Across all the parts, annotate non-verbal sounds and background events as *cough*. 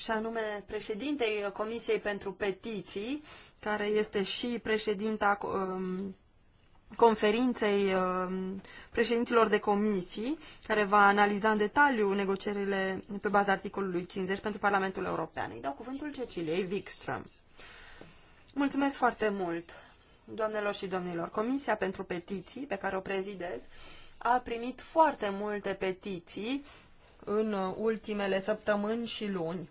și anume președintei Comisiei pentru Petiții, care este și președinta um, conferinței um, președinților de comisii, care va analiza în detaliu negocierile pe baza articolului 50 pentru Parlamentul European. Îi dau cuvântul Ceciliei Wikström. Mulțumesc foarte mult, doamnelor și domnilor. Comisia pentru Petiții, pe care o prezidez, a primit foarte multe petiții în ultimele săptămâni și luni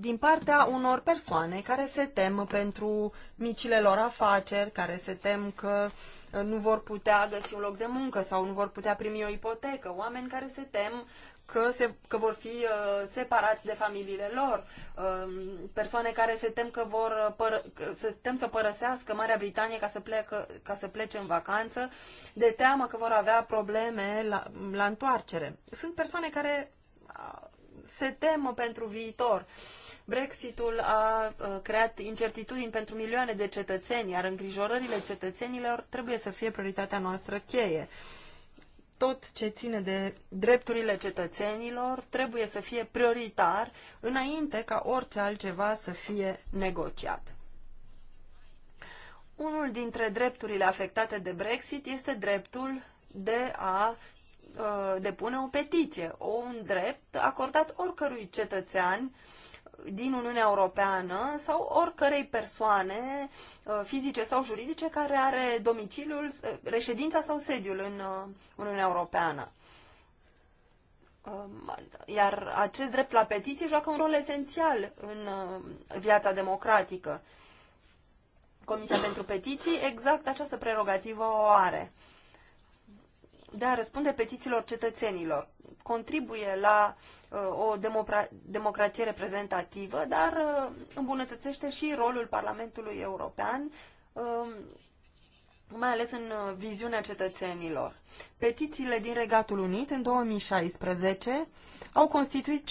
din partea unor persoane care se tem pentru micile lor afaceri, care se tem că uh, nu vor putea găsi un loc de muncă sau nu vor putea primi o ipotecă, oameni care se tem că, se, că vor fi uh, separați de familiile lor, uh, persoane care se tem că vor uh, că, se tem să părăsească Marea Britanie ca să, plecă, ca să plece în vacanță, de teamă că vor avea probleme la, la întoarcere. Sunt persoane care uh, se temă pentru viitor. Uh, Brexitul a uh, creat incertitudini pentru milioane de cetățeni, iar îngrijorările cetățenilor trebuie să fie prioritatea noastră cheie. Tot ce ține de drepturile cetățenilor trebuie să fie prioritar înainte ca orice altceva să fie negociat. Unul dintre drepturile afectate de Brexit este dreptul de a uh, depune o petiție, un drept acordat oricărui cetățean uh, din Uniunea Europeană sau oricărei persoane uh, fizice sau juridice care are domiciliul, uh, reședința sau sediul în uh, Uniunea Europeană. Um, iar acest drept la petiție joacă un rol esențial în viața democratică. Comisia pentru Petiții exact această prerogativă o are de a răspunde petițiilor cetățenilor. Contribuie la uh, o democra democrație reprezentativă, dar uh, îmbunătățește și rolul Parlamentului European um, mai ales în uh, viziunea cetățenilor. Petițiile din Regatul Unit în 2016 au constituit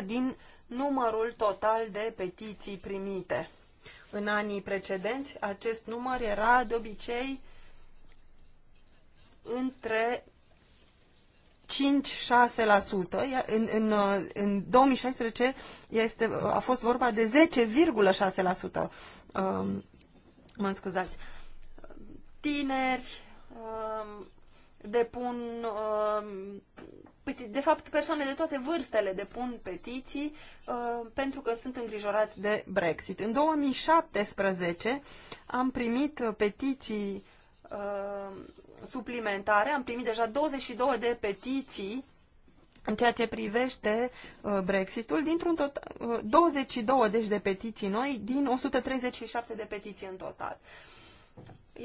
6% din numărul total de petiții primite. În anii precedenți, acest număr era de obicei între 5-6%, în, în, uh, în 2016 este, a fost vorba de 10,6%. Um, mă scuzați. Tineri um, depun, um, de fapt persoane de toate vârstele depun petiții uh, pentru că sunt îngrijorați de Brexit. În 2017 am primit uh, petiții uh, suplimentare. Am primit deja 22 de petiții în ceea ce privește uh, Brexitul, dintr-un tot, 22 uh, deci, de petiții noi din 137 de petiții în total.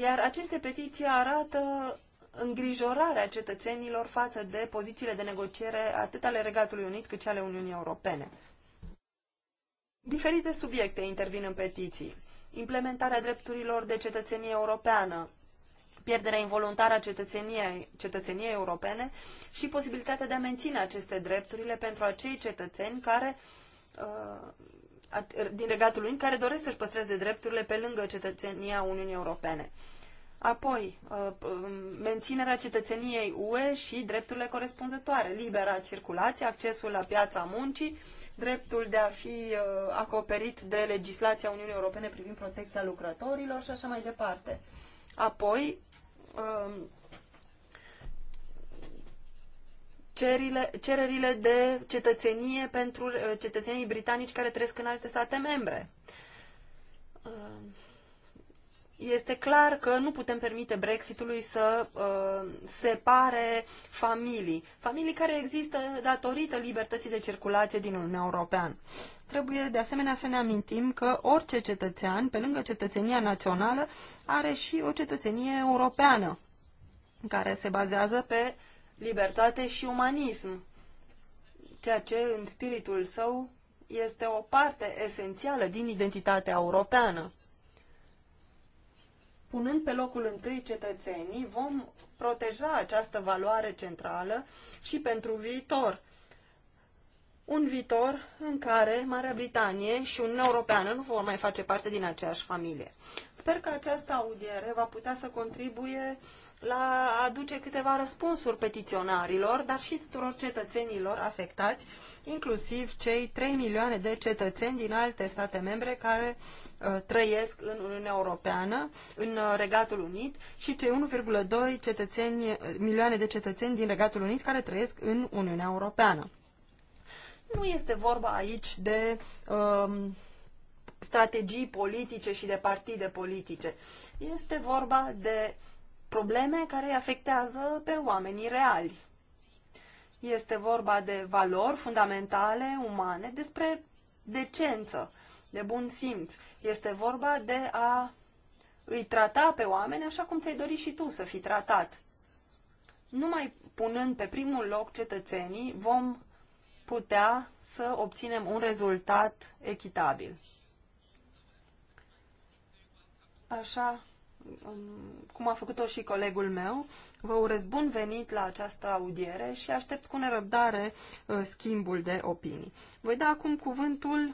Iar aceste petiții arată îngrijorarea cetățenilor față de pozițiile de negociere atât ale Regatului Unit cât și ale Uniunii Europene. Diferite subiecte intervin în petiții. Implementarea drepturilor de cetățenie europeană, pierderea involuntară a cetățeniei, cetățeniei europene și posibilitatea de a menține aceste drepturile pentru acei cetățeni care uh, er, din Regatul Unit care doresc să-și păstreze drepturile pe lângă cetățenia Uniunii Europene. Apoi, uh, um, menținerea cetățeniei UE și drepturile corespunzătoare, libera circulație, accesul la piața muncii, dreptul de a fi uh, acoperit de legislația Uniunii Europene privind protecția lucrătorilor și așa mai departe. Apoi, um, cererile de cetățenie pentru uh, cetățenii britanici care trăiesc în alte state membre. Um, este clar că nu putem permite Brexitului să uh, separe familii, familii care există datorită libertății de circulație din Uniunea Europeană. Trebuie de asemenea să ne amintim că orice cetățean, pe lângă cetățenia națională, are și o cetățenie europeană, care se bazează pe libertate și umanism, ceea ce în spiritul său este o parte esențială din identitatea europeană punând pe locul întâi cetățenii, vom proteja această valoare centrală și pentru viitor. Un viitor în care Marea Britanie și Uniunea Europeană nu vor mai face parte din aceeași familie. Sper că această audiere va putea să contribuie la a aduce câteva răspunsuri petiționarilor, dar și tuturor cetățenilor afectați, inclusiv cei 3 milioane de cetățeni din alte state membre care uh, trăiesc în Uniunea Europeană, în uh, Regatul Unit și cei 1,2 cetățeni, uh, milioane de cetățeni din Regatul Unit care trăiesc în Uniunea Europeană. Nu este vorba aici de uh, strategii politice și de partide politice. Este vorba de probleme care îi afectează pe oamenii reali. Este vorba de valori fundamentale, umane, despre decență, de bun simț. Este vorba de a îi trata pe oameni așa cum ți-ai dori și tu să fii tratat. Numai punând pe primul loc cetățenii, vom putea să obținem un rezultat echitabil. Așa Um, cum a făcut-o și colegul meu. Vă urez bun venit la această audiere și aștept cu nerăbdare uh, schimbul de opinii. Voi da acum cuvântul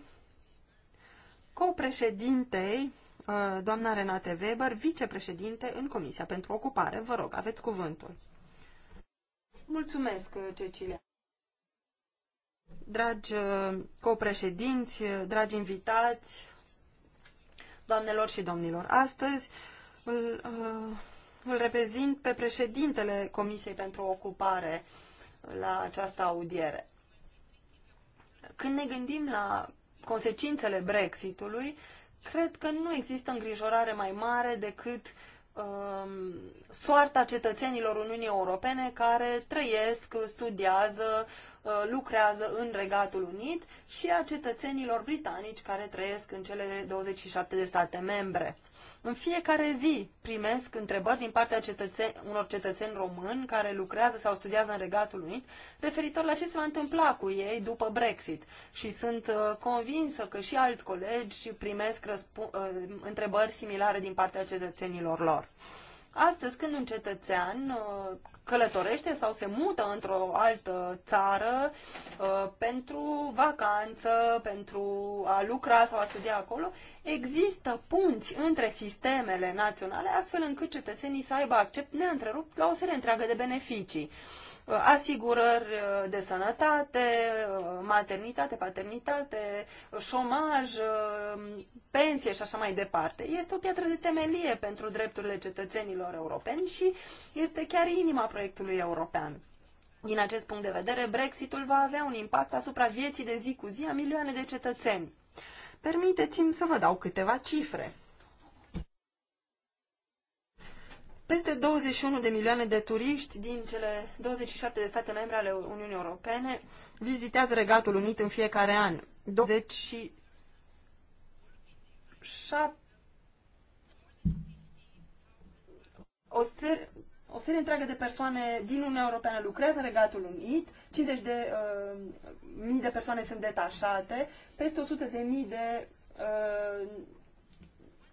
copreședintei, uh, doamna Renate Weber, vicepreședinte în Comisia pentru Ocupare. Vă rog, aveți cuvântul. Mulțumesc, uh, Cecilia. Dragi copreședinți, dragi invitați, doamnelor și domnilor, astăzi îl, uh, îl reprezint pe președintele Comisiei pentru Ocupare la această audiere. Când ne gândim la consecințele Brexitului, cred că nu există îngrijorare mai mare decât um, soarta cetățenilor Uniunii Europene care trăiesc, studiază, uh, lucrează în Regatul Unit și a cetățenilor britanici care trăiesc în cele 27 de state membre. În fiecare zi primesc întrebări din partea cetățen, unor cetățeni români care lucrează sau studiază în Regatul Unit referitor la ce se va întâmpla cu ei după Brexit. Și sunt uh, convinsă că și alți colegi primesc răspu- uh, întrebări similare din partea cetățenilor lor. Uh, Astăzi, când un cetățean uh, călătorește sau se mută într-o altă țară uh, pentru vacanță, pentru a lucra sau a studia acolo, există punți între sistemele naționale, astfel încât cetățenii să aibă accept neîntrerupt la o serie întreagă de beneficii. Uh, asigurări uh, de sănătate, uh, maternitate, paternitate, șomaj, pensie și așa mai departe. Este o piatră de temelie pentru drepturile cetățenilor europeni și este chiar inima proiectului european. Din acest punct de vedere, Brexitul va avea un impact asupra vieții de zi cu zi a milioane de cetățeni. Permiteți-mi să vă dau câteva cifre. Peste 21 de milioane de turiști din cele 27 de state membre ale Uniunii Europene vizitează Regatul Unit în fiecare an. 27 o, ser, o serie întreagă de persoane din Uniunea Europeană lucrează în Regatul Unit, 50 de uh, mii de persoane sunt detașate, peste 100 de mii de uh,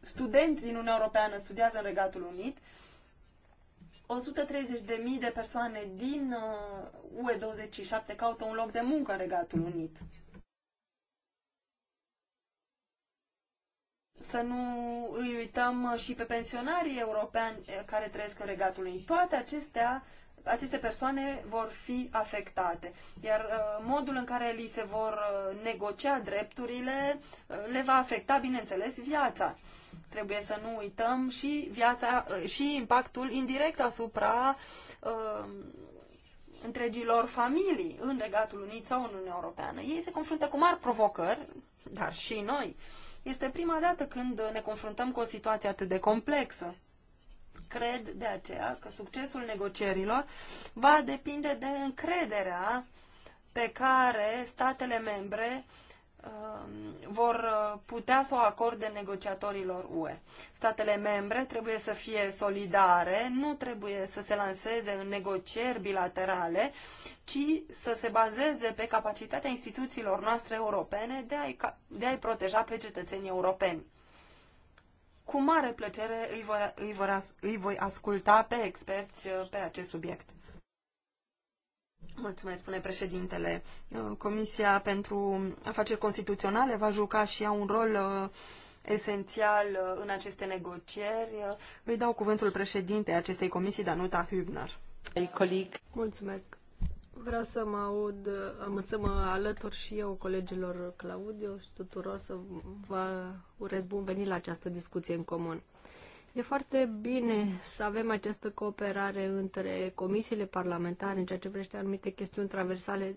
studenți din Uniunea Europeană studiază în Regatul Unit 130.000 de persoane din UE27 uh, caută un loc de muncă în Regatul Unit. Să nu îi uităm și pe pensionarii europeni eh, care trăiesc în Regatul Unit. Toate acestea, aceste persoane vor fi afectate, iar uh, modul în care li se vor uh, negocia drepturile le va afecta, bineînțeles, viața Trebuie să nu uităm și, viața, eh, și impactul indirect asupra uh, întregilor familii în Regatul Unit sau în Uniunea Europeană. Ei se confruntă cu mari provocări, dar și noi. Este prima dată când ne confruntăm cu o situație atât de complexă. Cred de aceea că succesul negocierilor va depinde de încrederea pe care statele membre Um, vor uh, putea să o acorde negociatorilor UE. Statele membre trebuie să fie solidare, nu trebuie să se lanseze în negocieri bilaterale, ci să se bazeze pe capacitatea instituțiilor noastre europene de a-i, de a proteja pe cetățenii europeni. Cu mare plăcere îi, vor, îi, vor, îi voi asculta pe experți uh, pe acest subiect. Mulțumesc, spune președintele. Uh, Comisia pentru Afaceri Constituționale va juca și ea un rol uh, esențial uh, în aceste negocieri. Îi dau cuvântul președintei acestei comisii, Danuta Hübner. Colic. Mulțumesc. Vreau să mă aud, am să mă alătur și eu colegilor Claudio și tuturor să vă urez bun venit la această discuție în comun. E foarte bine să avem această cooperare între comisiile parlamentare în ceea ce privește anumite chestiuni transversale,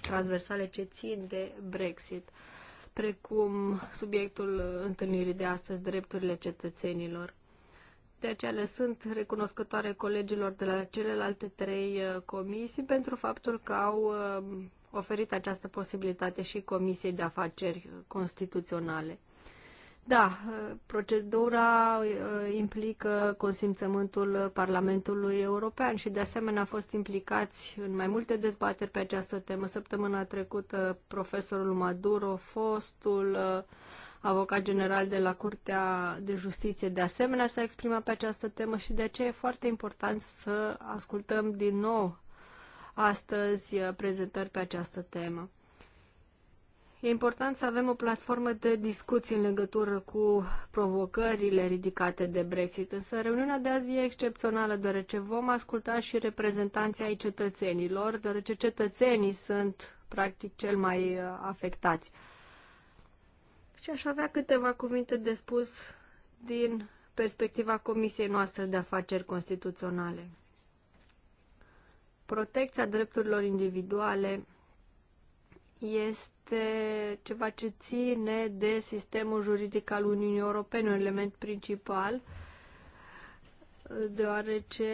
transversale ce țin de Brexit, precum subiectul întâlnirii de astăzi, drepturile cetățenilor. De aceea le sunt recunoscătoare colegilor de la celelalte trei uh, comisii pentru faptul că au uh, oferit această posibilitate și Comisiei de Afaceri Constituționale. Da, procedura uh, implică consimțământul Parlamentului European și de asemenea a fost implicați în mai multe dezbateri pe această temă. Săptămâna trecută profesorul Maduro, fostul uh, avocat general de la Curtea de Justiție, de asemenea s-a exprimat pe această temă și de aceea e foarte important să ascultăm din nou astăzi uh, prezentări pe această temă. E important să avem o platformă de discuții în legătură cu provocările ridicate de Brexit, însă reuniunea de azi e excepțională, deoarece vom asculta și reprezentanții ai cetățenilor, deoarece cetățenii sunt practic cel mai uh, afectați. Și aș avea câteva cuvinte de spus din perspectiva Comisiei noastre de afaceri constituționale. Protecția drepturilor individuale este ceva ce ține de sistemul juridic al Uniunii Europene, un element principal, deoarece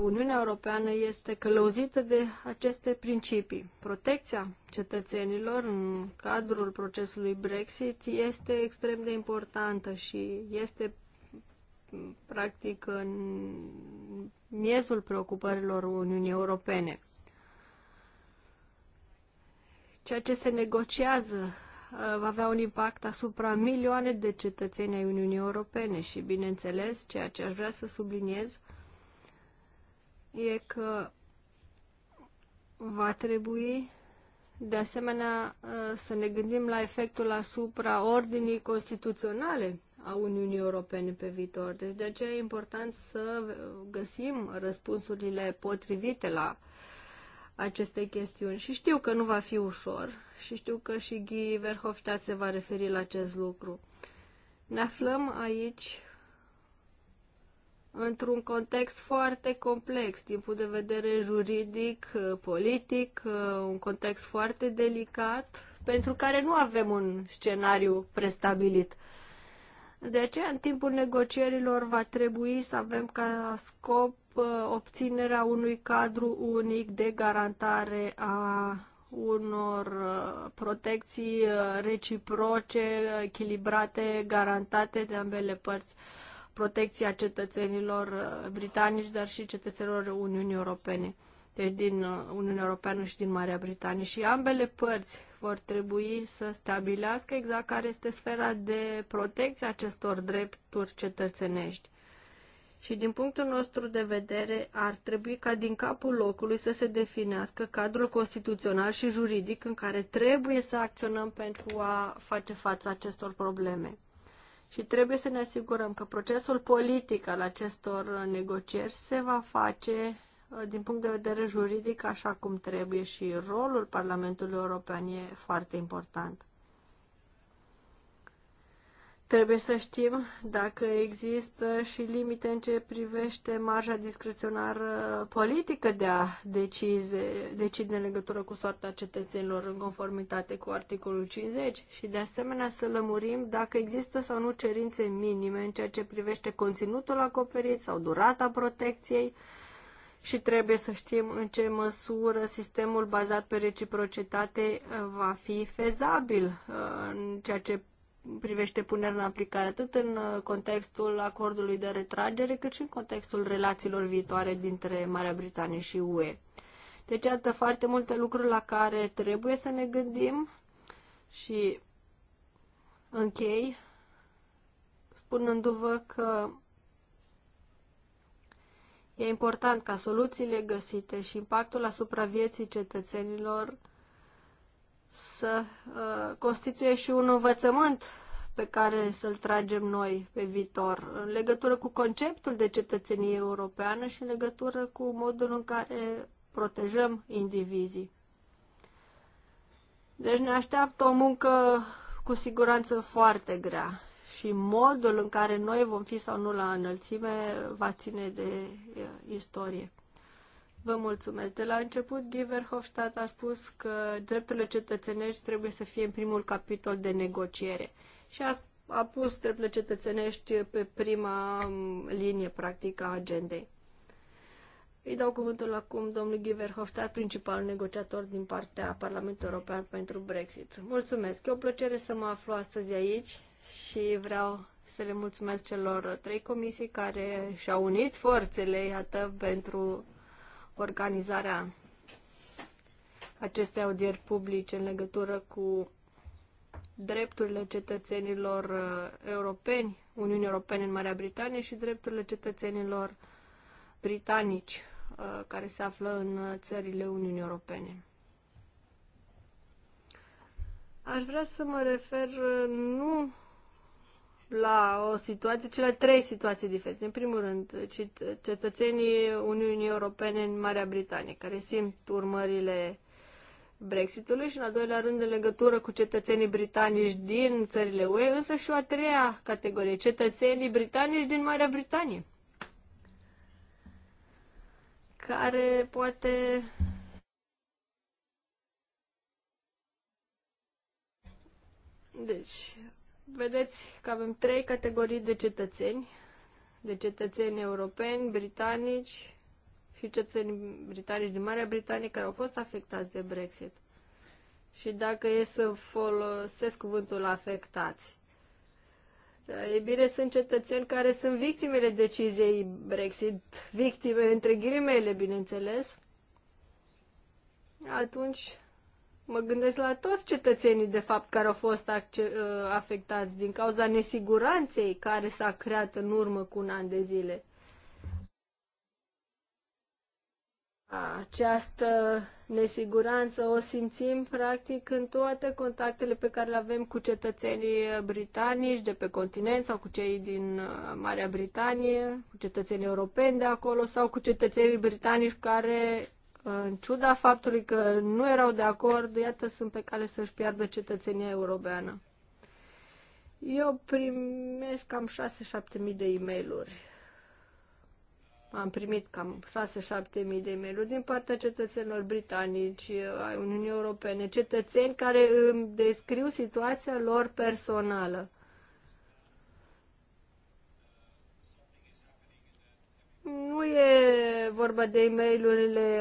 Uniunea Europeană este călăuzită de aceste principii. Protecția cetățenilor în cadrul procesului Brexit este extrem de importantă și este practic în miezul preocupărilor Uniunii Europene. Ceea ce se negociază uh, va avea un impact asupra milioane de cetățeni ai Uniunii Europene și, bineînțeles, ceea ce aș vrea să subliniez e că va trebui de asemenea uh, să ne gândim la efectul asupra ordinii constituționale a Uniunii Europene pe viitor. Deci de aceea e important să găsim răspunsurile potrivite la uh, aceste chestiuni. Și știu că nu va fi ușor și știu că și Guy Verhofstadt se va referi la acest lucru. Ne aflăm aici într-un context foarte complex, din punct de vedere juridic, politic, un context foarte delicat, pentru care nu avem un scenariu prestabilit. De aceea, în timpul negocierilor, va trebui să avem ca scop Uh, obținerea unui cadru unic de garantare a unor uh, protecții uh, reciproce, echilibrate, garantate de ambele părți, protecția cetățenilor britanici, dar și cetățenilor Uniunii Europene, deci din Uniunea Europeană și din Marea Britanie. Și ambele părți vor trebui să stabilească exact care este sfera de protecție acestor drepturi cetățenești. Și din punctul nostru de vedere, ar trebui ca din capul locului să se definească cadrul constituțional și juridic în care trebuie să acționăm pentru a face față acestor probleme. Și trebuie să ne asigurăm că procesul politic al acestor negocieri se va face uh, din punct de vedere juridic așa cum trebuie și rolul Parlamentului European e foarte important. Trebuie să știm dacă există și limite în ce privește marja discreționară politică de a decize, decide în legătură cu soarta cetățenilor în conformitate cu articolul 50 și de asemenea să lămurim dacă există sau nu cerințe minime în ceea ce privește conținutul acoperit sau durata protecției și trebuie să știm în ce măsură sistemul bazat pe reciprocitate va fi fezabil uh, în ceea ce privește punerea în aplicare, atât în uh, contextul acordului de retragere, cât și în contextul relațiilor viitoare dintre Marea Britanie și UE. Deci, iată foarte multe lucruri la care trebuie să ne gândim și închei spunându-vă că e important ca soluțiile găsite și impactul asupra vieții cetățenilor să uh, constituie și un învățământ pe care să-l tragem noi pe viitor, în legătură cu conceptul de cetățenie europeană și în legătură cu modul în care protejăm indivizii. Deci ne așteaptă o muncă cu siguranță foarte grea și modul în care noi vom fi sau nu la înălțime va ține de uh, istorie. Vă mulțumesc. De la început, Guy Verhofstadt a spus că drepturile cetățenești trebuie să fie în primul capitol de negociere și a, a pus drepturile cetățenești pe prima um, linie, practic, a agendei. Îi dau cuvântul acum domnului Guy Verhofstadt, principal negociator din partea Parlamentului European pentru Brexit. Mulțumesc. E o plăcere să mă aflu astăzi aici și vreau să le mulțumesc celor trei comisii care și-au unit forțele, iată, pentru organizarea acestei audieri publice în legătură cu drepturile cetățenilor uh, europeni, Uniunii Europene în Marea Britanie și drepturile cetățenilor britanici uh, care se află în uh, țările Uniunii Europene. Aș vrea să mă refer nu la o situație, cele trei situații diferite. În primul rând, cetățenii Uniunii Europene în Marea Britanie, care simt urmările Brexitului și, în al doilea rând, în legătură cu cetățenii britanici din țările UE, însă și o a treia categorie, cetățenii britanici din Marea Britanie, care poate deci, vedeți că avem trei categorii de cetățeni, de cetățeni europeni, britanici și cetățeni britanici din Marea Britanie care au fost afectați de Brexit. Și dacă e să folosesc cuvântul afectați, E bine, sunt cetățeni care sunt victimele deciziei Brexit, victime între ghilimele, bineînțeles. Atunci Mă gândesc la toți cetățenii, de fapt, care au fost uh, afectați din cauza nesiguranței care s-a creat în urmă cu un an de zile. Această nesiguranță o simțim practic în toate contactele pe care le avem cu cetățenii britanici de pe continent sau cu cei din uh, Marea Britanie, cu cetățenii europeni de acolo sau cu cetățenii britanici care în ciuda faptului că nu erau de acord, iată, sunt pe cale să-și piardă cetățenia europeană. Eu primesc cam 6-7 mii de e mail Am primit cam 6-7 mii de e mail din partea cetățenilor britanici, ai Uniunii Europene, cetățeni care îmi descriu situația lor personală. e vorba de e mail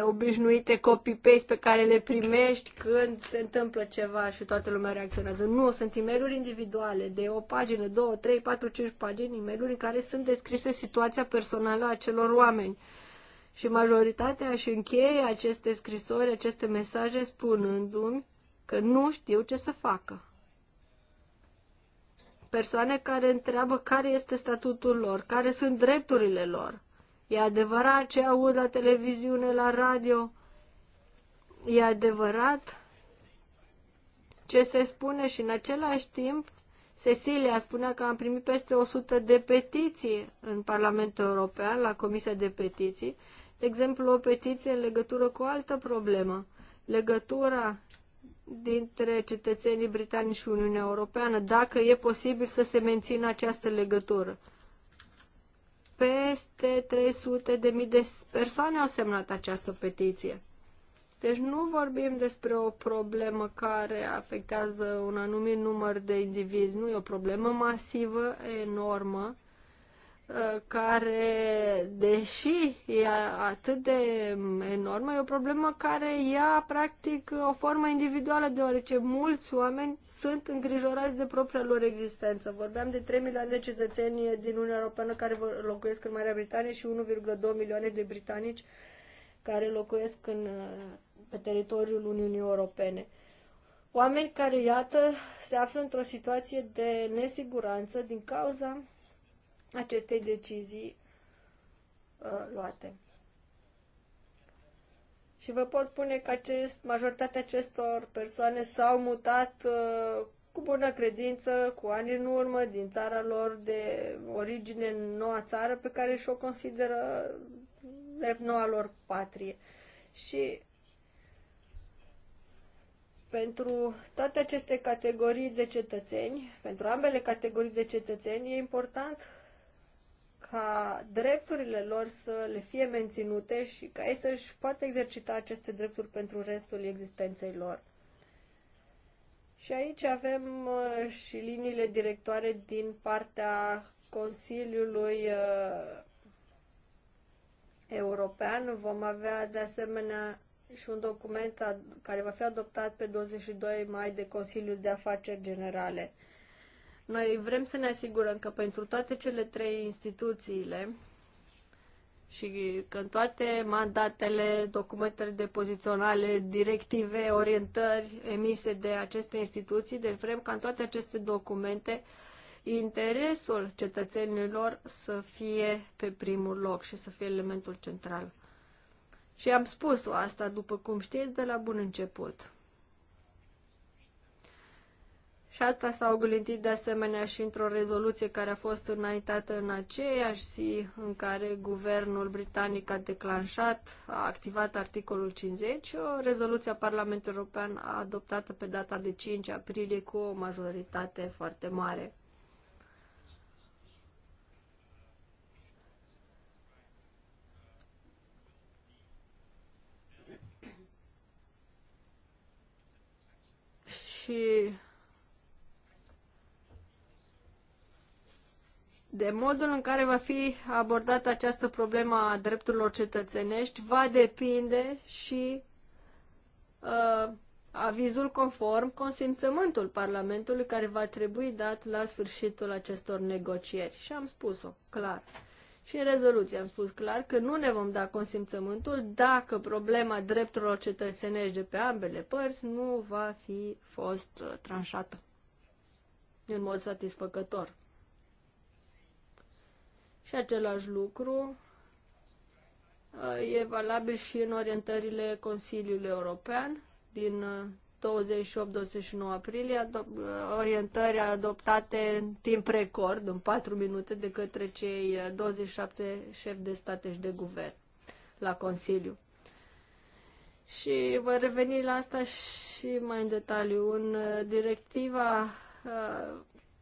obișnuite copy-paste pe care le primești când se întâmplă ceva și toată lumea reacționează. Nu, sunt e individuale de o pagină, două, trei, patru, cinci pagini, e în care sunt descrise situația personală a celor oameni. Și majoritatea și încheie aceste scrisori, aceste mesaje spunându-mi că nu știu ce să facă persoane care întreabă care este statutul lor, care sunt drepturile lor. E adevărat ce aud la televiziune, la radio? E adevărat ce se spune și în același timp Cecilia spunea că am primit peste 100 de petiții în Parlamentul European, la Comisia de Petiții. De exemplu, o petiție în legătură cu o altă problemă. Legătura dintre cetățenii britanici și Uniunea Europeană, dacă e posibil să se mențină această legătură. Peste 300 de mii de persoane au semnat această petiție. Deci nu vorbim despre o problemă care afectează un anumit număr de indivizi, nu e o problemă masivă, enormă, care, deși e atât de enormă, e o problemă care ia practic o formă individuală, deoarece mulți oameni sunt îngrijorați de propria lor existență. Vorbeam de 3 milioane de cetățeni din Uniunea Europeană care locuiesc în Marea Britanie și 1,2 milioane de britanici care locuiesc în, pe teritoriul Uniunii Europene. Oameni care, iată, se află într-o situație de nesiguranță din cauza acestei decizii uh, luate. Și vă pot spune că acest, majoritatea acestor persoane s-au mutat uh, cu bună credință, cu ani în urmă, din țara lor de origine în noua țară pe care și-o consideră noua lor patrie. Și pentru toate aceste categorii de cetățeni, pentru ambele categorii de cetățeni, e important ca drepturile lor să le fie menținute și ca ei să-și poată exercita aceste drepturi pentru restul existenței lor. Și aici avem uh, și liniile directoare din partea Consiliului uh, European. Vom avea de asemenea și un document care va fi adoptat pe 22 mai de Consiliul de Afaceri Generale. Noi vrem să ne asigurăm că pentru toate cele trei instituțiile și că în toate mandatele, documentele de poziționale, directive, orientări emise de aceste instituții, deci vrem ca în toate aceste documente interesul cetățenilor să fie pe primul loc și să fie elementul central. Și am spus-o asta, după cum știți, de la bun început. Și asta s-a oglindit de asemenea și într-o rezoluție care a fost înaintată în aceeași zi în care guvernul britanic a declanșat, a activat articolul 50, o rezoluție a Parlamentului European a adoptată pe data de 5 aprilie cu o majoritate foarte mare. Și de modul în care va fi abordată această problemă a drepturilor cetățenești va depinde și uh, avizul conform consimțământul Parlamentului care va trebui dat la sfârșitul acestor negocieri. Și am spus-o clar. Și în rezoluție am spus clar că nu ne vom da consimțământul dacă problema drepturilor cetățenești de pe ambele părți nu va fi fost uh, tranșată în mod satisfăcător. Și același lucru uh, e valabil și în orientările Consiliului European din 28-29 uh, aprilie, uh, orientări adoptate în timp record, în 4 minute, de către cei 27 șefi de state și de guvern la Consiliu. Și voi reveni la asta și mai în detaliu. În directiva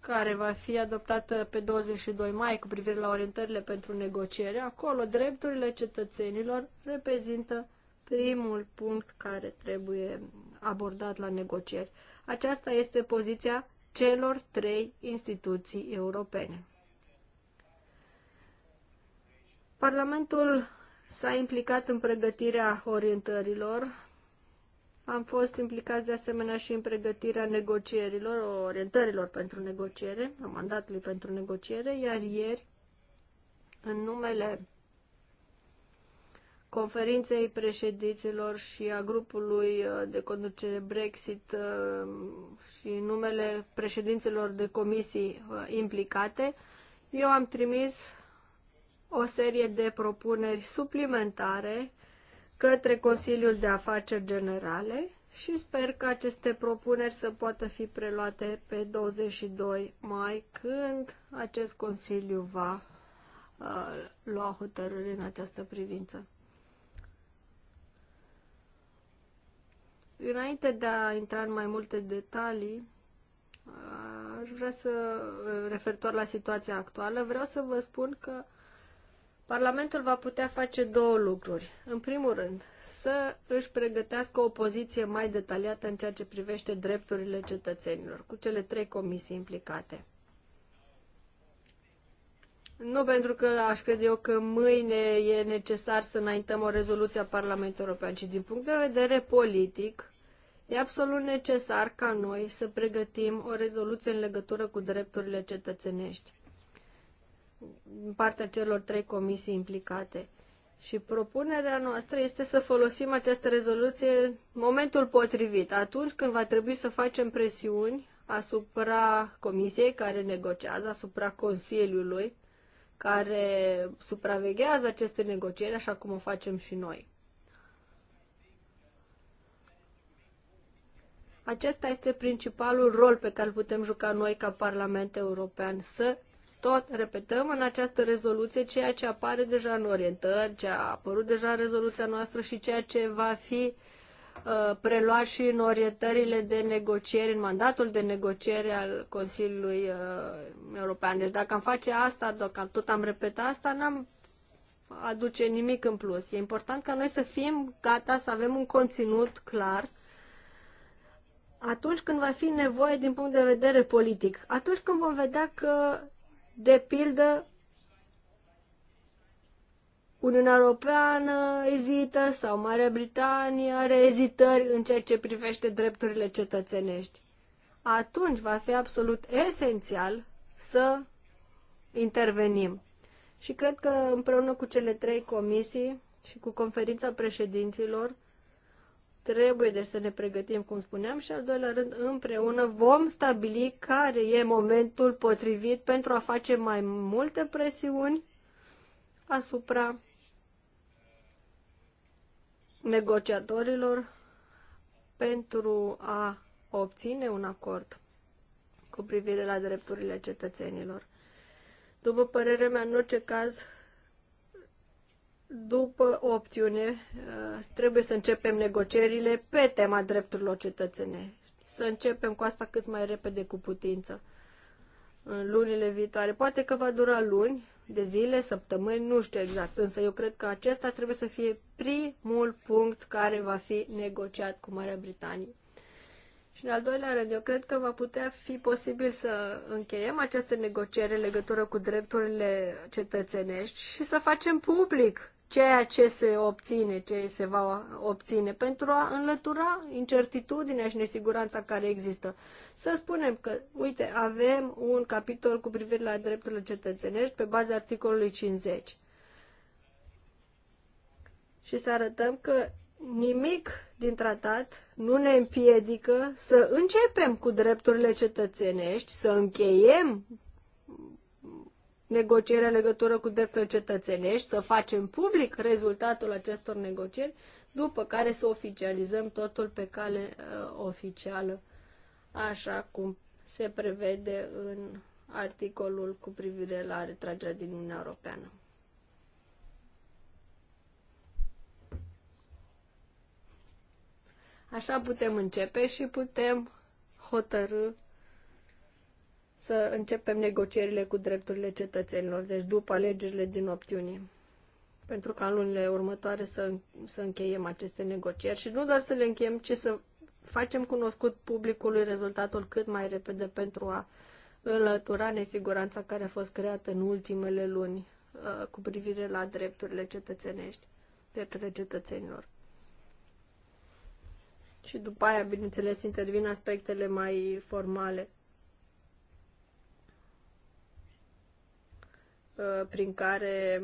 care va fi adoptată pe 22 mai cu privire la orientările pentru negociere, acolo drepturile cetățenilor reprezintă primul punct care trebuie abordat la negocieri. Aceasta este poziția celor trei instituții europene. Parlamentul s-a implicat în pregătirea orientărilor am fost implicați de asemenea și în pregătirea negocierilor, orientărilor pentru negociere, a mandatului pentru negociere, iar ieri, în numele conferinței președinților și a grupului uh, de conducere Brexit uh, și numele președinților de comisii uh, implicate, eu am trimis o serie de propuneri suplimentare către Consiliul de Afaceri Generale și sper că aceste propuneri să poată fi preluate pe 22 mai, când acest Consiliu va uh, lua hotărâri în această privință. Înainte de a intra în mai multe detalii, uh, aș vrea să, uh, referitor la situația actuală, vreau să vă spun că Parlamentul va putea face două lucruri. În primul rând, să își pregătească o poziție mai detaliată în ceea ce privește drepturile cetățenilor, cu cele trei comisii implicate. Nu pentru că aș crede eu că mâine e necesar să înaintăm o rezoluție a Parlamentului European, ci din punct de vedere politic, e absolut necesar ca noi să pregătim o rezoluție în legătură cu drepturile cetățenești din partea celor trei comisii implicate. Și propunerea noastră este să folosim această rezoluție în momentul potrivit, atunci când va trebui să facem presiuni asupra comisiei care negociază, asupra Consiliului care supraveghează aceste negocieri, așa cum o facem și noi. Acesta este principalul rol pe care îl putem juca noi ca Parlament European, să tot repetăm în această rezoluție ceea ce apare deja în orientări, ce a apărut deja în rezoluția noastră și ceea ce va fi uh, preluat și în orientările de negociere, în mandatul de negociere al Consiliului uh, European. Deci dacă am face asta, dacă tot am repetat asta, n-am aduce nimic în plus. E important ca noi să fim gata, să avem un conținut clar atunci când va fi nevoie din punct de vedere politic. Atunci când vom vedea că de pildă, Uniunea Europeană ezită sau Marea Britanie are ezitări în ceea ce privește drepturile cetățenești. Atunci va fi absolut esențial să intervenim. Și cred că împreună cu cele trei comisii și cu conferința președinților, trebuie de să ne pregătim, cum spuneam, și al doilea rând, împreună vom stabili care e momentul potrivit pentru a face mai multe presiuni asupra negociatorilor pentru a obține un acord cu privire la drepturile cetățenilor. După părerea mea, în orice caz, după o opțiune, uh, trebuie să începem negocierile pe tema drepturilor cetățene. Să începem cu asta cât mai repede cu putință în lunile viitoare. Poate că va dura luni, de zile, săptămâni, nu știu exact, însă eu cred că acesta trebuie să fie primul punct care va fi negociat cu Marea Britanie. Și în al doilea rând, eu cred că va putea fi posibil să încheiem aceste negocieri în legătură cu drepturile cetățenești și să facem public ceea ce se obține, ce se va obține, pentru a înlătura incertitudinea și nesiguranța care există. Să spunem că, uite, avem un capitol cu privire la drepturile cetățenești pe baza articolului 50. Și să arătăm că nimic din tratat nu ne împiedică să începem cu drepturile cetățenești, să încheiem negocieri în legătură cu drepturile cetățenești, să facem public rezultatul acestor negocieri, după care să oficializăm totul pe cale uh, oficială, așa cum se prevede în articolul cu privire la retragerea din Uniunea Europeană. Așa putem începe și putem hotărâ să începem negocierile cu drepturile cetățenilor, deci după alegerile din opțiunii Pentru ca în lunile următoare să, să încheiem aceste negocieri și nu doar să le încheiem, ci să facem cunoscut publicului rezultatul cât mai repede pentru a înlătura nesiguranța care a fost creată în ultimele luni uh, cu privire la drepturile cetățenești, drepturile cetățenilor. Și după aia, bineînțeles, intervin aspectele mai formale Uh, prin care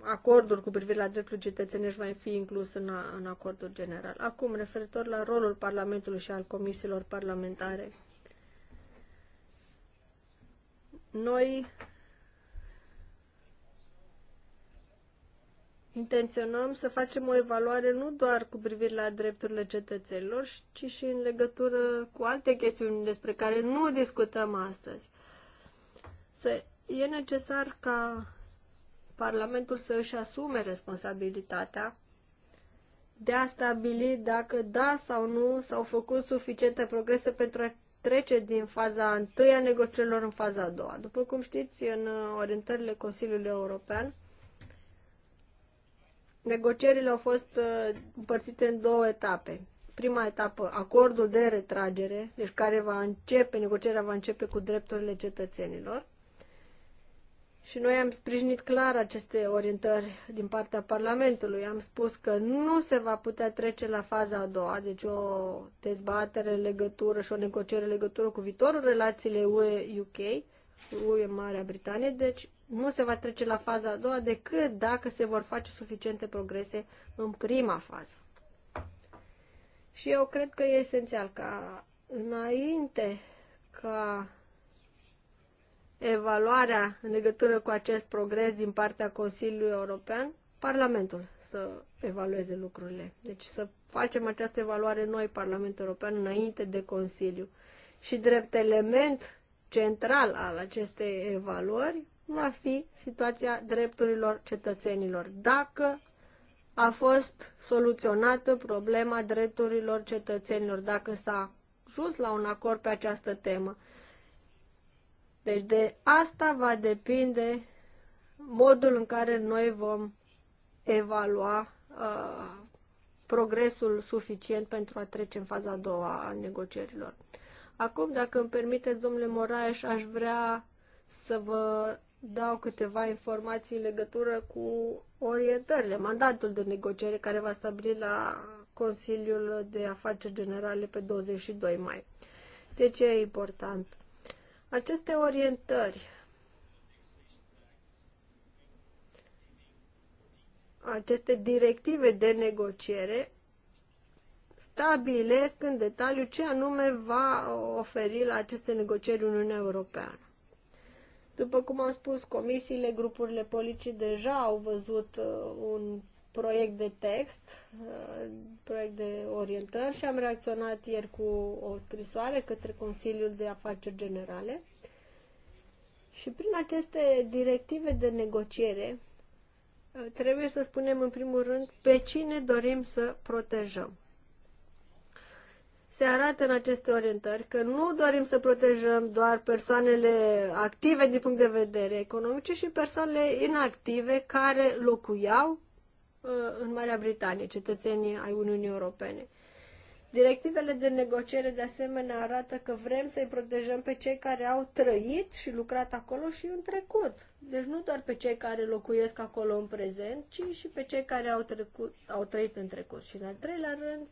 acordul cu privire la dreptul cetățenești va fi inclus în, a, în acordul general. Acum, referitor la rolul Parlamentului și al comisiilor parlamentare, noi intenționăm să facem o evaluare nu doar cu privire la drepturile cetățenilor, ci și în legătură cu alte chestiuni despre care nu discutăm astăzi. Să E necesar ca Parlamentul să își asume responsabilitatea de a stabili dacă da sau nu s-au făcut suficiente progrese pentru a trece din faza întâi a negocierilor în faza a doua. După cum știți, în orientările Consiliului European, negocierile au fost uh, împărțite în două etape. Prima etapă, acordul de retragere, deci care va începe, negocierea va începe cu drepturile cetățenilor și noi am sprijinit clar aceste orientări din partea Parlamentului. Am spus că nu se va putea trece la faza a doua, deci o dezbatere în legătură și o negociere în legătură cu viitorul relațiile UE-UK, UE-Marea Britanie, deci nu se va trece la faza a doua decât dacă se vor face suficiente progrese în prima fază. Și eu cred că e esențial ca înainte ca evaluarea în legătură cu acest progres din partea Consiliului European, Parlamentul să evalueze lucrurile. Deci să facem această evaluare noi, Parlamentul European, înainte de Consiliu. Și drept element central al acestei evaluări va fi situația drepturilor cetățenilor. Dacă a fost soluționată problema drepturilor cetățenilor, dacă s-a ajuns la un acord pe această temă. Deci de asta va depinde modul în care noi vom evalua uh, progresul suficient pentru a trece în faza a doua a negocierilor. Acum, dacă îmi permiteți, domnule Moraes, aș vrea să vă dau câteva informații în legătură cu orientările, mandatul de negociere care va stabili la Consiliul de Afaceri Generale pe 22 mai. De ce e important? Aceste orientări, aceste directive de negociere stabilesc în detaliu ce anume va oferi la aceste negocieri Uniunea Europeană. După cum am spus, comisiile, grupurile politice deja au văzut uh, un proiect de text, uh, proiect de orientări și am reacționat ieri cu o scrisoare către Consiliul de Afaceri Generale. Și prin aceste directive de negociere, uh, trebuie să spunem în primul rând pe cine dorim să protejăm. Se arată în aceste orientări că nu dorim să protejăm doar persoanele active din punct de vedere economic, ci și persoanele inactive care locuiau Uh, în Marea Britanie, cetățenii ai Uniunii Europene. Directivele de negociere de asemenea arată că vrem să-i protejăm pe cei care au trăit și lucrat acolo și în trecut. Deci nu doar pe cei care locuiesc acolo în prezent, ci și pe cei care au, trecut, au trăit în trecut. Și în al treilea rând,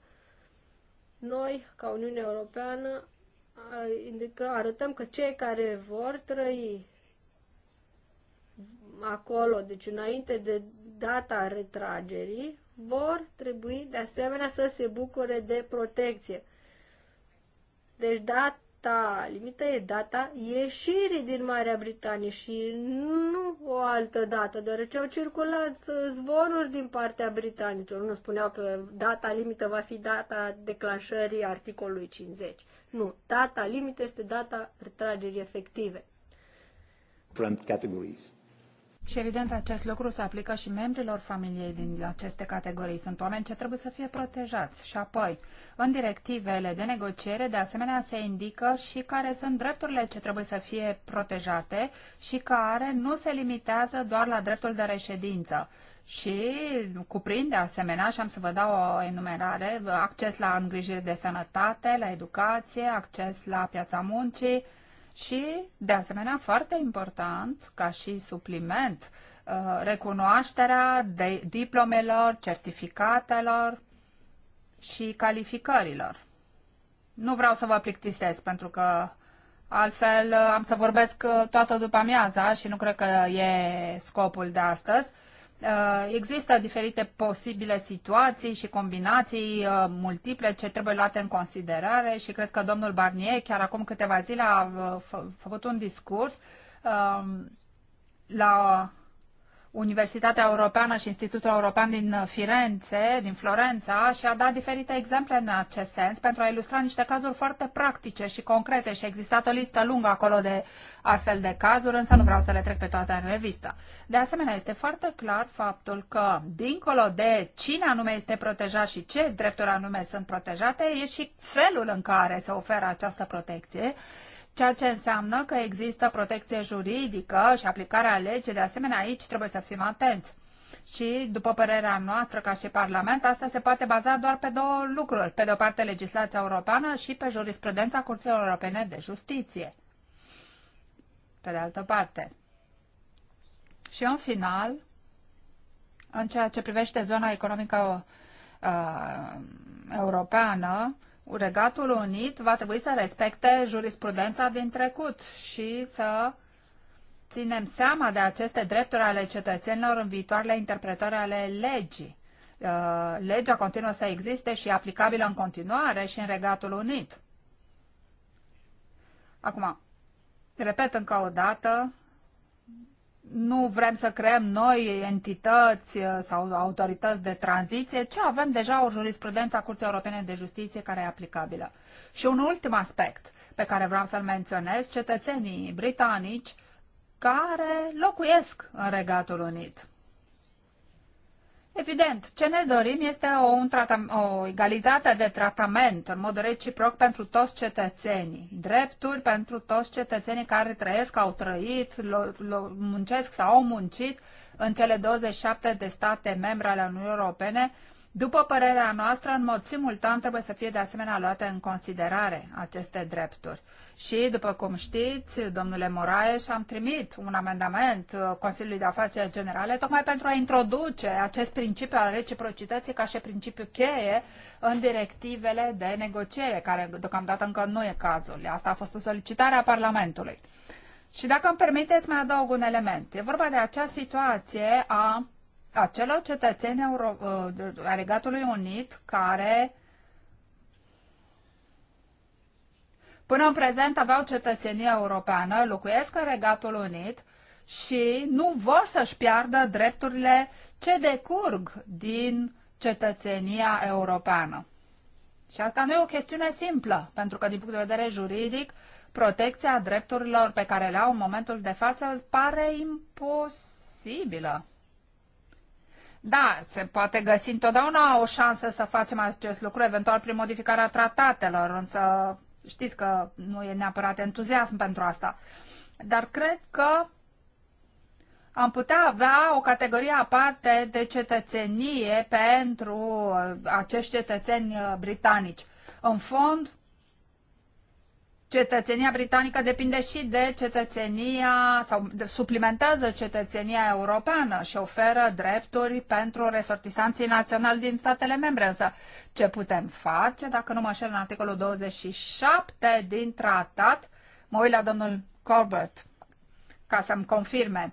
noi, ca Uniunea Europeană, uh, indică, arătăm că cei care vor trăi acolo, deci înainte de data retragerii vor trebui de asemenea să se bucure de protecție. Deci data limită e data ieșirii din Marea Britanie și nu o altă dată, deoarece au circulat uh, zvonuri din partea britanicilor. Nu spuneau că data limită va fi data declanșării articolului 50. Nu, data limită este data retragerii efective. Different categories. Și evident acest lucru se aplică și membrilor familiei din aceste categorii. Sunt oameni ce trebuie să fie protejați. Și apoi, în directivele de negociere, de asemenea, se indică și care sunt drepturile ce trebuie să fie protejate și care nu se limitează doar la dreptul de reședință și cuprinde asemenea, și am să vă dau o enumerare, acces la îngrijiri de sănătate, la educație, acces la piața muncii, și, de asemenea, foarte important, ca și supliment, uh, recunoașterea de diplomelor, certificatelor și calificărilor. Nu vreau să vă plictisesc, pentru că altfel uh, am să vorbesc uh, toată după amiaza și nu cred că e scopul de astăzi, Uh, există diferite posibile situații și combinații uh, multiple ce trebuie luate în considerare și cred că domnul Barnier chiar acum câteva zile a uh, făcut un discurs la Universitatea Europeană și Institutul European din uh, Firenze, din Florența, și a dat diferite exemple în acest sens pentru a ilustra niște cazuri foarte practice și concrete și a existat o listă lungă acolo de astfel de cazuri, însă nu vreau să le trec pe toate în revistă. De asemenea, este foarte clar faptul că, dincolo de cine anume este protejat și ce drepturi anume sunt protejate, e și felul în care se oferă această protecție ceea ce înseamnă că există protecție juridică și aplicarea legii. De asemenea, aici trebuie să fim atenți. Și, după părerea noastră, ca și Parlament, asta se poate baza doar pe două lucruri. Pe de o parte, legislația europeană și pe jurisprudența Curții Europene de Justiție. Pe de altă parte. Și, în final, în ceea ce privește zona economică uh, europeană, uh, Regatul Unit va trebui să respecte jurisprudența din trecut și să ținem seama de aceste drepturi ale cetățenilor în viitoarele interpretări ale legii. Uh, legea continuă să existe și aplicabilă în continuare și în Regatul Unit. Acum, repet încă o dată, nu vrem să creăm noi entități uh, sau autorități de tranziție, ci avem deja o jurisprudență a Curții Europene de Justiție care e aplicabilă. Și un ultim aspect pe care vreau să-l menționez, cetățenii britanici care locuiesc în Regatul Unit. Evident, ce ne dorim este o, un o egalitate de tratament în mod reciproc pentru toți cetățenii, drepturi pentru toți cetățenii care trăiesc, au trăit, lo, lo, muncesc sau au muncit în cele 27 de state membre ale Uniunii Europene după părerea noastră, în mod simultan trebuie să fie de asemenea luate în considerare aceste drepturi. Și, după cum știți, domnule Moraes, am trimit un amendament uh, Consiliului de Afaceri Generale tocmai pentru a introduce acest principiu al reciprocității ca și principiu cheie în directivele de negociere, care deocamdată încă nu e cazul. Asta a fost o solicitare a Parlamentului. Și dacă îmi permiteți, mai adaug un element. E vorba de acea situație a acelor cetățeni Euro, uh, a Regatului Unit care până în prezent aveau cetățenie europeană, locuiesc în Regatul Unit și nu vor să-și piardă drepturile ce decurg din cetățenia europeană. Și asta nu e o chestiune simplă, pentru că din punct de vedere juridic, protecția drepturilor pe care le au în momentul de față pare imposibilă. Da, se poate găsi întotdeauna o șansă să facem acest lucru, eventual prin modificarea tratatelor, însă știți că nu e neapărat entuziasm pentru asta. Dar cred că am putea avea o categorie aparte de cetățenie pentru uh, acești cetățeni uh, britanici. În fond, cetățenia britanică depinde și de cetățenia sau de, suplimentează cetățenia europeană și oferă drepturi pentru resortisanții naționali din statele membre. Însă ce putem face, dacă nu mă înșel în articolul 27 din tratat, mă uit la domnul Corbett ca să-mi confirme,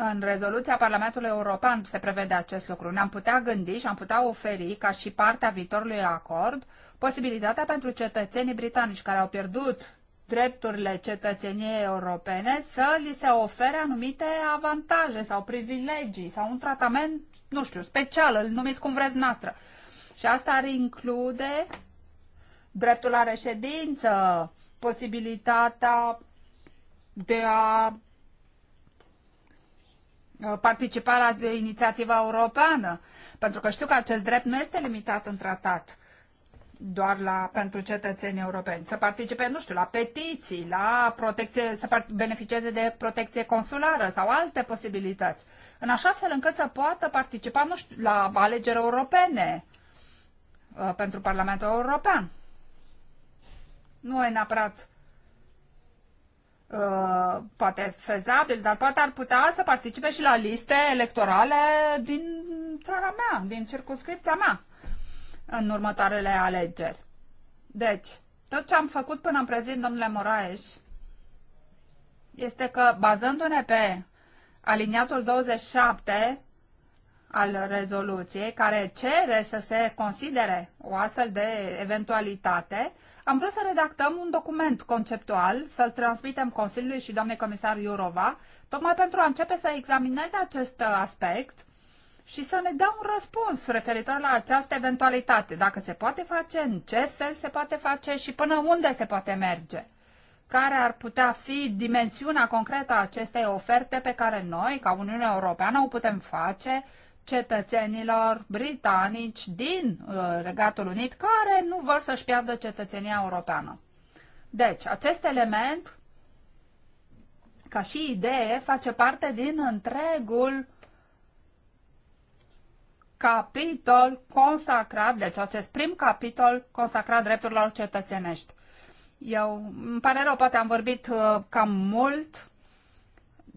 în rezoluția Parlamentului European se prevede acest lucru. Ne-am putea gândi și am putea oferi, ca și partea viitorului acord, posibilitatea pentru cetățenii britanici care au pierdut drepturile cetățeniei europene să li se ofere anumite avantaje sau privilegii sau un tratament, nu știu, special, îl numiți cum vreți noastră. Și asta ar include dreptul la reședință, posibilitatea de a Uh, participarea de inițiativa europeană, pentru că știu că acest drept nu este limitat în tratat doar la, pentru cetățenii europeni. Să participe, nu știu, la petiții, la protecție, să beneficieze de protecție consulară sau alte posibilități. În așa fel încât să poată participa, nu știu, la alegeri europene uh, pentru Parlamentul European. Nu e neapărat Uh, poate fezabil, dar poate ar putea să participe și la liste electorale din țara mea, din circunscripția mea, în următoarele alegeri. Deci, tot ce am făcut până în prezent, domnule Moraes, este că, bazându-ne pe aliniatul 27 al rezoluției, care cere să se considere o astfel de eventualitate, am vrut să redactăm un document conceptual, să-l transmitem Consiliului și doamnei comisar Iurova, tocmai pentru a începe să examineze acest uh, aspect și să ne dea un răspuns referitor la această eventualitate, dacă se poate face, în ce fel se poate face și până unde se poate merge care ar putea fi dimensiunea concretă a acestei oferte pe care noi, ca Uniunea Europeană, o putem face cetățenilor britanici din uh, Regatul Unit care nu vor să-și piardă cetățenia europeană. Deci, acest element, ca și idee, face parte din întregul capitol consacrat, deci acest prim capitol consacrat drepturilor cetățenești. Eu îmi pare rău, poate am vorbit uh, cam mult,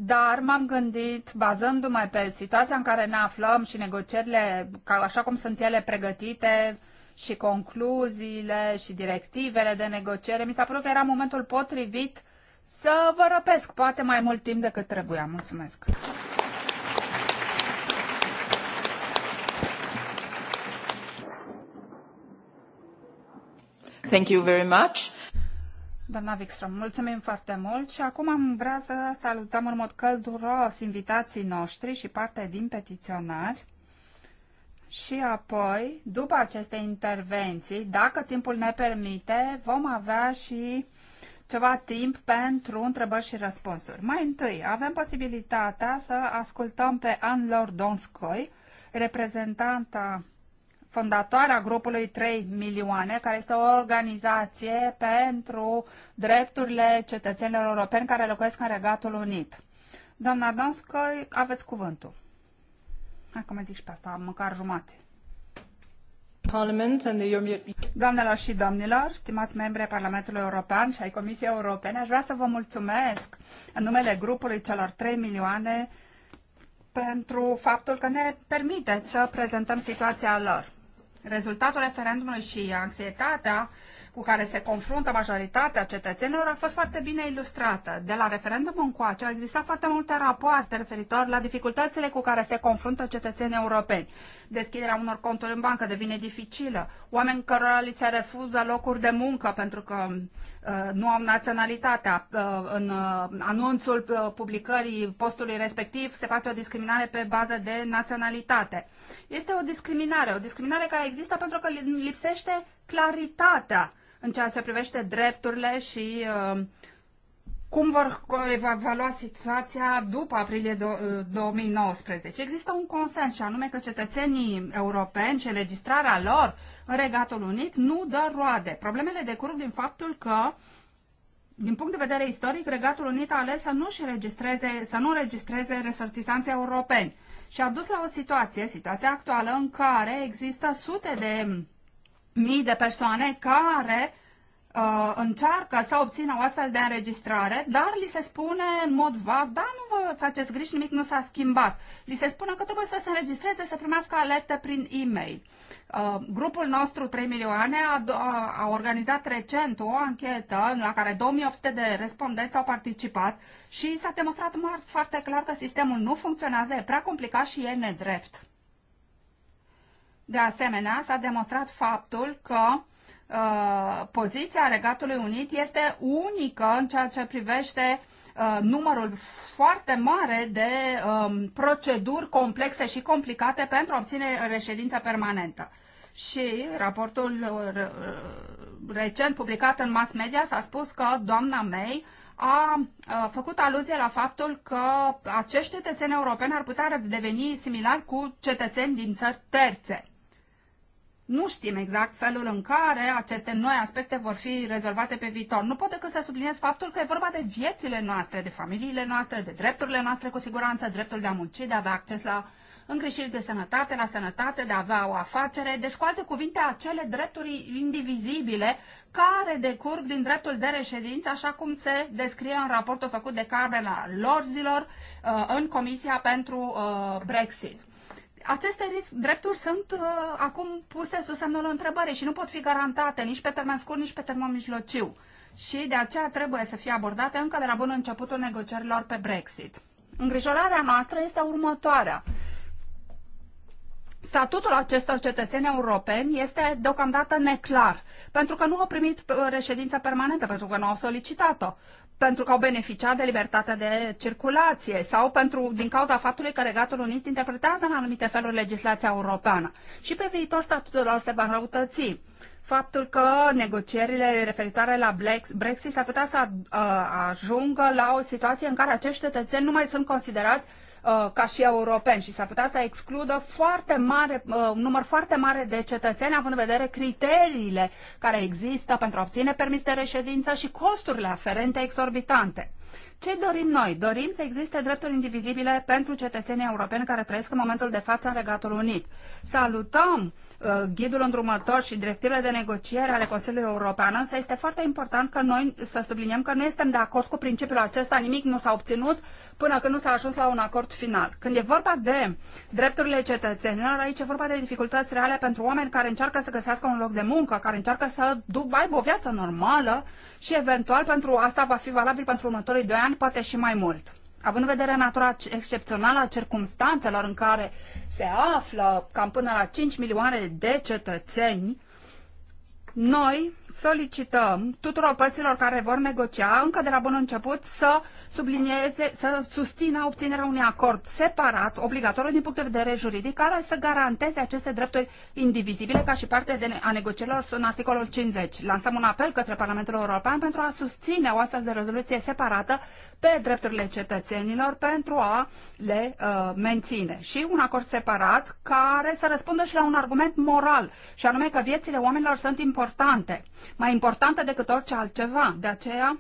dar m-am gândit, bazându-mă pe situația în care ne aflăm și negocierile, ca, așa cum sunt ele pregătite, și concluziile și directivele de negociere, mi s-a părut că era momentul potrivit să vă răpesc, poate mai mult timp decât trebuia. Mulțumesc! Thank you very much. Doamna Wikström, mulțumim foarte mult și acum am vrea să salutăm în mod călduros invitații noștri și parte din petiționari. Și apoi, după aceste intervenții, dacă timpul ne permite, vom avea și ceva timp pentru întrebări și răspunsuri. Mai întâi, avem posibilitatea să ascultăm pe Anne Lordonskoy, reprezentanta fondatoarea grupului 3 milioane, care este o organizație pentru drepturile cetățenilor europeni care locuiesc în Regatul Unit. Doamna Donscă, aveți cuvântul. Acum zic și pe asta, măcar jumate. Doamnelor și domnilor, stimați membri Parlamentului European și ai Comisiei Europene, aș vrea să vă mulțumesc în numele grupului celor 3 milioane pentru faptul că ne permiteți să prezentăm situația lor rezultatul referendumului și anxietatea cu care se confruntă majoritatea cetățenilor a fost foarte bine ilustrată. De la referendumul încoace au existat foarte multe rapoarte referitor la dificultățile cu care se confruntă cetățenii europeni. Deschiderea unor conturi în bancă devine dificilă, oameni cărora li se refuză locuri de muncă pentru că uh, nu au naționalitatea. Uh, în uh, anunțul uh, publicării postului respectiv se face o discriminare pe bază de naționalitate. Este o discriminare, o discriminare care există pentru că lipsește claritatea în ceea ce privește drepturile și uh, cum vor evalua situația după aprilie 2019. Uh, există un consens și anume că cetățenii europeni și înregistrarea lor în Regatul Unit nu dă roade. Problemele decurg din faptul că din punct de vedere istoric, Regatul Unit a ales să nu-și registreze, să nu registreze resortisanții europeni și a dus la o situație, situația actuală, în care există sute de mii de persoane care uh, încearcă să obțină o astfel de înregistrare, dar li se spune în mod vag, da, nu vă faceți griji, nimic nu s-a schimbat. Li se spune că trebuie să se înregistreze, să primească alerte prin e-mail. Uh, grupul nostru 3 milioane a, a, organizat recent o anchetă la care 2800 de respondenți au participat și s-a demonstrat foarte clar că sistemul nu funcționează, e prea complicat și e nedrept. De asemenea, s-a demonstrat faptul că uh, poziția Regatului Unit este unică în ceea ce privește uh, numărul foarte mare de um, proceduri complexe și complicate pentru a obține reședință permanentă. Și raportul uh, uh, recent publicat în mass media s-a spus că doamna May a, uh, făcut aluzie la faptul că acești cetățeni europeni ar putea deveni similari cu cetățeni din țări terțe. Nu știm exact felul în care aceste noi aspecte vor fi rezolvate pe viitor. Nu pot decât să subliniez faptul că e vorba de viețile noastre, de familiile noastre, de drepturile noastre cu siguranță, dreptul de a munci, de a avea acces la îngrijiri de sănătate, la sănătate, de a avea o afacere, deci cu alte cuvinte acele drepturi indivizibile care decurg din dreptul de reședință, așa cum se descrie în raportul făcut de Carmela Lorzilor uh, în Comisia pentru uh, Brexit aceste risc, drepturi sunt uh, acum puse sub semnul întrebării și nu pot fi garantate nici pe termen scurt, nici pe termen mijlociu. Și de aceea trebuie să fie abordate încă de la bun începutul negocierilor pe Brexit. Îngrijorarea noastră este următoarea. Statutul acestor cetățeni europeni este deocamdată neclar, pentru că nu au primit uh, reședință permanentă, pentru că nu au solicitat-o pentru că au beneficiat de libertatea de circulație sau pentru, din cauza faptului că Regatul Unit interpretează în anumite feluri legislația europeană. Și pe viitor statutul lor se va răutăți. Faptul că negocierile referitoare la Brexit s-ar putea să uh, ajungă la o situație în care acești cetățeni nu mai sunt considerați uh, Uh, ca și europeni și s-ar putea să excludă foarte mare, uh, un număr foarte mare de cetățeni, având în vedere criteriile care există pentru a obține permis de reședință și costurile aferente exorbitante. Ce dorim noi? Dorim să existe drepturi indivizibile pentru cetățenii europeni care trăiesc în momentul de față în Regatul Unit. Salutăm uh, Uh, ghidul îndrumător și directivele de negociere ale Consiliului European, însă este foarte important că noi să subliniem că nu suntem de acord cu principiul acesta, nimic nu s-a obținut până când nu s-a ajuns la un acord final. Când e vorba de drepturile cetățenilor, aici e vorba de dificultăți reale pentru oameni care încearcă să găsească un loc de muncă, care încearcă să duc, aibă o viață normală și eventual pentru asta va fi valabil pentru următorii doi ani, poate și mai mult având în vedere natura excepțională a circumstanțelor în care se află cam până la 5 milioane de cetățeni, noi solicităm tuturor părților care vor negocia încă de la bun început să sublinieze, să susțină obținerea unui acord separat, obligatoriu din punct de vedere juridic, care să garanteze aceste drepturi indivizibile ca și parte de, a negocierilor în articolul 50. Lansăm un apel către Parlamentul European pentru a susține o astfel de rezoluție separată pe drepturile cetățenilor pentru a le uh, menține și un acord separat care să răspundă și la un argument moral și anume că viețile oamenilor sunt importante mai importantă decât orice altceva. De aceea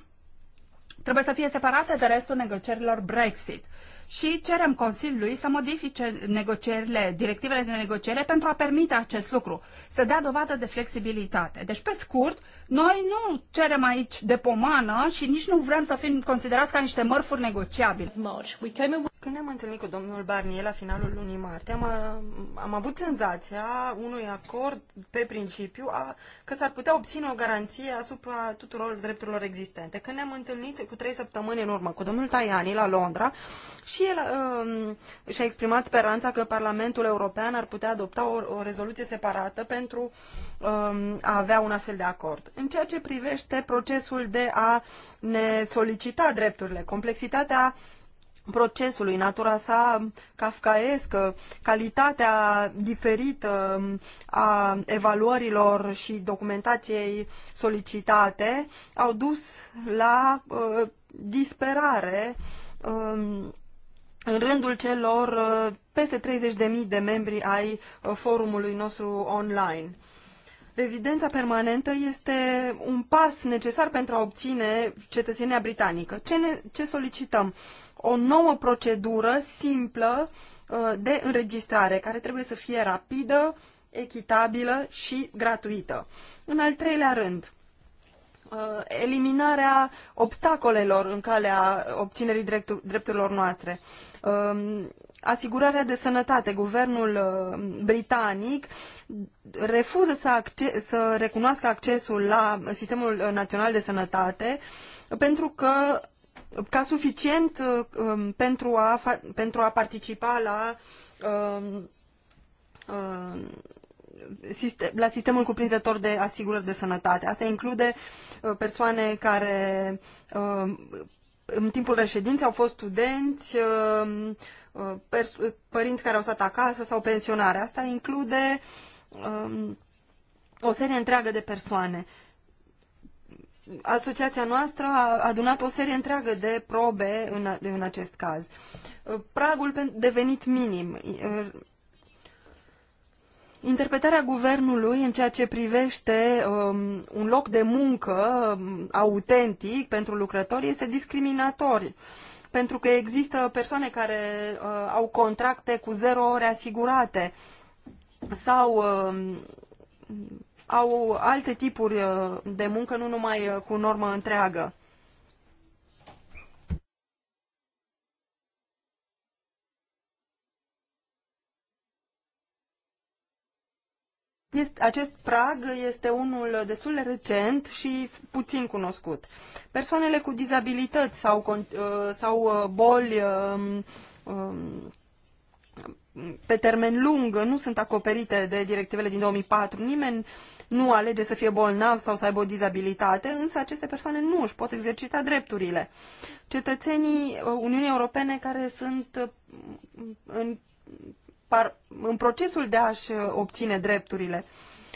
trebuie să fie separate de restul negocierilor Brexit și cerem Consiliului să modifice negocierile, directivele de negociere pentru a permite acest lucru, să dea dovadă de flexibilitate. Deci, pe scurt, noi nu cerem aici de pomană și nici nu vrem să fim considerați ca niște mărfuri negociabile. Când ne-am întâlnit cu domnul Barnier la finalul lunii martie, am, am avut senzația unui acord pe principiu a, că s-ar putea obține o garanție asupra tuturor drepturilor existente. Când ne-am întâlnit cu trei săptămâni în urmă cu domnul Tajani la Londra și el um, și-a exprimat speranța că Parlamentul European ar putea adopta o, o rezoluție separată pentru um, a avea un astfel de acord. În ceea ce privește procesul de a ne solicita drepturile, complexitatea procesului, natura sa kafkaescă, calitatea diferită um, a evaluărilor și documentației solicitate au dus la uh, disperare uh, în rândul celor uh, peste 30.000 de membri ai uh, forumului nostru online. Rezidența permanentă este un pas necesar pentru a obține cetățenia britanică. Ce, ne, ce solicităm? O nouă procedură simplă uh, de înregistrare, care trebuie să fie rapidă, echitabilă și gratuită. În al treilea rând, uh, eliminarea obstacolelor în calea obținerii drepturilor noastre. Um, asigurarea de sănătate. Guvernul uh, britanic refuză să, să recunoască accesul la Sistemul uh, Național de Sănătate pentru că ca suficient uh, um, pentru, a, pentru a participa la, um, um, la sistemul cuprinzător de asigurări de sănătate. Asta include persoane care în timpul reședinței au fost studenți, Uh, uh, părinți care au stat acasă sau pensionare. Asta include um, o serie întreagă de persoane. Asociația noastră a adunat o serie întreagă de probe în, în acest caz. Uh, pragul devenit minim. Interpretarea guvernului în ceea ce privește um, un loc de muncă um, autentic pentru lucrători este Uh, pentru că există persoane care uh, au contracte cu zero ore asigurate sau uh, au alte tipuri uh, de muncă, nu numai uh, cu normă întreagă. Este, acest prag este unul destul de recent și puțin cunoscut. Persoanele cu dizabilități sau, uh, sau uh, boli um, um, pe termen lung nu sunt acoperite de directivele din 2004. Nimeni nu alege să fie bolnav sau să aibă o dizabilitate, însă aceste persoane nu își pot exercita drepturile. Cetățenii uh, Uniunii Europene care sunt în par, în procesul de a-și uh, obține drepturile.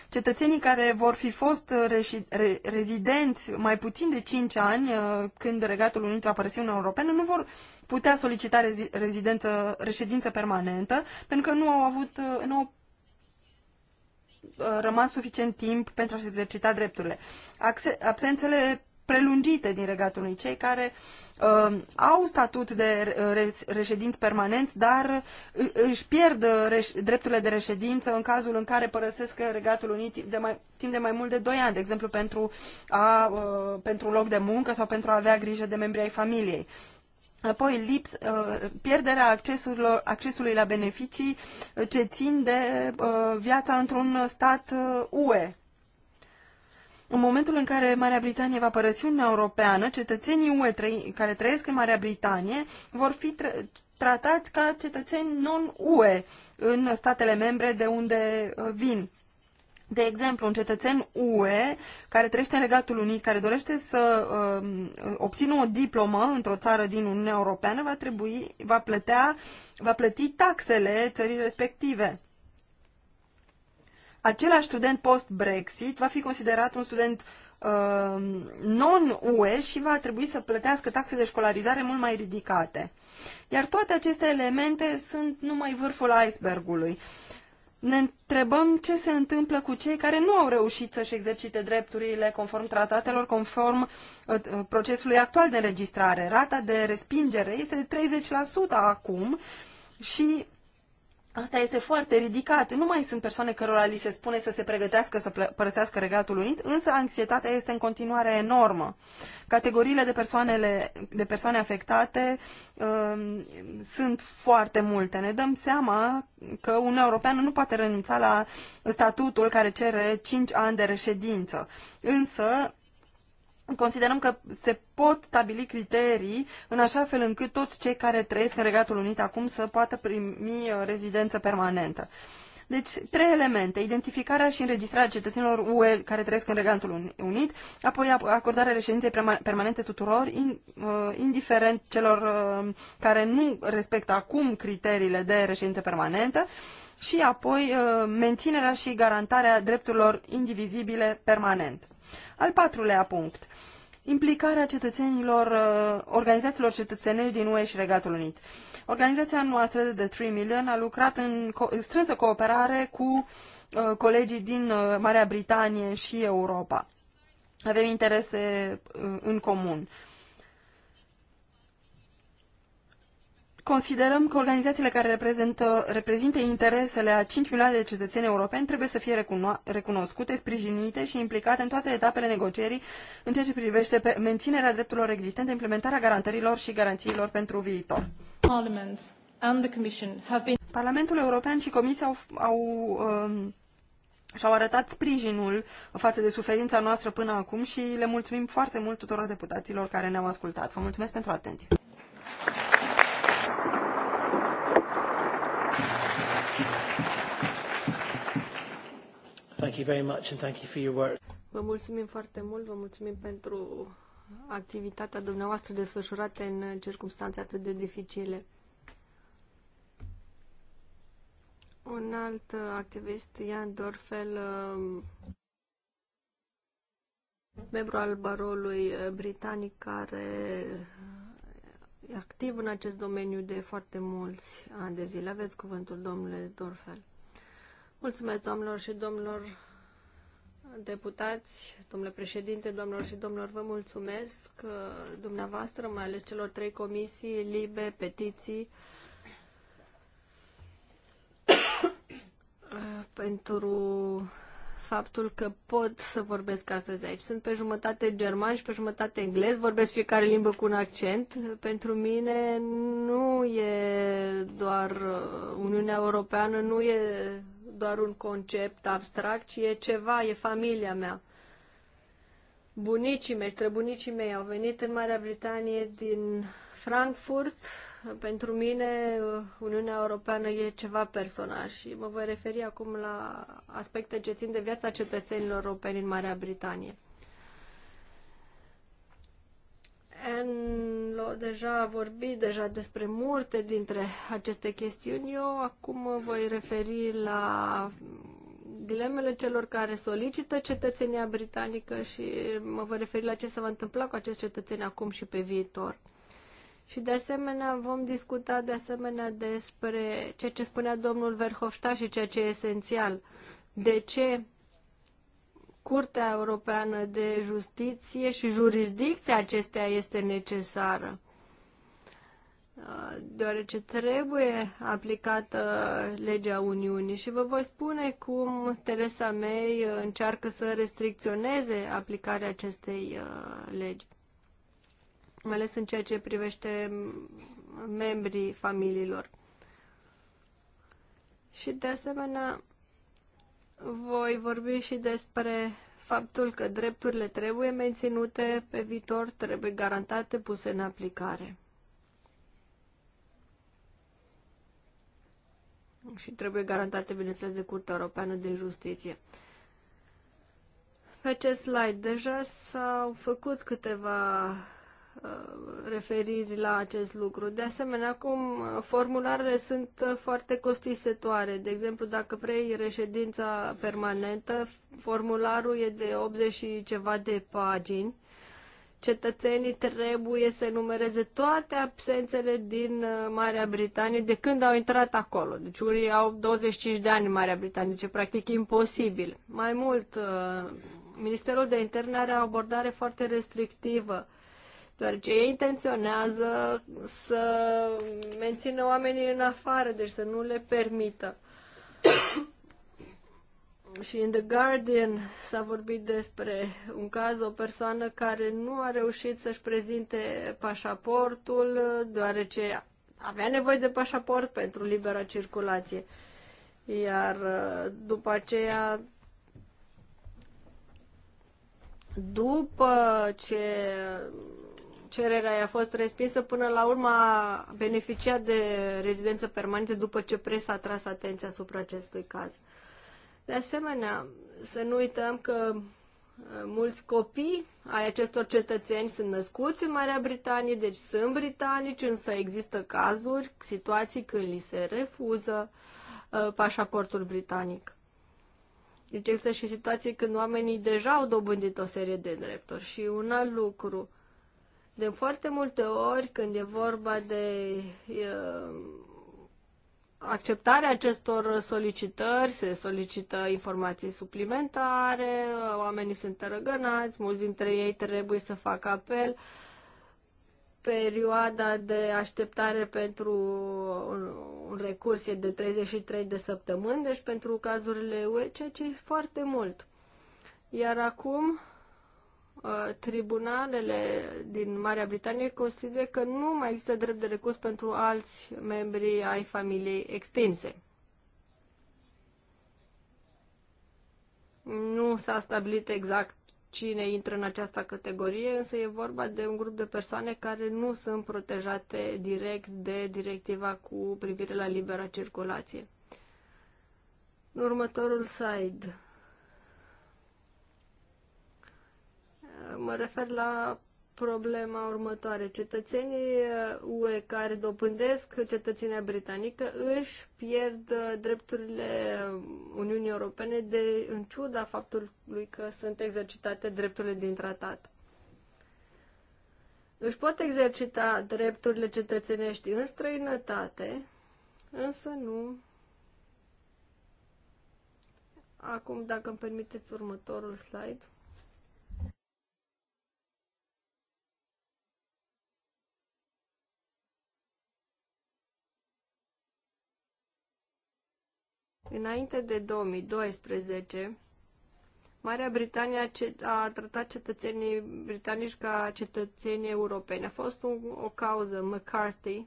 Cetățenii care vor fi fost uh, reși, re, rezidenți mai puțin de 5 ani uh, când Regatul Unit va părăsi Uniunea Europeană nu vor putea solicita rezi, rezidență, reședință permanentă pentru că nu au avut nu au rămas suficient timp pentru a-și exercita drepturile. Absențele prelungite din regatul unui cei care uh, au statut de reședinți permanenți, dar uh, își pierd uh, reș drepturile de reședință în cazul în care părăsesc regatul unit timp de mai, timp de mai mult de 2 ani, de exemplu pentru, a, uh, pentru loc de muncă sau pentru a avea grijă de membrii ai familiei. Apoi lips, uh, pierderea accesului la beneficii uh, ce țin de viața într-un stat UE în momentul în care Marea Britanie va părăsi Uniunea Europeană, cetățenii UE care trăiesc în Marea Britanie vor fi tra- tratați ca cetățeni non-UE în statele membre de unde uh, vin. De exemplu, un cetățen UE care trăiește în Regatul Unit, care dorește să uh, obțină o diplomă într-o țară din Uniunea Europeană, va, trebui, va, plătea, va plăti taxele țării respective același student post-Brexit va fi considerat un student uh, non-UE și va trebui să plătească taxe de școlarizare mult mai ridicate. Iar toate aceste elemente sunt numai vârful icebergului. Ne întrebăm ce se întâmplă cu cei care nu au reușit să-și exercite drepturile conform tratatelor, conform uh, procesului actual de înregistrare. Rata de respingere este de 30% acum și Asta este foarte ridicat. Nu mai sunt persoane cărora li se spune să se pregătească să părăsească Regatul Unit, însă anxietatea este în continuare enormă. Categoriile de, persoanele, de persoane afectate uh, sunt foarte multe. Ne dăm seama că un european nu poate renunța la statutul care cere 5 ani de reședință. Însă, considerăm că se pot stabili criterii în așa fel încât toți cei care trăiesc în Regatul Unit acum să poată primi uh, rezidență permanentă. Deci, trei elemente. Identificarea și înregistrarea cetățenilor UE care trăiesc în Regatul Unit, apoi acordarea reședinței permanente tuturor, uh, indiferent celor uh, care nu respectă acum criteriile de reședință permanentă și apoi uh, menținerea și garantarea drepturilor indivizibile permanent. Al patrulea punct. Implicarea cetățenilor, uh, organizațiilor cetățenești din UE și Regatul Unit. Organizația noastră de 3 Million a lucrat în strânsă cooperare cu uh, colegii din Marea Britanie și Europa. Avem interese în comun. Considerăm că organizațiile care reprezintă, reprezintă interesele a 5 milioane de cetățeni europeni trebuie să fie recuno- recunoscute, sprijinite și implicate în toate etapele negocierii în ceea ce privește pe menținerea drepturilor existente, implementarea garantărilor și garanțiilor pentru viitor. Parliament been... Parlamentul European și Comisia au, au um, și-au arătat sprijinul față de suferința noastră până acum și le mulțumim foarte mult tuturor deputaților care ne-au ascultat. Vă mulțumesc pentru atenție. Thank you very much and thank you for your work. Vă mulțumim foarte mult, vă mulțumim pentru activitatea dumneavoastră desfășurată în circunstanțe atât de dificile. Un alt activist, Ian Dorfel, um, membru al barolului uh, britanic care e activ în acest domeniu de foarte mulți ani de zile. Aveți cuvântul, domnule Dorfel. Mulțumesc, doamnelor și domnilor deputați, domnule președinte, domnilor și domnilor, vă mulțumesc uh, dumneavoastră, mai ales celor trei comisii, LIBE, petiții, *coughs* uh, pentru faptul că pot să vorbesc astăzi aici. Sunt pe jumătate german și pe jumătate englez, vorbesc fiecare limbă cu un accent. Pentru mine nu e doar uh, Uniunea Europeană, nu e doar un concept abstract, ci e ceva, e familia mea. Bunicii mei, străbunicii mei au venit în Marea Britanie din Frankfurt. Pentru mine, Uniunea Europeană e ceva personal și mă voi referi acum la aspecte ce țin de viața cetățenilor europeni în Marea Britanie. Enlo deja a vorbit deja despre multe dintre aceste chestiuni. Eu acum voi referi la dilemele celor care solicită cetățenia britanică și mă voi referi la ce se va întâmpla cu acest cetățeni acum și pe viitor. Și de asemenea vom discuta de asemenea despre ceea ce spunea domnul Verhofstadt și ceea ce e esențial. De ce Curtea Europeană de Justiție și jurisdicția acestea este necesară, uh, deoarece trebuie aplicată legea Uniunii și vă voi spune cum Teresa May încearcă să restricționeze aplicarea acestei uh, legi, mai ales în ceea ce privește membrii familiilor. Și de asemenea, voi vorbi și despre faptul că drepturile trebuie menținute pe viitor, trebuie garantate, puse în aplicare. Și trebuie garantate, bineînțeles, de Curtea Europeană de Justiție. Pe acest slide deja s-au făcut câteva Uh, referiri la acest lucru. De asemenea, acum uh, formularele sunt uh, foarte costisitoare. De exemplu, dacă vrei reședința permanentă, formularul e de 80 și ceva de pagini. Cetățenii trebuie să numereze toate absențele din Marea Britanie de când au intrat acolo. Deci unii au 25 de ani în Marea Britanie, ce deci, practic imposibil. Mai mult, Ministerul de Interne are o abordare foarte restrictivă deoarece ei intenționează să mențină oamenii în afară, deci să nu le permită. *coughs* și în The Guardian s-a vorbit despre un caz, o persoană care nu a reușit să-și prezinte pașaportul, deoarece avea nevoie de pașaport pentru libera circulație. Iar uh, după aceea, după ce cererea i-a fost respinsă, până la urmă a beneficiat de rezidență permanentă după ce presa a tras atenția asupra acestui caz. De asemenea, să nu uităm că uh, mulți copii ai acestor cetățeni sunt născuți în Marea Britanie, deci sunt britanici, însă există cazuri, situații când li se refuză uh, pașaportul britanic. Deci există și situații când oamenii deja au dobândit o serie de drepturi. Și un alt lucru, de foarte multe ori, când e vorba de uh, acceptarea acestor solicitări, se solicită informații suplimentare, oamenii sunt răgănați, mulți dintre ei trebuie să facă apel. Perioada de așteptare pentru un recurs e de 33 de săptămâni, deci pentru cazurile UE, ceea ce e foarte mult. Iar acum, Uh, tribunalele din Marea Britanie consideră că nu mai există drept de recurs pentru alți membri ai familiei extinse. Nu s-a stabilit exact cine intră în această categorie, însă e vorba de un grup de persoane care nu sunt protejate direct de directiva cu privire la libera circulație. În următorul slide mă refer la problema următoare. Cetățenii UE uh, care dobândesc cetățenia britanică își pierd uh, drepturile Uniunii Europene de, în ciuda faptului că sunt exercitate drepturile din tratat. Își pot exercita drepturile cetățenești în străinătate, însă nu. Acum, dacă îmi permiteți următorul slide. Înainte de 2012, Marea Britanie a tratat cetățenii britanici ca cetățenii europeni. A fost un, o cauză, McCarthy,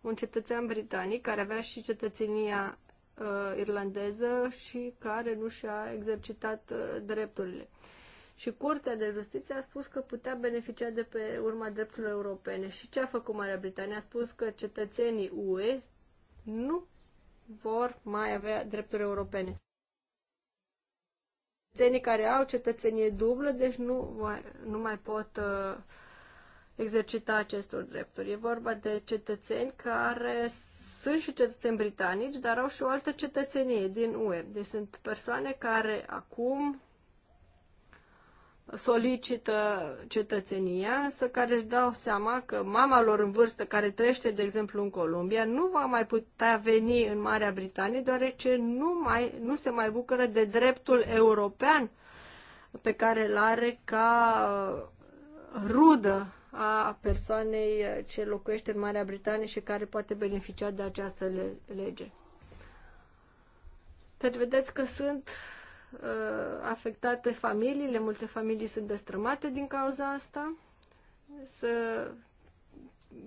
un cetățean britanic care avea și cetățenia uh, irlandeză și care nu și-a exercitat uh, drepturile. Și Curtea de Justiție a spus că putea beneficia de pe urma drepturilor europene. Și ce a făcut Marea Britanie? A spus că cetățenii UE nu vor mai avea drepturi europene. Cetățenii care au cetățenie dublă, deci nu, nu mai pot uh, exercita acestor drepturi. E vorba de cetățeni care sunt și cetățeni britanici, dar au și o altă cetățenie din UE. Deci sunt persoane care acum solicită cetățenia, să care își dau seama că mama lor în vârstă care trăiește, de exemplu, în Columbia, nu va mai putea veni în Marea Britanie, deoarece nu, mai, nu se mai bucură de dreptul european pe care îl are ca uh, rudă a persoanei ce locuiește în Marea Britanie și care poate beneficia de această lege. Deci vedeți că sunt Uh, afectate familiile, multe familii sunt destrămate din cauza asta. Să,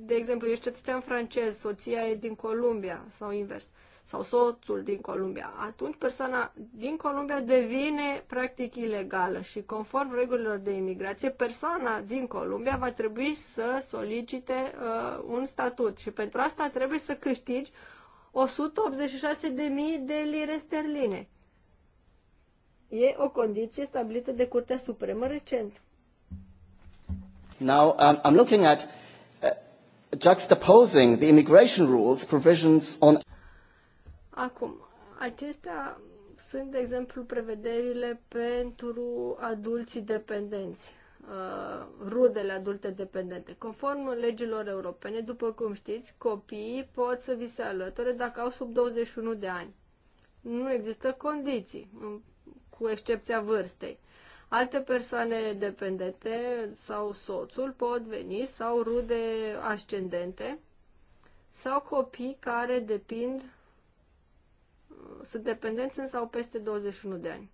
de exemplu, ești cetățean francez, soția e din Columbia sau invers, sau soțul din Columbia. Atunci persoana din Columbia devine practic ilegală și conform regulilor de imigrație, persoana din Columbia va trebui să solicite uh, un statut și pentru asta trebuie să câștigi 186.000 de lire sterline. E o condiție stabilită de Curtea Supremă recent. Now, um, I'm looking at uh, juxtaposing the immigration rules provisions on... Acum, acestea sunt, de exemplu, prevederile pentru adulții dependenți, uh, rudele adulte dependente. Conform legilor europene, după cum știți, copiii pot să vi se alăture dacă au sub 21 de ani. Nu există condiții cu excepția vârstei. Alte persoane dependente sau soțul pot veni sau rude ascendente sau copii care depind sunt dependenți în sau peste 21 de ani.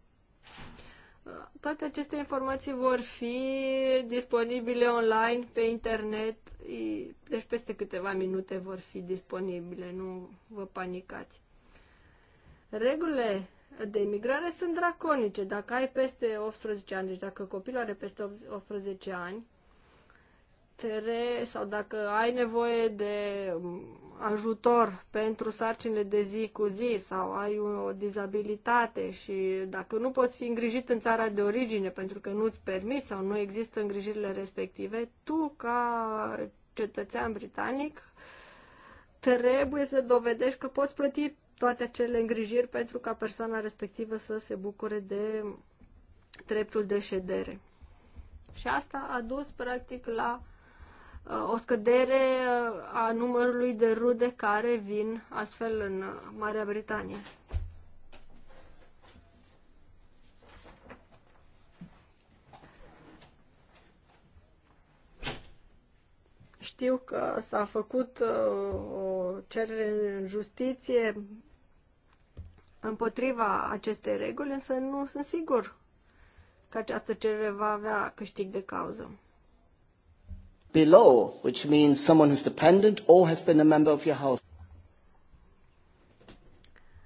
Toate aceste informații vor fi disponibile online, pe internet, deci peste câteva minute vor fi disponibile, nu vă panicați. Regulile de imigrare sunt draconice. Dacă ai peste 18 ani, deci dacă copilul are peste 18 ani, tere, sau dacă ai nevoie de um, ajutor pentru sarcinile de zi cu zi sau ai o dizabilitate și dacă nu poți fi îngrijit în țara de origine pentru că nu-ți permiți sau nu există îngrijirile respective, tu ca cetățean britanic trebuie să dovedești că poți plăti toate acele îngrijiri pentru ca persoana respectivă să se bucure de dreptul de ședere. Și asta a dus practic la uh, o scădere uh, a numărului de rude care vin astfel în uh, Marea Britanie. Știu că s-a făcut o cerere în justiție împotriva acestei reguli, însă nu sunt sigur că această cerere va avea câștig de cauză. Below, which means someone who's dependent or has been a member of your house.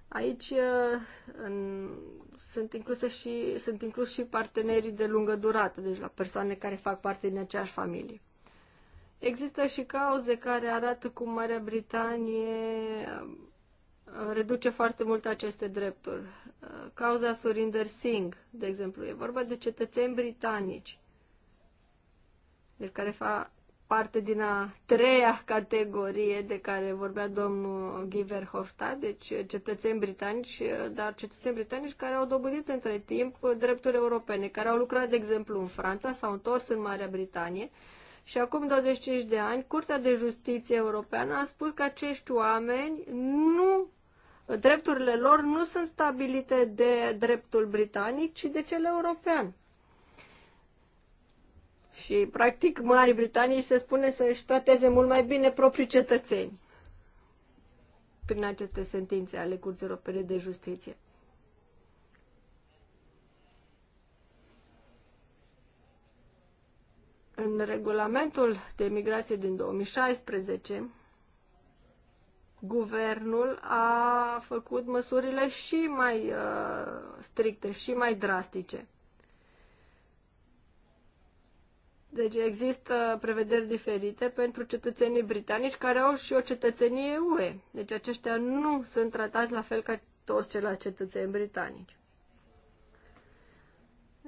Aici uh, în, sunt, incluse și, sunt inclus și partenerii de lungă durată, deci la persoane care fac parte din aceeași familie. Există și cauze care arată cum Marea Britanie reduce foarte mult aceste drepturi. Cauza Surinder Singh, de exemplu, e vorba de cetățeni britanici, deci care fac parte din a treia categorie de care vorbea domnul Giver Verhofstadt, deci cetățeni britanici, dar cetățeni britanici care au dobândit între timp drepturi europene, care au lucrat, de exemplu, în Franța, s-au întors în Marea Britanie și acum 25 de ani, Curtea de Justiție Europeană a spus că acești oameni nu drepturile lor nu sunt stabilite de dreptul britanic, ci de cel european. Și, practic, Marii Britanii se spune să-și trateze mult mai bine proprii cetățeni prin aceste sentințe ale Curții Europene de Justiție. În regulamentul de migrație din 2016, guvernul a făcut măsurile și mai uh, stricte, și mai drastice. Deci există prevederi diferite pentru cetățenii britanici care au și o cetățenie UE. Deci aceștia nu sunt tratați la fel ca toți ceilalți cetățeni britanici.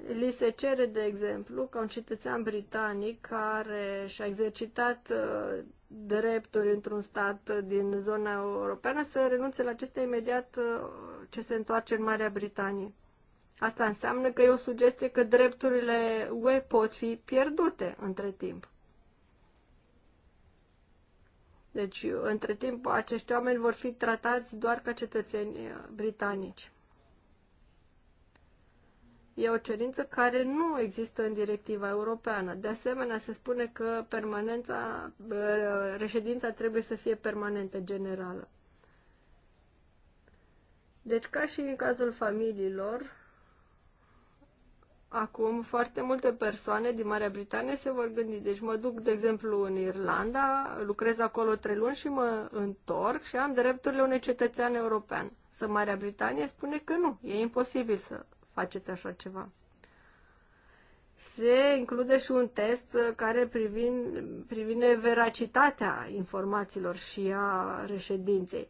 Li se cere, de exemplu, ca un cetățean britanic care și-a exercitat uh, drepturi într-un stat din zona europeană să renunțe la acestea imediat uh, ce se întoarce în Marea Britanie. Asta înseamnă că e o sugestie că drepturile UE pot fi pierdute între timp. Deci, între timp, acești oameni vor fi tratați doar ca cetățeni uh, britanici. E o cerință care nu există în directiva europeană. De asemenea, se spune că permanența, reședința trebuie să fie permanentă, generală. Deci, ca și în cazul familiilor, acum foarte multe persoane din Marea Britanie se vor gândi. Deci mă duc, de exemplu, în Irlanda, lucrez acolo trei luni și mă întorc și am drepturile unui cetățean european. Să Marea Britanie spune că nu, e imposibil să faceți așa ceva. Se include și un test care privin, privine veracitatea informațiilor și a reședinței.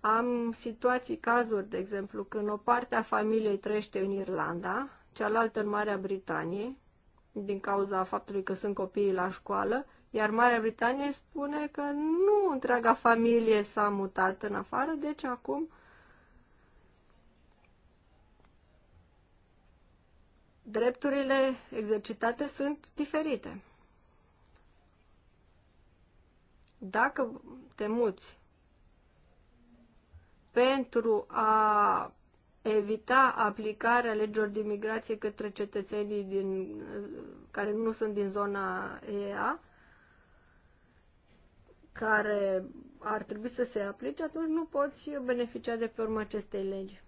Am situații, cazuri, de exemplu, când o parte a familiei trăiește în Irlanda, cealaltă în Marea Britanie, din cauza faptului că sunt copiii la școală, iar Marea Britanie spune că nu întreaga familie s-a mutat în afară, deci acum drepturile exercitate sunt diferite. Dacă te muți pentru a evita aplicarea legilor de imigrație către cetățenii din, care nu sunt din zona EA, care ar trebui să se aplice, atunci nu poți beneficia de pe urma acestei legi.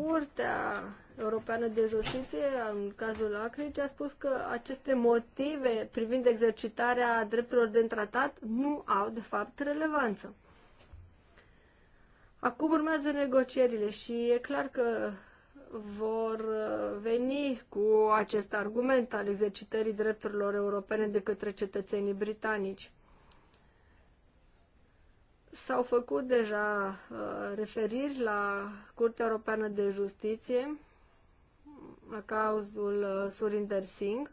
Curtea Europeană de Justiție, în cazul Acrici, a spus că aceste motive privind exercitarea drepturilor de tratat nu au, de fapt, relevanță. Acum urmează negocierile și e clar că vor veni cu acest argument al exercitării drepturilor europene de către cetățenii britanici. S-au făcut deja uh, referiri la Curtea Europeană de Justiție, la cauzul uh, Surinder Singh.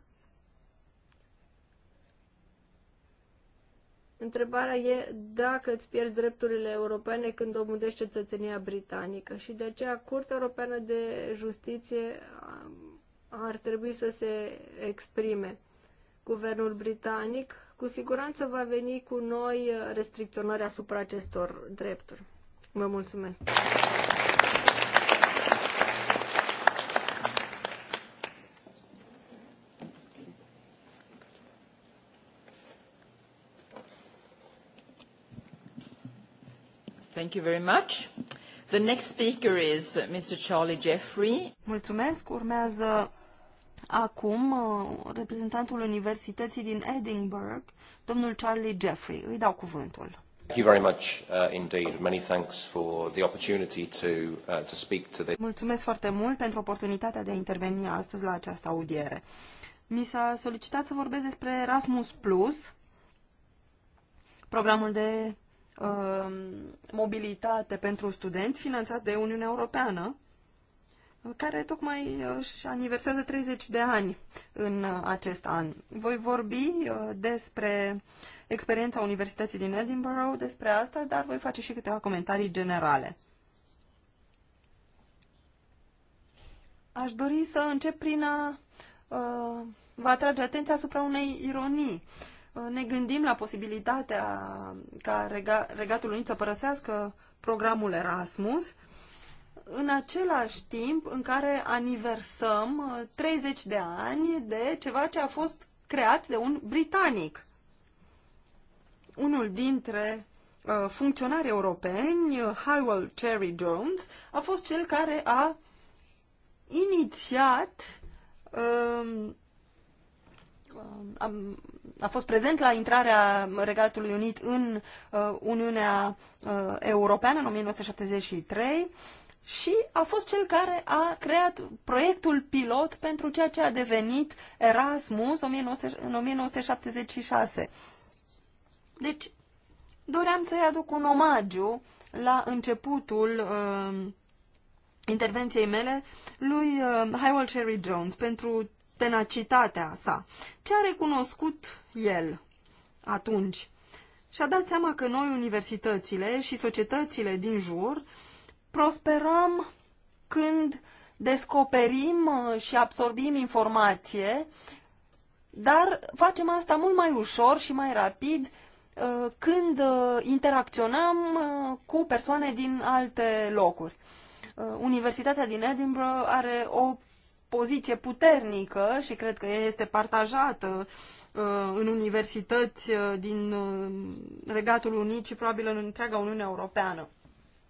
Întrebarea e dacă îți pierzi drepturile europene când omudești cetățenia britanică și de aceea Curtea Europeană de Justiție um, ar trebui să se exprime. Guvernul britanic cu siguranță va veni cu noi uh, restricționări asupra acestor drepturi. Vă mulțumesc! Thank you very much. The next speaker is uh, Mr. Charlie Jeffrey. Mulțumesc. Urmează acum uh, reprezentantul Universității din Edinburgh, domnul Charlie Jeffrey. Îi dau cuvântul. Thank you very much uh, indeed. Many thanks for the opportunity to, uh, to speak to the... Mulțumesc foarte mult pentru oportunitatea de a interveni astăzi la această audiere. Mi s-a solicitat să vorbesc despre Erasmus Plus, programul de uh, mobilitate pentru studenți finanțat de Uniunea Europeană care tocmai uh, își aniversează 30 de ani în uh, acest an. Voi vorbi uh, despre experiența Universității din Edinburgh, despre asta, dar voi face și câteva comentarii generale. Aș dori să încep prin a vă atrage atenția asupra unei ironii. Ne gândim la posibilitatea ca Regatul Unit să părăsească programul Erasmus, în același timp în care aniversăm 30 uh, de ani de ceva ce a fost creat de un britanic. Unul dintre uh, funcționari europeni, uh, Howell Cherry Jones, a fost cel care a inițiat um, a, um, a fost prezent la intrarea Regatului Unit în uh, Uniunea uh, Europeană în 1973 și a fost cel care a creat proiectul pilot pentru ceea ce a devenit Erasmus în 1976. Deci, doream să-i aduc un omagiu la începutul uh, intervenției mele lui uh, um, Howell Cherry Jones pentru tenacitatea sa. Ce a recunoscut el atunci? Și-a dat seama că noi, universitățile și societățile din jur, uh, prosperăm când descoperim uh, și absorbim informație, dar facem asta mult mai ușor și mai rapid uh, când uh, interacționăm cu persoane din alte locuri. Universitatea din Edinburgh are o poziție puternică și cred că este partajată în universități din Regatul Unit și probabil în întreaga Uniune Europeană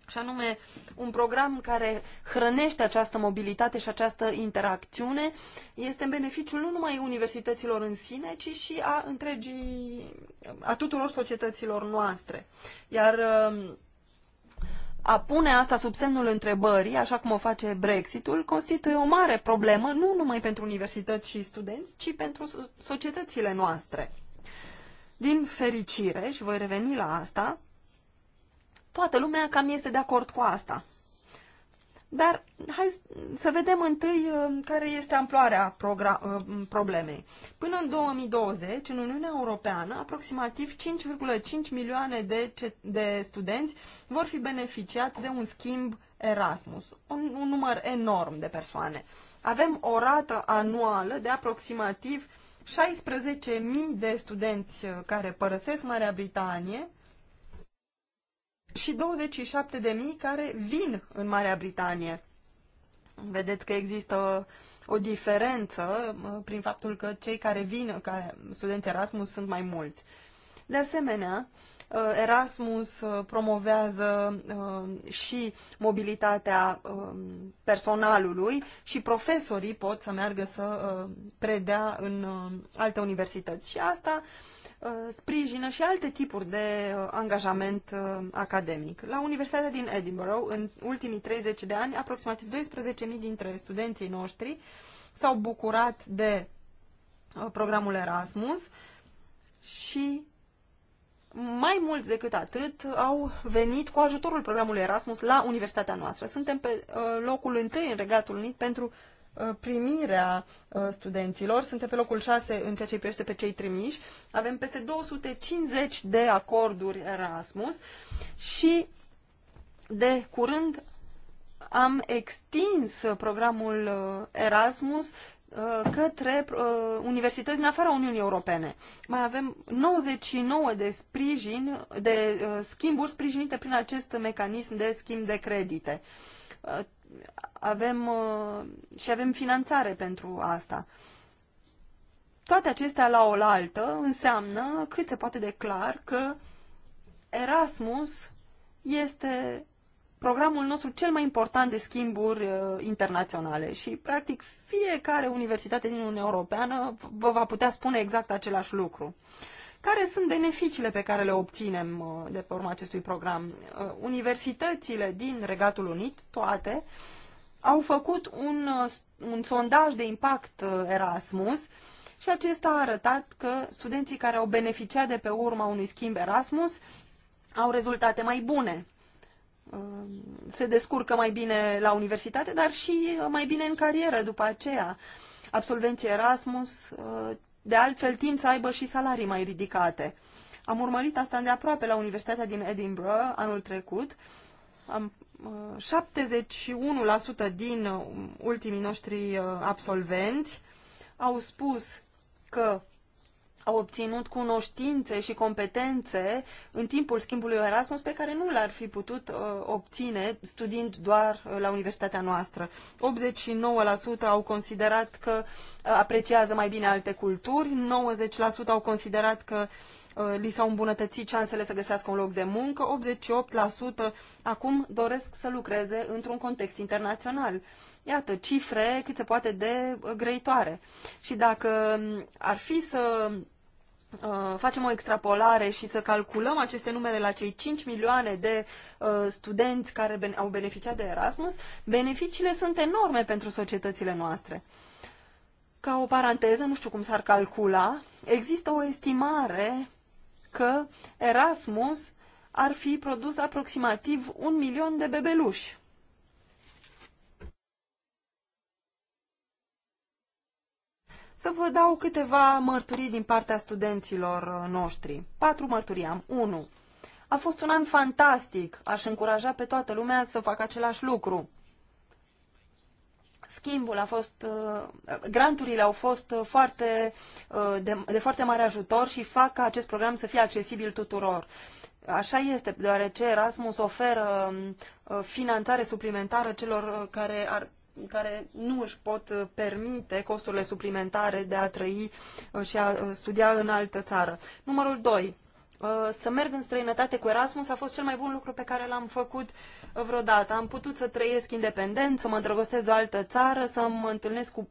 și anume un program care hrănește această mobilitate și această interacțiune, este în beneficiul nu numai universităților în sine, ci și a întregii, a tuturor societăților noastre. Iar um, a pune asta sub semnul întrebării, așa cum o face Brexitul, constituie o mare problemă, nu numai pentru universități și studenți, ci pentru societățile noastre. Din fericire, și voi reveni la asta, Toată lumea cam este de acord cu asta. Dar hai să vedem întâi uh, care este amploarea uh, problemei. Până în 2020, în Uniunea Europeană, aproximativ 5,5 milioane de, de studenți vor fi beneficiați de un schimb Erasmus, un, un număr enorm de persoane. Avem o rată anuală de aproximativ 16.000 de studenți uh, care părăsesc Marea Britanie și 27.000 care vin în Marea Britanie. Vedeți că există o diferență uh, prin faptul că cei care vin ca studenți Erasmus sunt mai mulți. De asemenea, uh, Erasmus uh, promovează și mobilitatea um, personalului și profesorii pot să meargă să predea în alte universități. Și asta Uh, sprijină și alte tipuri de uh, angajament uh, academic. La Universitatea din Edinburgh, în ultimii 30 de ani, aproximativ 12.000 dintre studenții noștri s-au bucurat de programul Erasmus și mai mulți decât atât au venit cu ajutorul programului Erasmus la universitatea noastră. Suntem pe locul întâi în Regatul Unit pentru Uh, primirea uh, studenților. Suntem pe locul 6 în ceea ce privește pe cei trimiși. Avem peste 250 de acorduri Erasmus și de curând am extins programul uh, Erasmus către universități din afara Uniunii Europene. Mai avem 99 de sprijin, de schimburi sprijinite prin acest mecanism de schimb de credite avem uh, și avem finanțare pentru asta. Toate acestea la oaltă înseamnă cât se poate de clar că Erasmus este programul nostru cel mai important de schimburi uh, internaționale și, practic, fiecare universitate din Uniunea Europeană vă va putea spune exact același lucru. Uh, care sunt beneficiile pe care le obținem uh, de pe urma acestui program? Uh, universitățile din Regatul Unit, toate, au făcut un, uh, un sondaj de impact Erasmus și acesta a arătat că studenții care au beneficiat de pe urma unui schimb Erasmus au rezultate mai bune. Se descurcă mai bine la universitate, dar și mai bine în carieră după aceea. Absolvenții Erasmus de altfel tind să aibă și salarii mai ridicate. Am urmărit asta de aproape la Universitatea din Edinburgh anul trecut. Am, 71% uh, din uh, ultimii noștri uh, absolvenți au spus că au obținut cunoștințe și competențe în timpul schimbului Erasmus pe care nu l-ar fi putut uh, obține studiind doar uh, la universitatea noastră. 89% au considerat că uh, apreciază mai bine alte culturi, 90% au considerat că uh, li s-au îmbunătățit șansele să găsească un loc de muncă, 88% acum doresc să lucreze într-un context internațional. Iată, cifre cât se poate de uh, grăitoare. Și dacă um, ar fi să Uh, facem o extrapolare și să calculăm aceste numere la cei 5 milioane de uh, studenți care ben au beneficiat de Erasmus, beneficiile sunt enorme pentru societățile noastre. Ca o paranteză, nu știu cum s-ar calcula, există o estimare că Erasmus ar fi produs aproximativ un milion de bebeluși să vă dau câteva mărturii din partea studenților uh, noștri. Patru mărturii am. Unu, A fost un an fantastic. Aș încuraja pe toată lumea să facă același lucru. Schimbul a fost, uh, granturile au fost uh, foarte, de, de foarte mare ajutor și fac ca acest program să fie accesibil tuturor. Așa este, deoarece Erasmus oferă um, finanțare suplimentară celor care ar care nu își pot uh, permite costurile suplimentare de a trăi uh, și a uh, studia în altă țară. Numărul 2. Să merg în străinătate cu Erasmus a fost cel mai bun lucru pe care l-am făcut vreodată. Am putut să trăiesc independent, să mă îndrăgostesc de o altă țară, să mă întâlnesc cu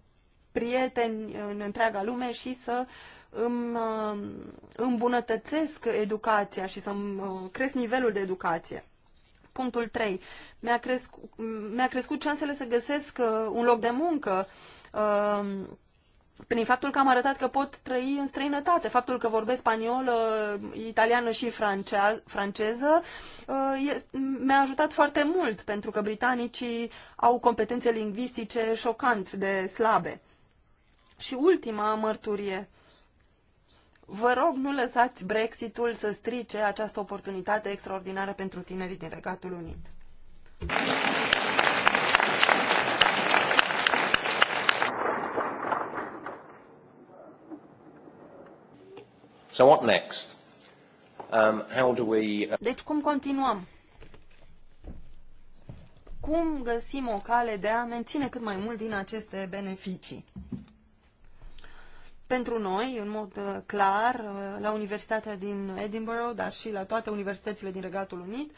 prieteni în întreaga lume și să îmi îmbunătățesc educația și să-mi cresc nivelul de educație. Punctul 3. Mi-a, crescut, mi crescut șansele să găsesc uh, un loc de muncă uh, prin faptul că am arătat că pot trăi în străinătate, faptul că vorbesc spaniolă, uh, italiană și francea, franceză, mi-a ajutat foarte mult, pentru că britanicii au competențe lingvistice șocant de slabe. Și ultima mărturie. Vă rog, nu lăsați Brexitul să strice această oportunitate extraordinară pentru tinerii din Regatul Unit. So what next? Um, how do we... Uh, deci cum continuăm? Cum găsim o cale de a menține cât mai mult din aceste beneficii? pentru noi, în mod uh, clar, uh, la Universitatea din Edinburgh, dar și la toate universitățile din Regatul Unit,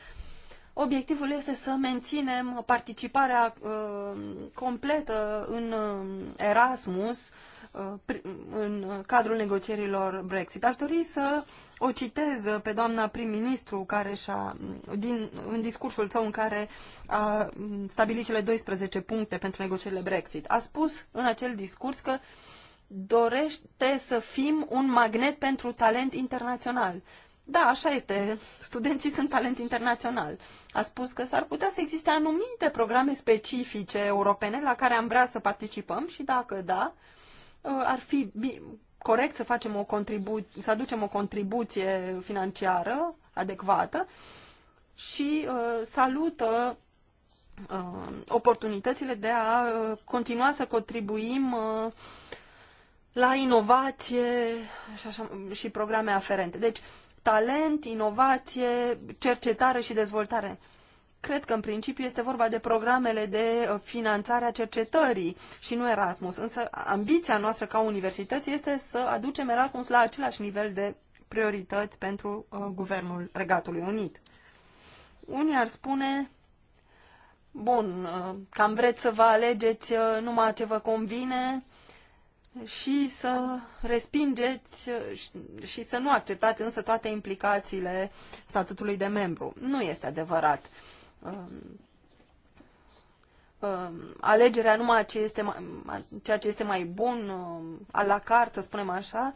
obiectivul este să menținem participarea uh, completă în Erasmus în cadrul negocierilor Brexit. Aș dori să o citez pe doamna prim-ministru care și-a, din, în discursul său în care a stabilit cele 12 puncte pentru negocierile Brexit. A spus în acel discurs că uh, dorește să fim un magnet pentru talent internațional. Da, așa este. Studenții sunt talent internațional. A spus că s-ar putea să existe anumite programe specifice europene la care am vrea să participăm și dacă da, uh, ar fi corect să facem o contribu- să aducem o contribuție financiară adecvată și uh, salută uh, oportunitățile de a uh, continua să contribuim uh, la inovație și, așa, și programe aferente. Deci, talent, inovație, cercetare și dezvoltare. Cred că în principiu este vorba de programele de uh, finanțare a cercetării și nu Erasmus, însă ambiția noastră ca universități este să aducem Erasmus la același nivel de priorități pentru uh, guvernul Regatului Unit. Unii ar spune, bun, uh, cam vreți să vă alegeți uh, numai ce vă convine, uh, și să respingeți și să nu acceptați însă toate implicațiile statutului de membru. Nu este adevărat. Um, um, alegerea numai ce este mai, ceea ce este mai bun, um, a la carte, să spunem așa,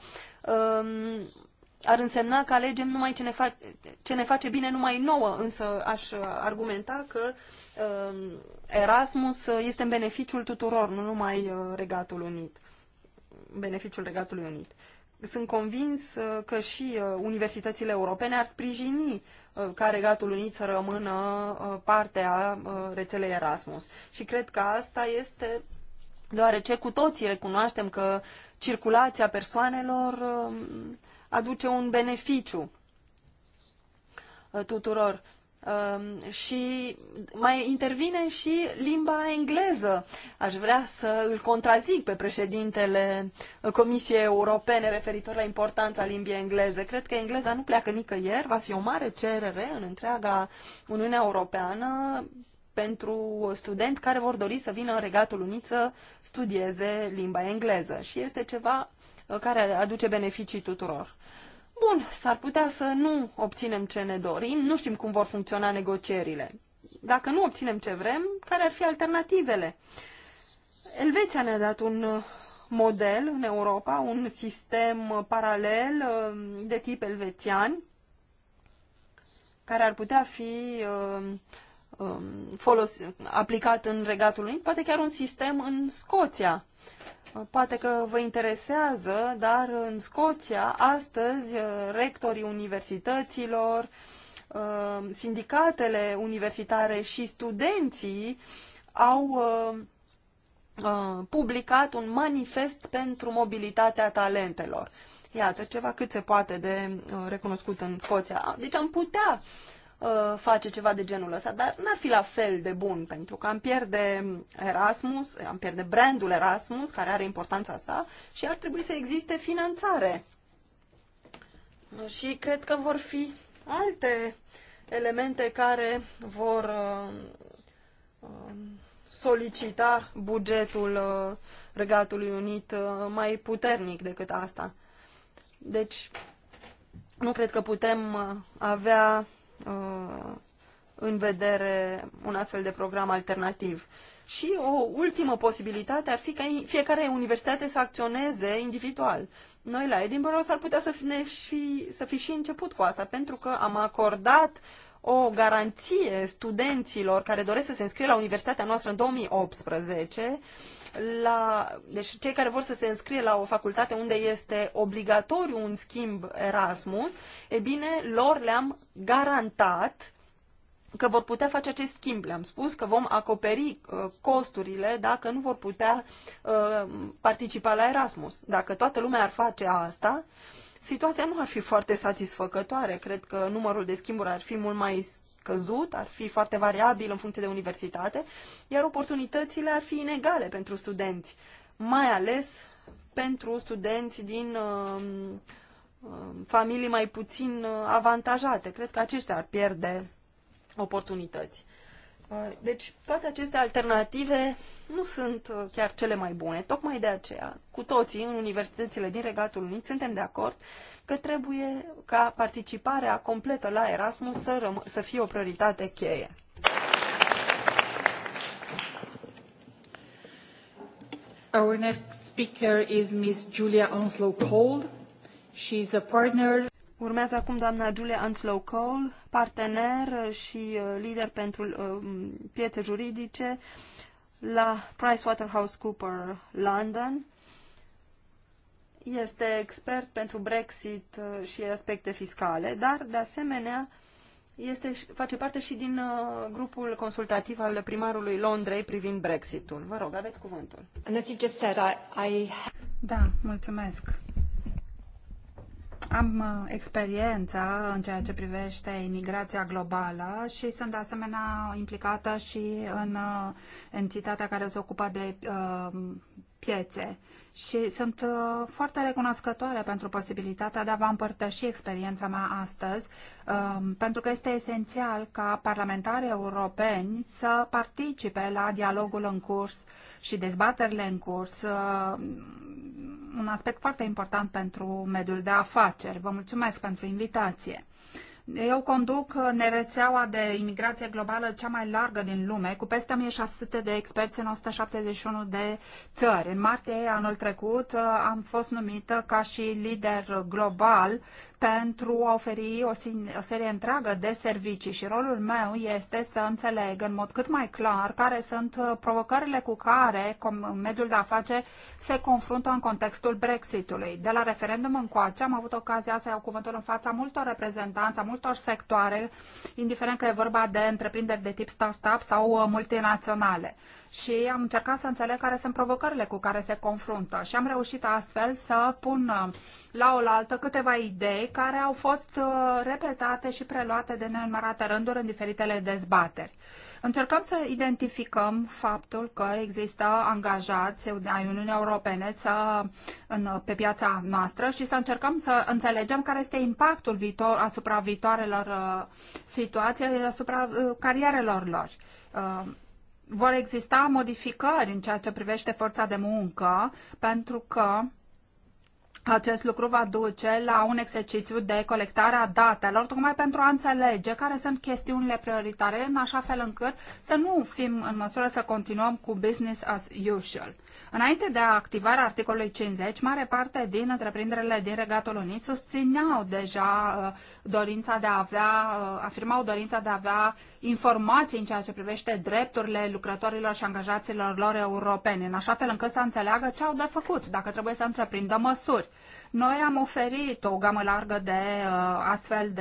ar însemna că alegem numai ce ne, fa- ce ne face bine numai nouă, însă aș uh, argumenta că Erasmus este în beneficiul tuturor, nu numai uh, Regatul Unit beneficiul Regatului Unit. Sunt convins uh, că și uh, universitățile europene ar sprijini uh, ca Regatul Unit să rămână parte a rețelei Erasmus. Și cred că asta este deoarece cu toții recunoaștem că circulația persoanelor aduce un beneficiu tuturor. Um, și mai intervine și limba engleză. Aș vrea să îl contrazic pe președintele Comisiei Europene referitor la importanța limbii engleze. Cred că engleza nu pleacă nicăieri, va fi o mare cerere în întreaga Uniunea Europeană pentru studenți care vor dori să vină în Regatul Unit să studieze limba engleză. Și este ceva uh, care aduce beneficii tuturor. Bun, s-ar putea să nu obținem ce ne dorim, nu știm cum vor funcționa negocierile. Dacă nu obținem ce vrem, care ar fi alternativele? Elveția ne-a dat un uh, model în Europa, un sistem uh, paralel uh, de tip elvețian, care ar putea fi um, folos, aplicat în Regatul Unit, poate chiar un sistem în Scoția. Poate că vă interesează, dar în Scoția, astăzi, rectorii universităților, uh, sindicatele universitare și studenții au uh, uh, publicat un manifest pentru mobilitatea talentelor. Iată, ceva cât se poate de recunoscut în Scoția. Deci am putea uh, Uh, face ceva de genul ăsta, dar n-ar fi la fel de bun, pentru că am pierde Erasmus, am pierde brandul Erasmus, care are importanța sa, și ar trebui să existe finanțare. Și cred că vor fi alte elemente care vor uh, um, solicita bugetul uh, Regatului Unit mai puternic decât asta. Deci, nu cred că putem avea Uh, în vedere un astfel de program alternativ. Și o ultimă posibilitate ar fi ca fiecare universitate să acționeze individual. Noi la Edinburgh s-ar putea să fi, fi, să fi și început cu asta, pentru că am acordat o garanție studenților care doresc să se înscrie la universitatea noastră în 2018 la, deci cei care vor să se înscrie la o facultate unde este obligatoriu un schimb Erasmus, e bine, lor le-am garantat că vor putea face acest schimb. Le-am spus că vom acoperi uh, costurile dacă nu vor putea uh, participa la Erasmus. Dacă toată lumea ar face asta, situația nu ar fi foarte satisfăcătoare. Cred că numărul de schimburi ar fi mult mai scăzut, ar fi foarte variabil în funcție de universitate, iar oportunitățile ar fi inegale pentru studenți, mai ales pentru studenți din um, um, familii mai puțin uh, avantajate. Cred că aceștia ar pierde oportunități. Uh, deci toate aceste alternative nu sunt uh, chiar cele mai bune. Tocmai de aceea, cu toții în universitățile din Regatul Unit, suntem de acord că trebuie ca participarea completă la Erasmus să, să fie o prioritate cheie. Our next speaker is Miss Julia Onslow Cole. She is a partner Urmează acum doamna Julia Anslow Cole, partener și uh, lider pentru uh, piețe juridice la PricewaterhouseCooper London. Este expert pentru Brexit uh, și aspecte fiscale, dar de asemenea este, face parte și din grupul consultativ al primarului Londrei privind Brexitul. Vă rog, aveți cuvântul. Da, mulțumesc. Am uh, experiență în ceea ce privește imigrația globală și sunt de asemenea implicată și în uh, entitatea care se ocupă de uh, piețe și sunt foarte recunoscătoare pentru posibilitatea de a vă împărtăși experiența mea astăzi, um, pentru că este esențial ca parlamentarii europeni să participe la dialogul în curs și dezbaterile în curs un aspect foarte important pentru mediul de afaceri. Vă mulțumesc pentru invitație. Eu conduc rețeaua de imigrație globală cea mai largă din lume, cu peste 1600 de experți în 171 de țări. În martie anul trecut am fost numită ca și lider global pentru a oferi o, o serie întreagă de servicii și rolul meu este să înțeleg în mod cât mai clar care sunt uh, provocările cu care mediul de afaceri se confruntă în contextul Brexitului. De la referendum încoace am avut ocazia să iau cuvântul în fața multor reprezentanți, a multor sectoare, indiferent că e vorba de întreprinderi de tip startup sau uh, multinaționale și am încercat să înțeleg care sunt provocările cu care se confruntă și am reușit astfel să pun uh, la oaltă câteva idei care au fost uh, repetate și preluate de nenumărate rânduri în diferitele dezbateri. Încercăm să identificăm faptul că există angajați ai Uniunii Europene să, în, pe piața noastră și să încercăm să înțelegem care este impactul viitor asupra viitoarelor uh, situații, asupra uh, carierelor lor. Uh, vor exista modificări în ceea ce privește forța de muncă, pentru că acest lucru va duce la un exercițiu de colectare a datelor, tocmai pentru a înțelege care sunt chestiunile prioritare, în așa fel încât să nu fim în măsură să continuăm cu business as usual. Înainte de activarea articolului 50, mare parte din întreprinderile din Regatul Unit susțineau deja uh, dorința de a avea, uh, afirmau dorința de a avea informații în ceea ce privește drepturile lucrătorilor și angajaților lor europeni, în așa fel încât să înțeleagă ce au de făcut, dacă trebuie să întreprindă măsuri. Noi am oferit o gamă largă de uh, astfel de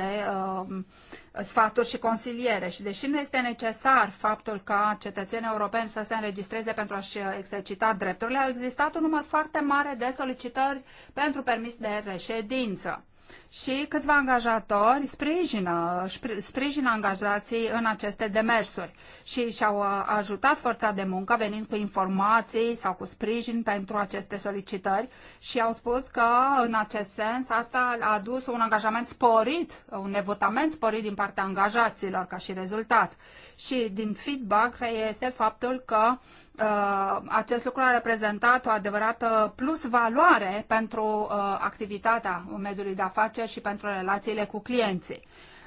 uh, sfaturi și consiliere și deși nu este necesar faptul ca cetățenii europeni să se înregistreze pentru a-și exercita drepturile, au existat un număr foarte mare de solicitări pentru permis de reședință și câțiva angajatori sprijină, sprijină angajații în aceste demersuri și și-au uh, ajutat forța de muncă venind cu informații sau cu sprijin pentru aceste solicitări și au spus că în acest sens asta a adus un angajament sporit, un evotament sporit din partea angajaților ca și rezultat. Și din feedback reiese faptul că uh, Uh, acest lucru a reprezentat o adevărată plus valoare pentru uh, activitatea mediului de afaceri și pentru relațiile cu clienții.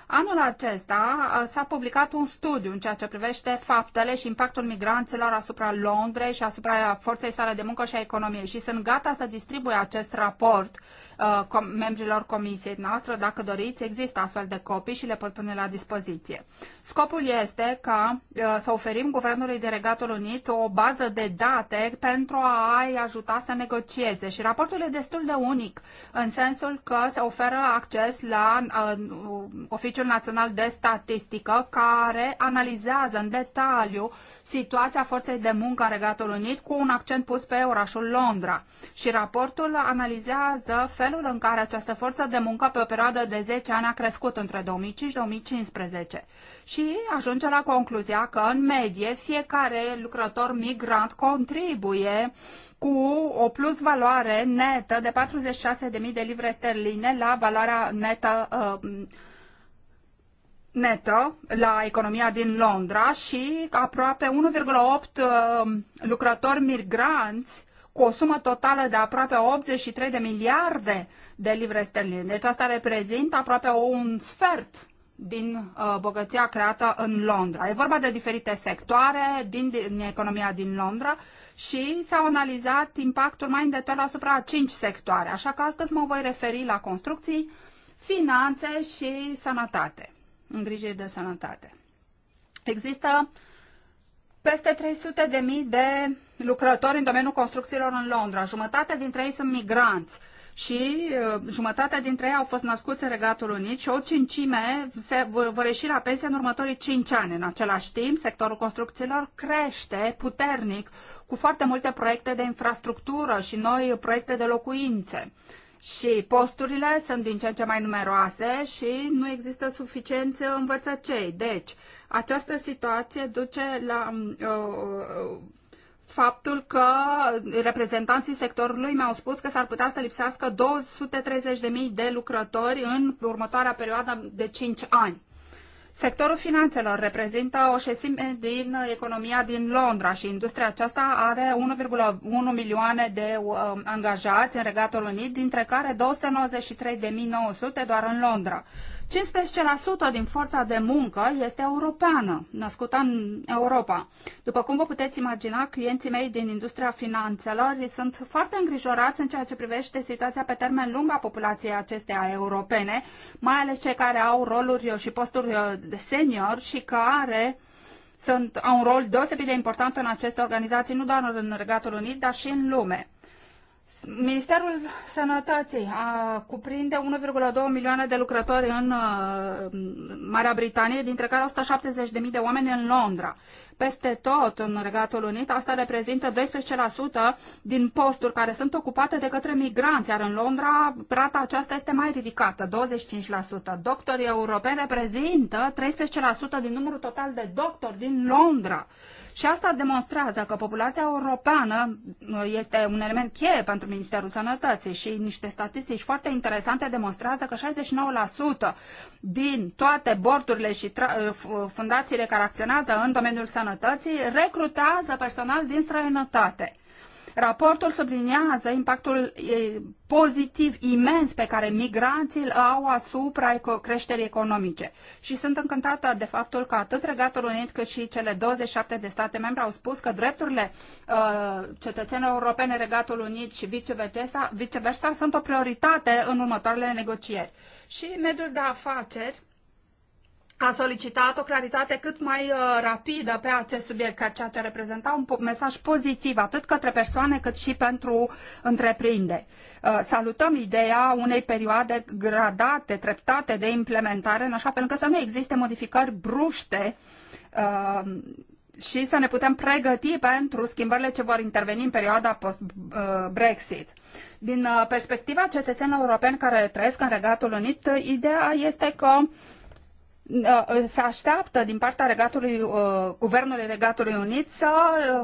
Anul acesta uh, s-a publicat un studiu în ceea ce privește faptele și impactul migranților asupra Londrei și asupra forței sale de muncă și a economiei și sunt gata să distribui acest raport Uh, com membrilor comisiei noastre, dacă doriți, există astfel de copii și le pot pune la dispoziție. Scopul este ca uh, să oferim Guvernului Delegatul Unit o bază de date pentru a-i ajuta să negocieze și raportul e destul de unic în sensul că se oferă acces la uh, Oficiul Național de Statistică care analizează în detaliu situația forței de muncă în Regatul Unit cu un accent pus pe orașul Londra. Și raportul analizează felul în care această forță de muncă pe o perioadă de 10 ani a crescut între 2005-2015 și ajunge la concluzia că, în medie, fiecare lucrător migrant contribuie cu o plus valoare netă de 46.000 de livre sterline la valoarea netă uh, netă la economia din Londra și aproape 1,8 uh, lucrători migranți cu o sumă totală de aproape 83 de miliarde de livre sterline. Deci asta reprezintă aproape un sfert din uh, bogăția creată în Londra. E vorba de diferite sectoare din, din economia din Londra și s-au analizat impactul mai în detaliu asupra cinci sectoare, așa că astăzi mă voi referi la construcții, finanțe și sănătate grijă de sănătate. Există peste 300 de mii de lucrători în domeniul construcțiilor în Londra. Jumătate dintre ei sunt migranți și uh, jumătate dintre ei au fost născuți în Regatul Unit și o cincime se vor ieși la pensie în următorii 5 ani. În același timp, sectorul construcțiilor crește puternic cu foarte multe proiecte de infrastructură și noi proiecte de locuințe. Uh, și posturile sunt din ce în ce mai numeroase și nu există suficiență învățăcei. Deci, această situație duce la uh, uh, faptul că reprezentanții sectorului mi-au spus că s-ar putea să lipsească 230.000 de lucrători în următoarea perioadă de 5 ani. Sectorul finanțelor reprezintă o șesime din economia din Londra și industria aceasta are 1,1 milioane de um, angajați în Regatul Unit, dintre care 293.900 doar în Londra. 15% din forța de muncă este europeană, născută în Europa. După cum vă puteți imagina, clienții mei din industria finanțelor sunt foarte îngrijorați în ceea ce privește situația pe termen lung a populației acestea europene, mai ales cei care au roluri și posturi uh, de senior și care sunt, au un rol deosebit de important în aceste organizații, nu doar în Regatul Unit, dar și în lume. Ministerul Sănătății a, cuprinde 1,2 milioane de lucrători în a, uh, Marea Britanie, dintre care 170.000 de oameni în Londra. Peste tot în Regatul Unit, asta reprezintă 12% din posturi care sunt ocupate de către migranți, iar în Londra rata aceasta este mai ridicată, 25%. Doctorii europeni reprezintă 13% din numărul total de doctori din Londra. Și asta demonstrează că populația europeană uh, este un element cheie pentru Ministerul Sănătății și niște statistici foarte interesante demonstrează că 69% din toate bordurile și uh, uh, fundațiile care acționează în domeniul sănătății recrutează personal din străinătate. Raportul subliniază impactul pozitiv imens pe care migranții îl au asupra creșterii economice. Și sunt încântată de faptul că atât Regatul Unit cât și cele 27 de state membre au spus că drepturile uh, cetățenilor europene, Regatul Unit și viceversa, viceversa sunt o prioritate în următoarele negocieri. Și mediul de afaceri a solicitat o claritate cât mai uh, rapidă pe acest subiect, ceea ce reprezenta un po mesaj pozitiv atât către persoane cât și pentru întreprinderi. Uh, salutăm ideea unei perioade gradate, treptate de implementare, în așa fel încât să nu existe modificări bruște uh, și să ne putem pregăti pentru schimbările ce vor interveni în perioada post-Brexit. Uh, Din uh, perspectiva cetățenilor europeni care trăiesc în Regatul Unit, uh, ideea este că Uh, se așteaptă din partea regatului, uh, Guvernului Regatului Unit să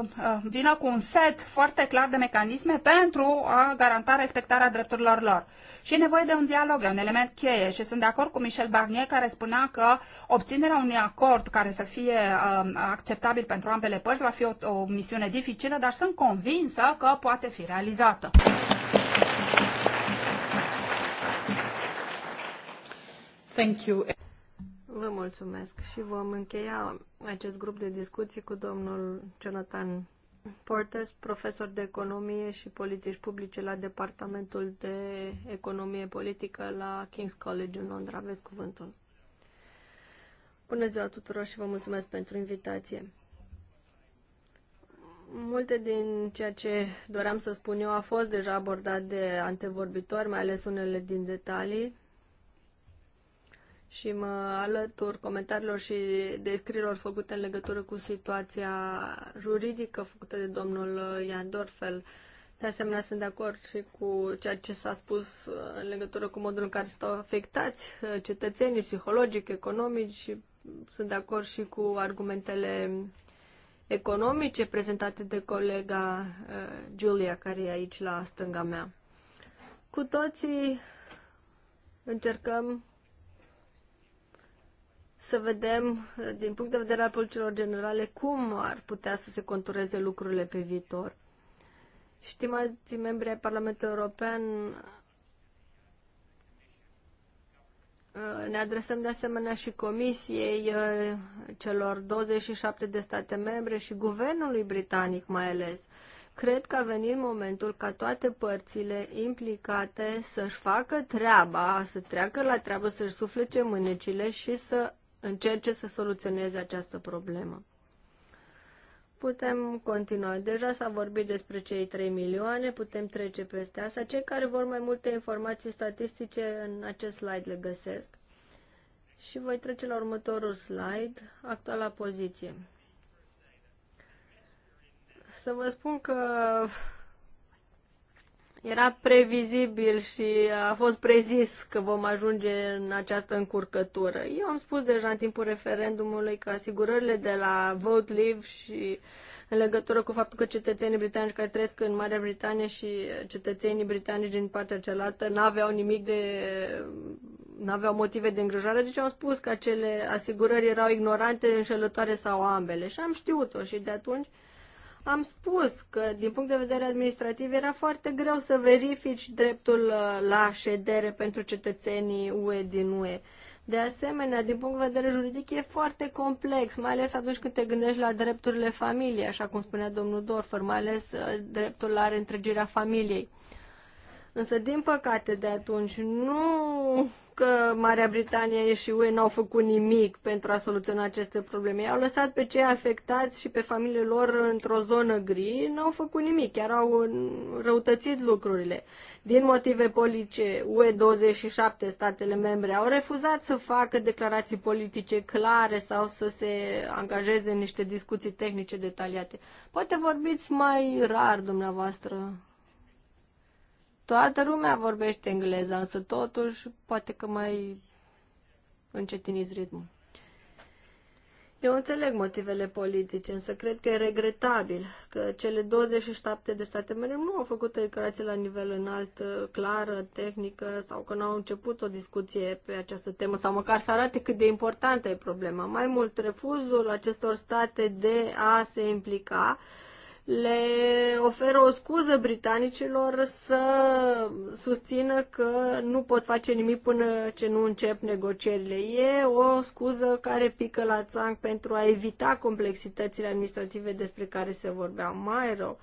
uh, vină cu un set foarte clar de mecanisme pentru a garanta respectarea drepturilor lor. Și e nevoie de un dialog, e un element cheie și sunt de acord cu Michel Barnier care spunea că obținerea unui acord care să fie um, acceptabil pentru ambele părți va fi o, o misiune dificilă, dar sunt convinsă că poate fi realizată. Thank you. Vă mulțumesc și vom încheia acest grup de discuții cu domnul Jonathan Portes, profesor de economie și politici publice la Departamentul de Economie Politică la King's College în Londra. Aveți cuvântul. Bună ziua tuturor și vă mulțumesc pentru invitație. Multe din ceea ce doream să spun eu a fost deja abordat de antevorbitori, mai ales unele din detalii și mă alătur comentariilor și descrierilor făcute în legătură cu situația juridică făcută de domnul Ian Dorfel. De asemenea, sunt de acord și cu ceea ce s-a spus în legătură cu modul în care stau afectați uh, cetățenii psihologic, economici. Sunt de acord și cu argumentele economice prezentate de colega uh, Julia, care e aici la stânga mea. Cu toții încercăm să vedem, eh, din punct de vedere al politicilor generale, cum ar putea să se contureze lucrurile pe viitor. Stimați membri ai Parlamentului European, eh, ne adresăm de asemenea și Comisiei eh, celor 27 de state membre și Guvernului Britanic mai ales. Cred că a venit momentul ca toate părțile implicate să-și facă treaba, să treacă la treabă, să-și suflece mânecile și să încerce să soluționeze această problemă. Putem continua. Deja s-a vorbit despre cei 3 milioane, putem trece peste asta. Cei care vor mai multe informații statistice în acest slide le găsesc. Și voi trece la următorul slide, actuala poziție. Să vă spun că era previzibil și a fost prezis că vom ajunge în această încurcătură. Eu am spus deja în timpul referendumului că asigurările de la Vote Leave și în legătură cu faptul că cetățenii britanici care trăiesc în Marea Britanie și cetățenii britanici din partea cealaltă n-aveau nimic de... n-aveau motive de îngrijorare, deci am spus că acele asigurări erau ignorante, înșelătoare sau ambele. Și am știut-o și de atunci am spus că, din punct de vedere administrativ, era foarte greu să verifici dreptul uh, la ședere pentru cetățenii UE din UE. De asemenea, din punct de vedere juridic, e foarte complex, mai ales atunci când te gândești la drepturile familiei, așa cum spunea domnul Dorfer, mai ales uh, dreptul la reîntregirea familiei. Însă, din păcate, de atunci nu că Marea Britanie și UE n-au făcut nimic pentru a soluționa aceste probleme. I-au lăsat pe cei afectați și pe familiile lor într-o zonă gri, n-au făcut nimic, chiar au răutățit lucrurile. Din motive politice, UE 27 statele membre au refuzat să facă declarații politice clare sau să se angajeze în niște discuții tehnice detaliate. Poate vorbiți mai rar dumneavoastră Toată lumea vorbește engleza, însă totuși poate că mai încetiniți ritmul. Eu înțeleg motivele politice, însă cred că e regretabil că cele 27 de state membre nu au făcut o declarație la nivel înalt, clară, tehnică, sau că nu au început o discuție pe această temă, sau măcar să arate cât de importantă e problema. Mai mult, refuzul acestor state de a se implica uh, le oferă o scuză britanicilor să susțină că nu pot face nimic până ce nu încep negocierile. E o scuză care pică la țang pentru a evita complexitățile administrative despre care se vorbea mai rău.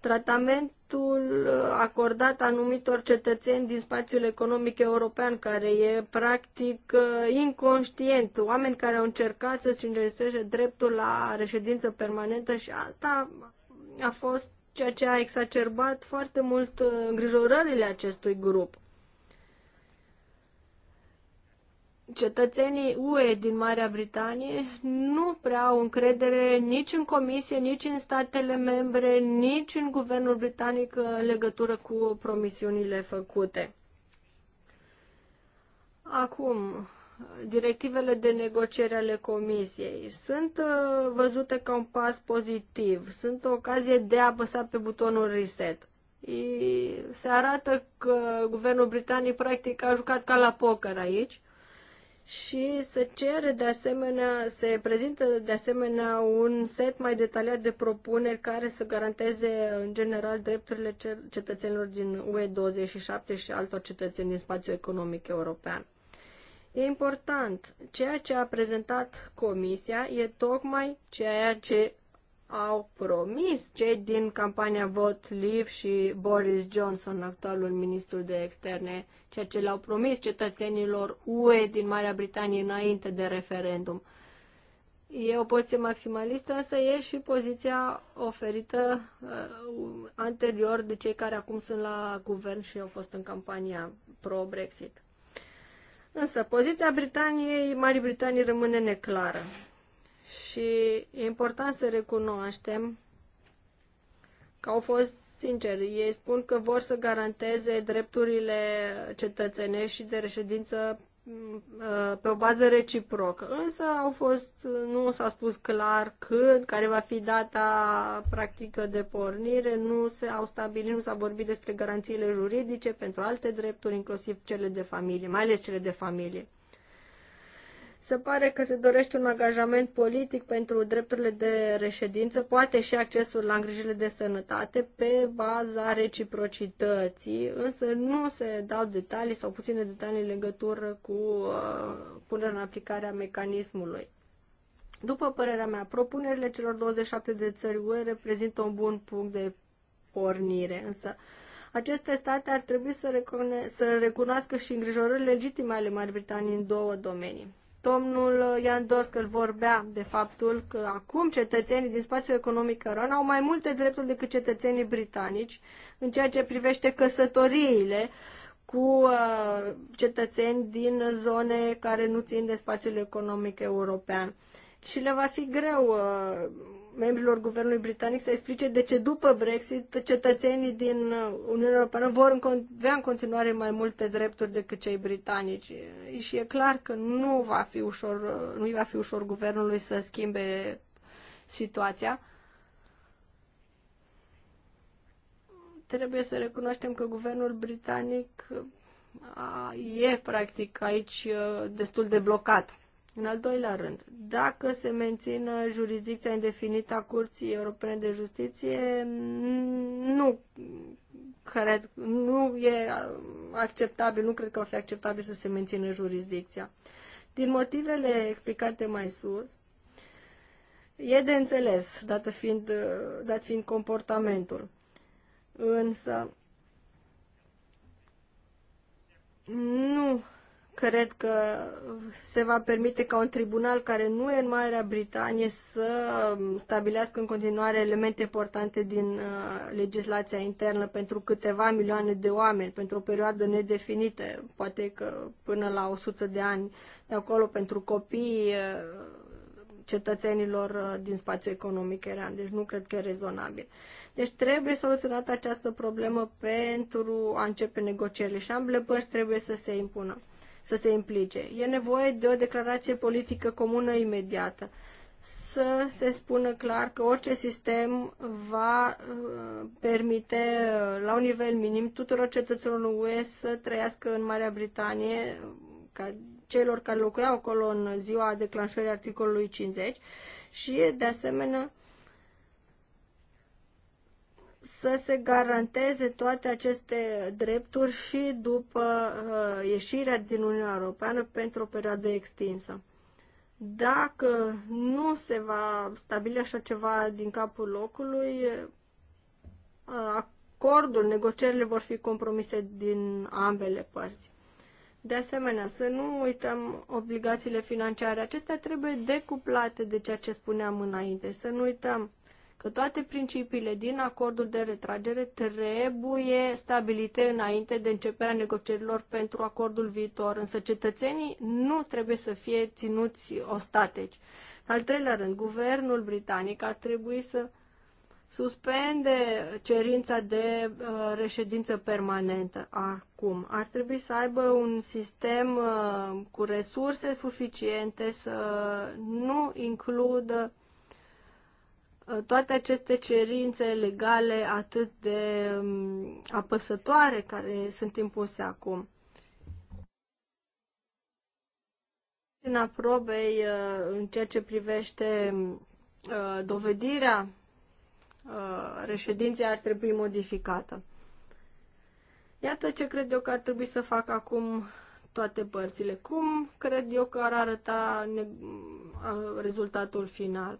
Tratamentul acordat anumitor cetățeni din spațiul economic european, care e practic inconștient, oameni care au încercat să-și înregistreze dreptul la reședință permanentă și asta a fost ceea ce a exacerbat foarte mult uh, îngrijorările acestui grup. Cetățenii UE din Marea Britanie nu prea au încredere nici în Comisie, nici în statele membre, nici în guvernul britanic în legătură cu promisiunile făcute. Acum, directivele de negociere ale Comisiei sunt uh, văzute ca un pas pozitiv, sunt o ocazie de a apăsa pe butonul reset. Se arată că guvernul britanic practic a jucat ca la poker aici și se cere de asemenea, se prezintă de asemenea un set mai detaliat de propuneri care să garanteze în general drepturile cetățenilor din UE27 și altor cetățeni din spațiul economic european. E important. Ceea ce a prezentat comisia e tocmai ceea ce au promis cei din campania Vot Live și Boris Johnson, actualul ministru de externe, ceea ce le-au promis cetățenilor UE din Marea Britanie înainte de referendum. E o poziție maximalistă, însă e și poziția oferită uh, anterior de cei care acum sunt la guvern și au fost în campania pro-Brexit. Însă, poziția Britaniei, Marii Britanii rămâne neclară. Și e important să recunoaștem că au fost sinceri. Ei spun că vor să garanteze drepturile cetățenești și de reședință pe o bază reciprocă. Însă au fost, nu s-a spus clar când, care va fi data practică de pornire, nu se au stabilit, nu s-a vorbit despre garanțiile juridice pentru alte drepturi, inclusiv cele de familie, mai ales cele de familie. Se pare că se dorește un angajament politic pentru drepturile de reședință, poate și accesul la îngrijirile de sănătate pe baza reciprocității, însă nu se dau detalii sau puține detalii în legătură cu uh, punerea în aplicare a mecanismului. După părerea mea, propunerile celor 27 de țări UE reprezintă un bun punct de pornire, însă aceste state ar trebui să, recune- să recunoască și îngrijorările legitime ale Marii Britanii în două domenii. Domnul Ian Dorscăl vorbea de faptul că acum cetățenii din spațiul economic căron au mai multe drepturi decât cetățenii britanici în ceea ce privește căsătoriile cu uh, cetățeni din zone care nu țin de spațiul economic european. Și le va fi greu uh, membrilor guvernului britanic să explice de ce după Brexit cetățenii din Uniunea Europeană vor avea în continuare mai multe drepturi decât cei britanici. Și e clar că nu va fi ușor, nu va fi ușor guvernului să schimbe situația. Trebuie să recunoaștem că guvernul britanic a, e practic aici uh, destul de blocat. În al doilea rând, dacă se mențină jurisdicția indefinită a Curții Europene de Justiție, nu cred, nu e acceptabil, nu cred că va fi acceptabil să se mențină jurisdicția. Din motivele explicate mai sus, e de înțeles, dat fiind, dat fiind comportamentul. Însă, nu Cred că se va permite ca un tribunal care nu e în Marea Britanie să stabilească în continuare elemente importante din uh, legislația internă pentru câteva milioane de oameni, pentru o perioadă nedefinită, poate că până la 100 de ani de acolo pentru copii uh, cetățenilor uh, din spațiul economic eran. Deci nu cred că e rezonabil. Deci trebuie soluționată această problemă pentru a începe negocierile și ambele părți trebuie să se impună să se implice. E nevoie de o declarație politică comună imediată. Să se spună clar că orice sistem va uh, permite uh, la un nivel minim tuturor cetățenilor UE să trăiască în Marea Britanie, ca celor care locuiau acolo în ziua declanșării articolului 50 și, de asemenea, să se garanteze toate aceste drepturi și după uh, ieșirea din Uniunea Europeană pentru o perioadă extinsă. Dacă nu se va stabili așa ceva din capul locului, uh, acordul, negocierile vor fi compromise din ambele părți. De asemenea, să nu uităm obligațiile financiare. Acestea trebuie decuplate de ceea ce spuneam înainte. Să nu uităm că toate principiile din acordul de retragere trebuie stabilite înainte de începerea negocierilor pentru acordul viitor, însă cetățenii nu trebuie să fie ținuți ostateci. În al treilea rând, guvernul britanic ar trebui să suspende cerința de uh, reședință permanentă acum. Ar trebui să aibă un sistem uh, cu resurse suficiente să nu includă uh, toate aceste cerințe legale atât de um, apăsătoare care sunt impuse acum. În aprobei, uh, în ceea ce privește um, uh, dovedirea uh, reședinței, ar trebui modificată. Iată ce cred eu că ar trebui să fac acum toate părțile. Cum cred eu că ar arăta rezultatul final?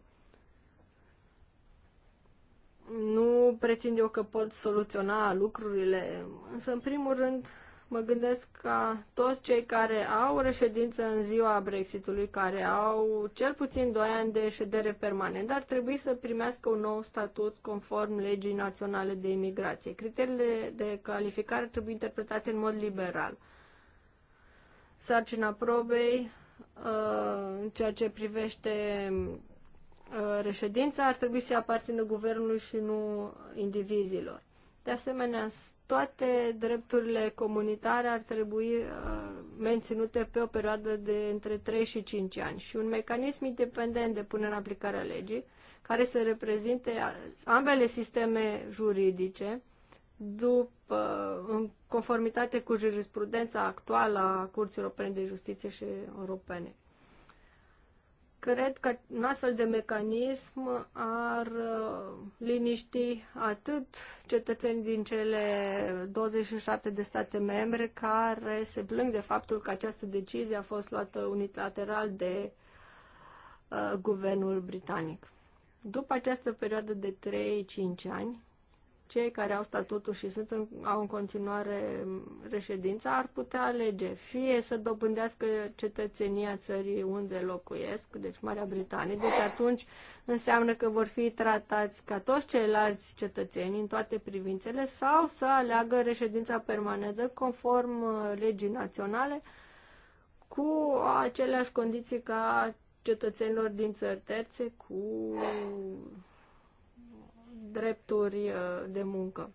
Nu pretind eu că pot soluționa lucrurile, însă în primul rând mă gândesc ca toți cei care au reședință în ziua Brexitului, care au cel puțin 2 ani de ședere permanent, dar trebuie să primească un nou statut conform legii naționale de imigrație. Criteriile de calificare trebuie interpretate în mod liberal. Sarcina probei, uh, în ceea ce privește Uh, reședința ar trebui să aparțină guvernului și nu indivizilor. De asemenea, toate drepturile comunitare ar trebui uh, menținute pe o perioadă de între 3 și 5 ani și un mecanism independent de punere în aplicare a legii care să reprezinte ambele sisteme juridice după, în conformitate cu jurisprudența actuală a Curții Europene de Justiție și Europene. Cred că un astfel de mecanism ar uh, liniști atât cetățenii din cele 27 de state membre care se plâng de faptul că această decizie a fost luată unilateral de uh, guvernul britanic. După această perioadă de 3-5 ani, cei care au statutul și sunt în, au în continuare reședința ar putea alege fie să dobândească cetățenia țării unde locuiesc, deci Marea Britanie, deci atunci înseamnă că vor fi tratați ca toți ceilalți cetățeni în toate privințele sau să aleagă reședința permanentă conform uh, legii naționale cu aceleași condiții ca cetățenilor din țări terțe, cu drepturi uh, de muncă.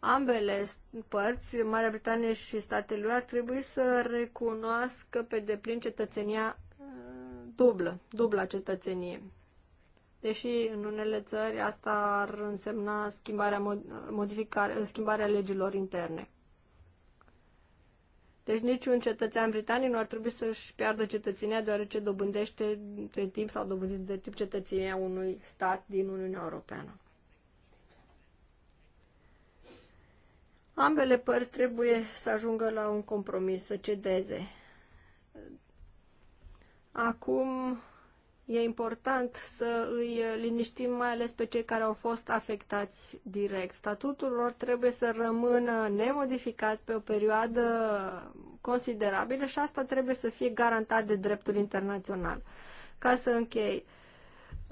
Ambele părți, Marea Britanie și Statele Unite, ar trebui să recunoască pe deplin cetățenia uh, dublă, dubla cetățenie. Deși în unele țări asta ar însemna schimbarea, modificare, schimbarea legilor interne. Deci niciun cetățean britanic nu ar trebui să-și piardă cetățenia deoarece dobândește de timp sau dobândește de timp cetățenia unui stat din Uniunea Europeană. Ambele părți trebuie să ajungă la un compromis, să cedeze. Acum E important să îi liniștim mai ales pe cei care au fost afectați direct. Statutul lor trebuie să rămână nemodificat pe o perioadă considerabilă și asta trebuie să fie garantat de dreptul internațional. Ca să închei,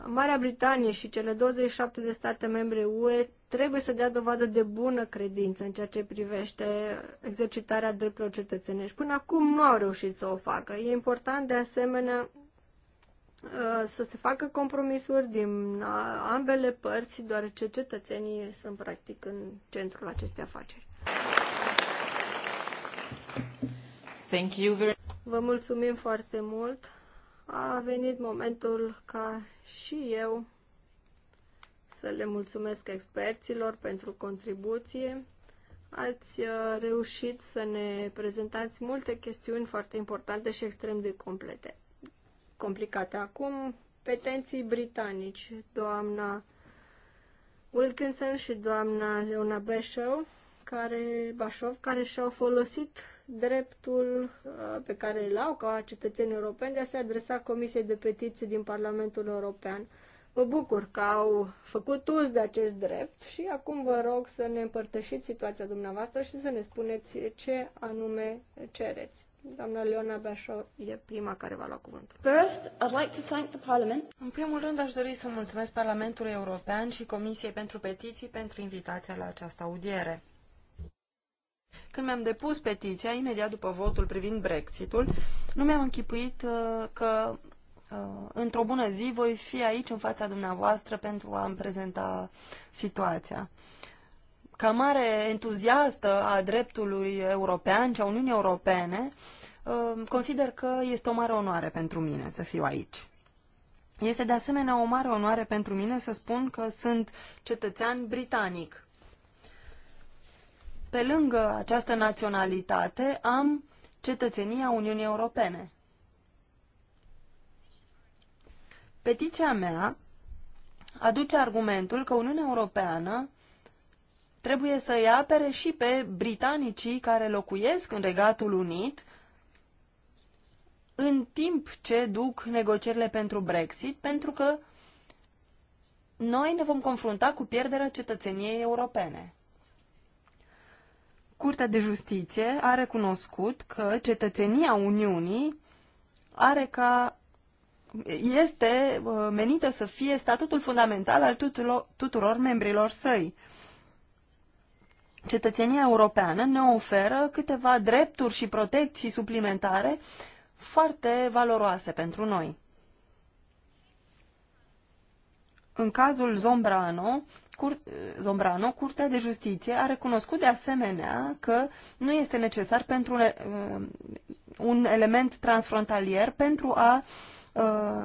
Marea Britanie și cele 27 de state membre UE trebuie să dea dovadă de bună credință în ceea ce privește exercitarea drepturilor cetățenești. Până acum nu au reușit să o facă. E important de asemenea Uh, să se facă compromisuri din ambele părți, deoarece cetățenii sunt practic în centrul acestei afaceri. Thank you very... Vă mulțumim foarte mult. A venit momentul ca și eu să le mulțumesc experților pentru contribuție. Ați uh, reușit să ne prezentați multe chestiuni foarte importante și extrem de complete complicate. Acum, petenții britanici, doamna Wilkinson și doamna Leona Bashaw, care, Bashaw, care și-au folosit dreptul uh, pe care îl au ca cetățeni europeni de a se adresa Comisiei de Petiții din Parlamentul European. vă bucur că au făcut uz de acest drept și acum vă rog să ne împărtășiți situația dumneavoastră și să ne spuneți ce anume cereți. Doamna Leona Bașo e prima care va lua cuvântul. First, I'd like to thank the Parliament. În primul rând, aș dori să mulțumesc Parlamentului European și Comisiei pentru Petiții pentru invitația la această audiere. Când mi-am depus petiția, imediat după votul privind Brexitul, nu mi-am închipuit uh, că uh, într-o bună zi voi fi aici în fața dumneavoastră pentru a-mi prezenta situația ca mare entuziastă a dreptului european și a Uniunii Europene, uh, consider că este o mare onoare pentru mine să fiu aici. Este de asemenea o mare onoare pentru mine să spun că sunt cetățean britanic. Pe lângă această naționalitate, am cetățenia Uniunii Europene. Petiția mea aduce argumentul că Uniunea Europeană trebuie să-i apere și pe britanicii care locuiesc în Regatul Unit în timp ce duc negocierile pentru Brexit, pentru că noi ne vom confrunta cu pierderea cetățeniei europene. Curtea de Justiție a recunoscut că cetățenia Uniunii are ca este uh, menită să fie statutul fundamental al tuturor, tuturor membrilor săi cetățenia europeană ne oferă câteva drepturi și protecții suplimentare foarte valoroase pentru noi. În cazul Zombrano, Cur Zombrano, Curtea de Justiție a recunoscut de asemenea că nu este necesar pentru un, um, un element transfrontalier pentru a uh,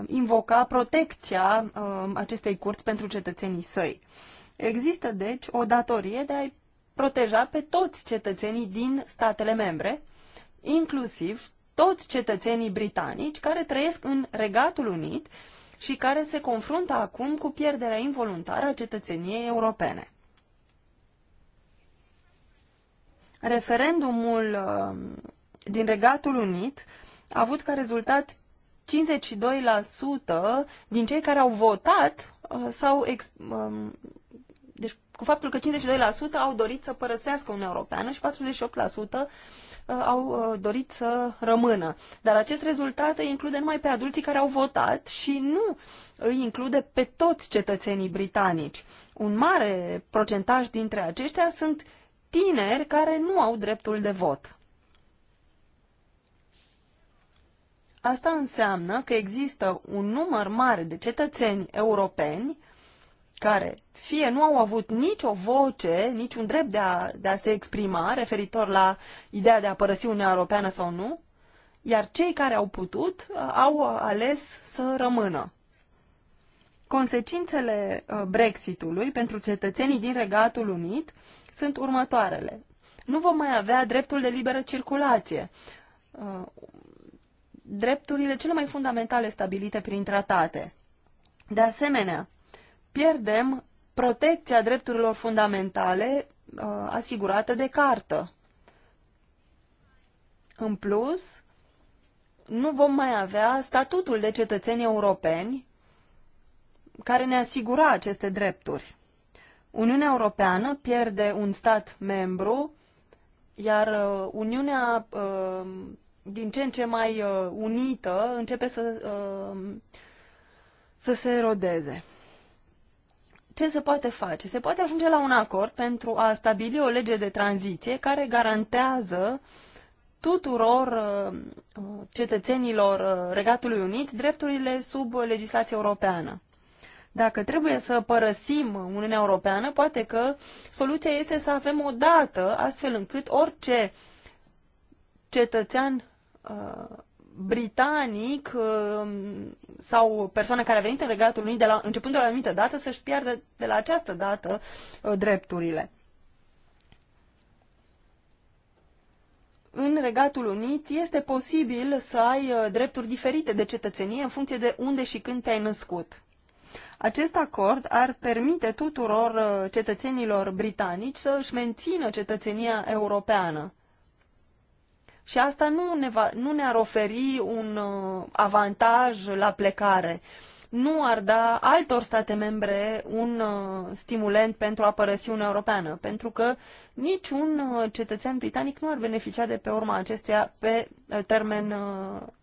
invoca protecția uh, acestei curți pentru cetățenii săi. Există, deci, o datorie de a-i proteja pe toți cetățenii din statele membre, inclusiv toți cetățenii britanici care trăiesc în Regatul Unit și care se confruntă acum cu pierderea involuntară a cetățeniei europene. Referendumul uh, din Regatul Unit a avut ca rezultat 52% din cei care au votat uh, s-au, um, cu faptul că 52% au dorit să părăsească Uniunea Europeană și 48% uh, au uh, dorit să rămână. Dar acest rezultat îi include numai pe adulții care au votat și nu îi include pe toți cetățenii britanici. Un mare procentaj dintre aceștia sunt tineri care nu au dreptul de vot. Asta înseamnă că există un număr mare de cetățeni europeni care fie nu au avut nicio voce, niciun drept de a, de a se exprima referitor la ideea de a părăsi Uniunea Europeană sau nu, iar cei care au putut uh, au ales să rămână. Consecințele uh, Brexitului pentru cetățenii din Regatul Unit sunt următoarele. Nu vom mai avea dreptul de liberă circulație, uh, drepturile cele mai fundamentale stabilite prin tratate. De asemenea, pierdem protecția drepturilor fundamentale uh, asigurată de cartă. În plus, nu vom mai avea statutul de cetățeni europeni care ne asigura aceste drepturi. Uniunea Europeană pierde un stat membru, iar uh, Uniunea uh, din ce în ce mai uh, unită începe să, să se erodeze ce se poate face? Se poate ajunge la un acord pentru a stabili o lege de tranziție care garantează tuturor uh, cetățenilor uh, Regatului Unit drepturile sub legislația europeană. Dacă trebuie să părăsim Uniunea Europeană, poate că soluția este să avem o dată astfel încât orice cetățean uh, britanic um, sau persoane care a venit în Regatul Unit de la, începând de la o anumită dată să-și piardă de la această dată uh, drepturile. În Regatul Unit este posibil să ai uh, drepturi diferite de cetățenie în funcție de unde și când te-ai născut. Acest acord ar permite tuturor uh, cetățenilor britanici să își mențină cetățenia europeană și asta nu, ne va, nu ne-ar oferi un uh, avantaj la plecare. Nu ar da altor state membre un uh, stimulent pentru a părăsi Uniunea Europeană, pentru că niciun uh, cetățean britanic nu ar beneficia de pe urma acestuia pe termen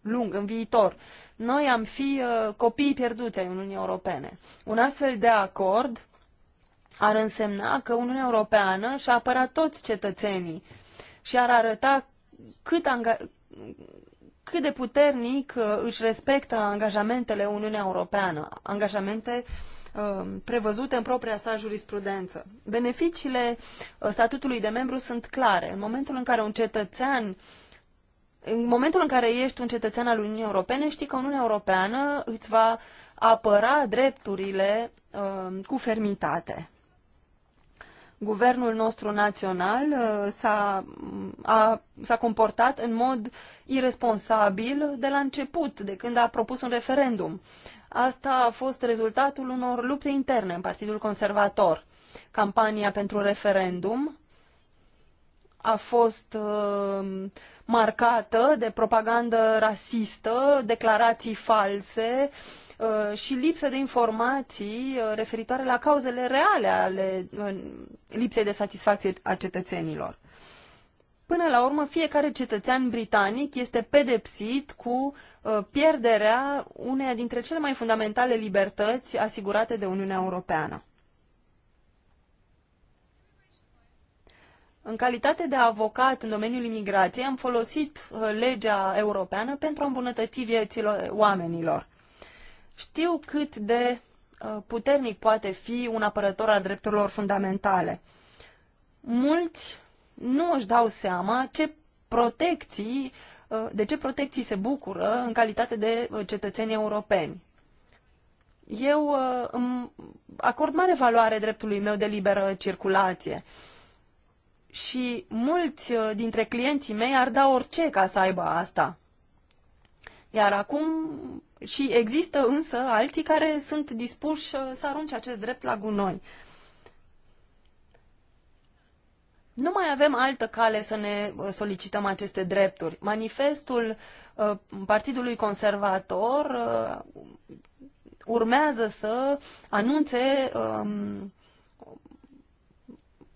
lung, în viitor. Noi am fi copiii pierduți ai Uniunii Europene. Un astfel de acord ar însemna că Uniunea Europeană și-a apărat toți cetățenii și ar arăta cât, anga- cât de puternic uh, își respectă angajamentele Uniunea Europeană, angajamente um, prevăzute în propria sa jurisprudență. Beneficiile uh, statutului de membru sunt clare. În momentul în care un cetățean în momentul în care ești un cetățean al Uniunii Europene, știi că Uniunea Europeană îți va apăra drepturile uh, cu fermitate guvernul nostru național uh, s-a, a, comportat în mod irresponsabil de la început, de când a propus un referendum. Asta a fost rezultatul unor lupte interne în Partidul Conservator. Campania pentru referendum a fost uh, marcată de propagandă rasistă, declarații false, uh, Uh, și lipsă de informații uh, referitoare la cauzele reale ale uh, lipsei de satisfacție a cetățenilor. Până la urmă, fiecare cetățean britanic este pedepsit cu pierderea uneia dintre cele mai fundamentale libertăți asigurate de Uniunea Europeană. În calitate de avocat în domeniul imigrației, am folosit legea europeană pentru a îmbunătăți vieții oamenilor. Știu cât de uh, puternic poate fi un apărător al drepturilor fundamentale. Mulți nu își dau seama ce protecții, uh, de ce protecții se bucură în calitate de uh, cetățeni europeni. Eu îmi acord mare valoare dreptului meu de liberă circulație și mulți dintre clienții mei ar da orice ca să aibă asta. Iar acum și există însă alții care sunt dispuși uh, să arunce acest drept la gunoi. Nu mai avem altă cale să ne uh, solicităm aceste drepturi. Manifestul uh, Partidului Conservator urmează să anunțe um,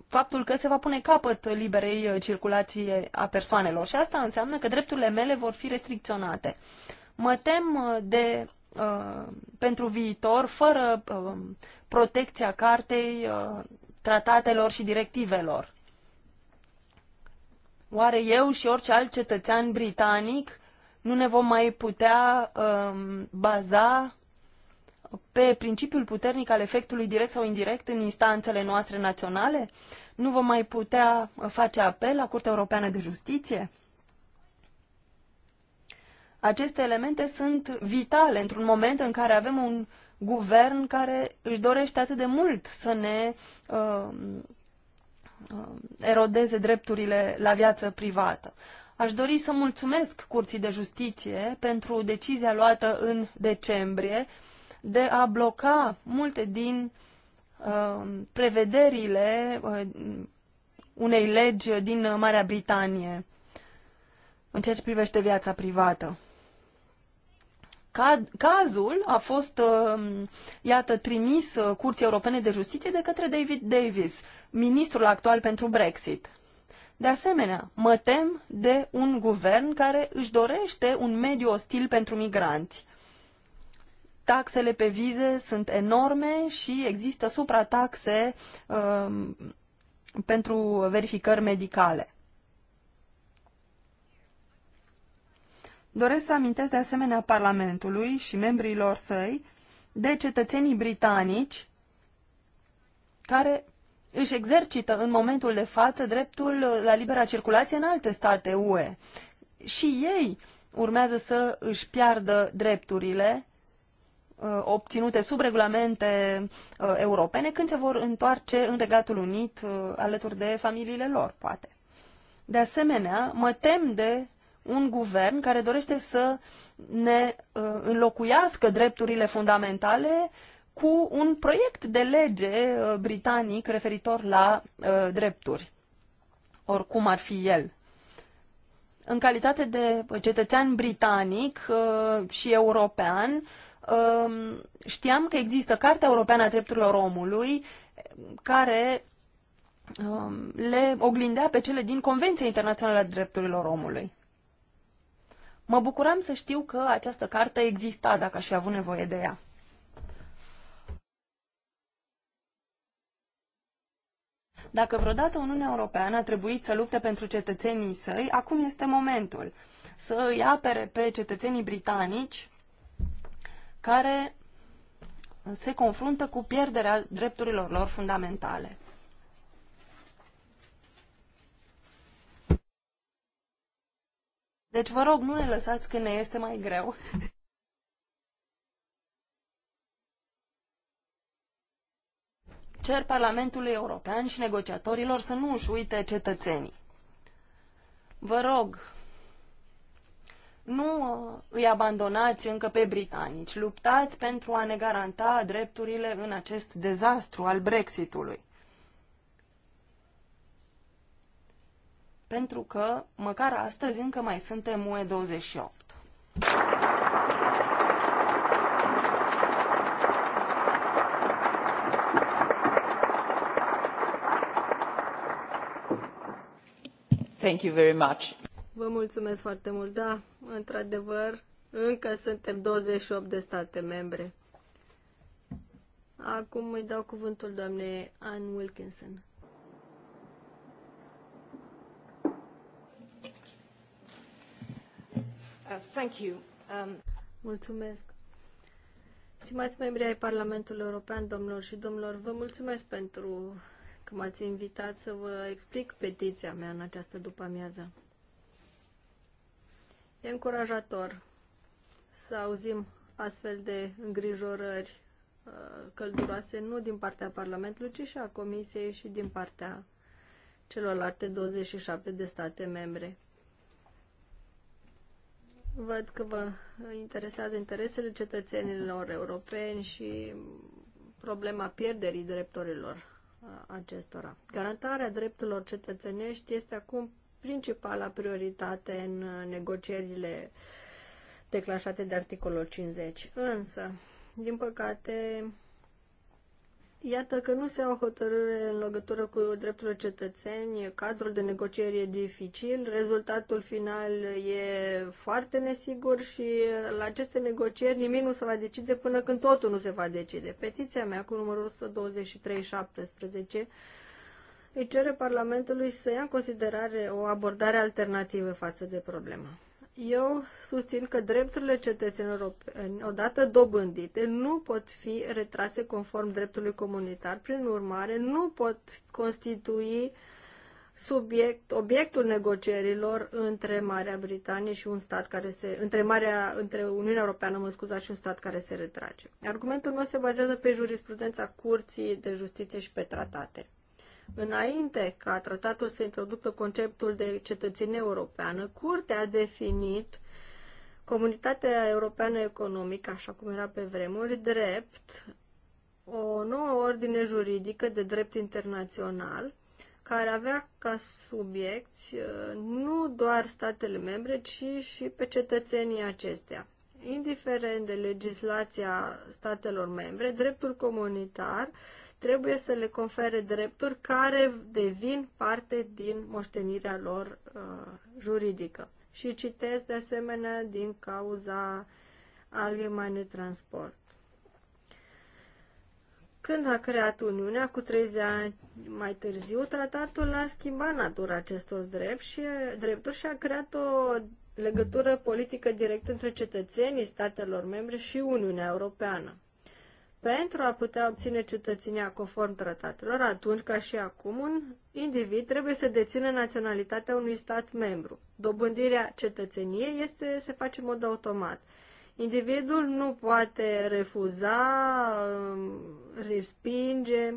faptul că se va pune capăt liberei circulații a persoanelor și asta înseamnă că drepturile mele vor fi restricționate. Mă tem uh, de uh, pentru viitor, fără uh, protecția cartei, uh, tratatelor și directivelor. Oare eu și orice alt cetățean britanic nu ne vom mai putea uh, baza pe principiul puternic al efectului direct sau indirect în instanțele noastre naționale? Nu vom mai putea uh, face apel la Curtea Europeană de Justiție? Aceste elemente sunt vitale într-un moment în care avem un guvern care își dorește atât de mult să ne uh, uh, erodeze drepturile la viață privată. Aș dori să mulțumesc Curții de Justiție pentru decizia luată în decembrie de a bloca multe din uh, prevederile uh, unei legi din Marea Britanie în ceea ce privește viața privată. Cazul a fost, um, iată, trimis uh, Curții Europene de Justiție de către David Davis, ministrul actual pentru Brexit. De asemenea, mă tem de un guvern care își dorește un mediu ostil pentru migranți. Taxele pe vize sunt enorme și există suprataxe uh, pentru verificări medicale. Doresc să amintesc de asemenea Parlamentului și membrilor săi de cetățenii britanici care își exercită în momentul de față dreptul la libera circulație în alte state UE. Și ei urmează să își piardă drepturile uh, obținute sub regulamente uh, europene când se vor întoarce în Regatul Unit uh, alături de familiile lor, poate. De asemenea, mă tem de un guvern care dorește să ne uh, înlocuiască drepturile fundamentale cu un proiect de lege uh, britanic referitor la uh, drepturi, oricum ar fi el. În calitate de cetățean britanic uh, și european, uh, știam că există Cartea Europeană a Drepturilor Omului, care um, le oglindea pe cele din Convenția Internațională a Drepturilor Omului. Mă bucuram să știu că această carte exista dacă aș fi avut nevoie de ea. Dacă vreodată Uniunea Europeană a trebuit să lupte pentru cetățenii săi, acum este momentul să îi apere pe cetățenii britanici care se confruntă cu pierderea drepturilor lor fundamentale. Deci vă rog, nu ne lăsați când ne este mai greu. Cer Parlamentului European și negociatorilor să nu își uite cetățenii. Vă rog, nu uh, îi abandonați încă pe britanici. Luptați pentru a ne garanta drepturile în acest dezastru al Brexitului. pentru că măcar astăzi încă mai suntem UE28. Thank you very much. Vă mulțumesc foarte mult. Da, într-adevăr, încă suntem 28 de state membre. Acum îi dau cuvântul doamnei Ann Wilkinson. Uh, thank you. Um... Mulțumesc. Stimați membri ai Parlamentului European, domnilor și domnilor, vă mulțumesc pentru că m-ați invitat să vă explic petiția mea în această după-amiază. E încurajator să auzim astfel de îngrijorări uh, călduroase nu din partea Parlamentului, ci și a Comisiei și din partea celorlalte 27 de state membre. Văd că vă interesează interesele cetățenilor europeni și problema pierderii drepturilor acestora. Garantarea drepturilor cetățenești este acum principala prioritate în negocierile declanșate de articolul 50. Însă, din păcate, Iată că nu se au hotărâre în legătură cu drepturile cetățeni, cadrul de negocieri e dificil, rezultatul final e foarte nesigur și la aceste negocieri nimic nu se va decide până când totul nu se va decide. Petiția mea cu numărul 12317 îi cere Parlamentului să ia în considerare o abordare alternativă față de problemă eu susțin că drepturile cetățenilor europeni, odată dobândite, nu pot fi retrase conform dreptului comunitar. Prin urmare, nu pot constitui subiect, obiectul negocierilor între Marea Britanie și un stat care se... Între, Marea, între Uniunea Europeană, mă scuza, și un stat care se retrage. Argumentul meu se bazează pe jurisprudența Curții de Justiție și pe tratate. Înainte ca tratatul să introducă conceptul de cetățenie europeană, Curtea a definit Comunitatea Europeană Economică, așa cum era pe vremuri, drept o nouă ordine juridică de drept internațional care avea ca subiecti uh, nu doar statele membre, ci și pe cetățenii acestea. Indiferent de legislația statelor membre, dreptul comunitar uh, trebuie să le confere drepturi care devin parte din moștenirea lor uh, juridică. Și citesc de asemenea din cauza Allgemeine Transport. Când a creat Uniunea, cu 30 ani mai târziu, tratatul a schimbat natura acestor drept și, drepturi și a creat o legătură politică directă între cetățenii statelor membre și Uniunea Europeană pentru a putea obține cetățenia conform tratatelor, atunci ca și acum un individ trebuie să dețină naționalitatea unui stat membru. Dobândirea cetățeniei este, se face în mod automat. Individul nu poate refuza, um, respinge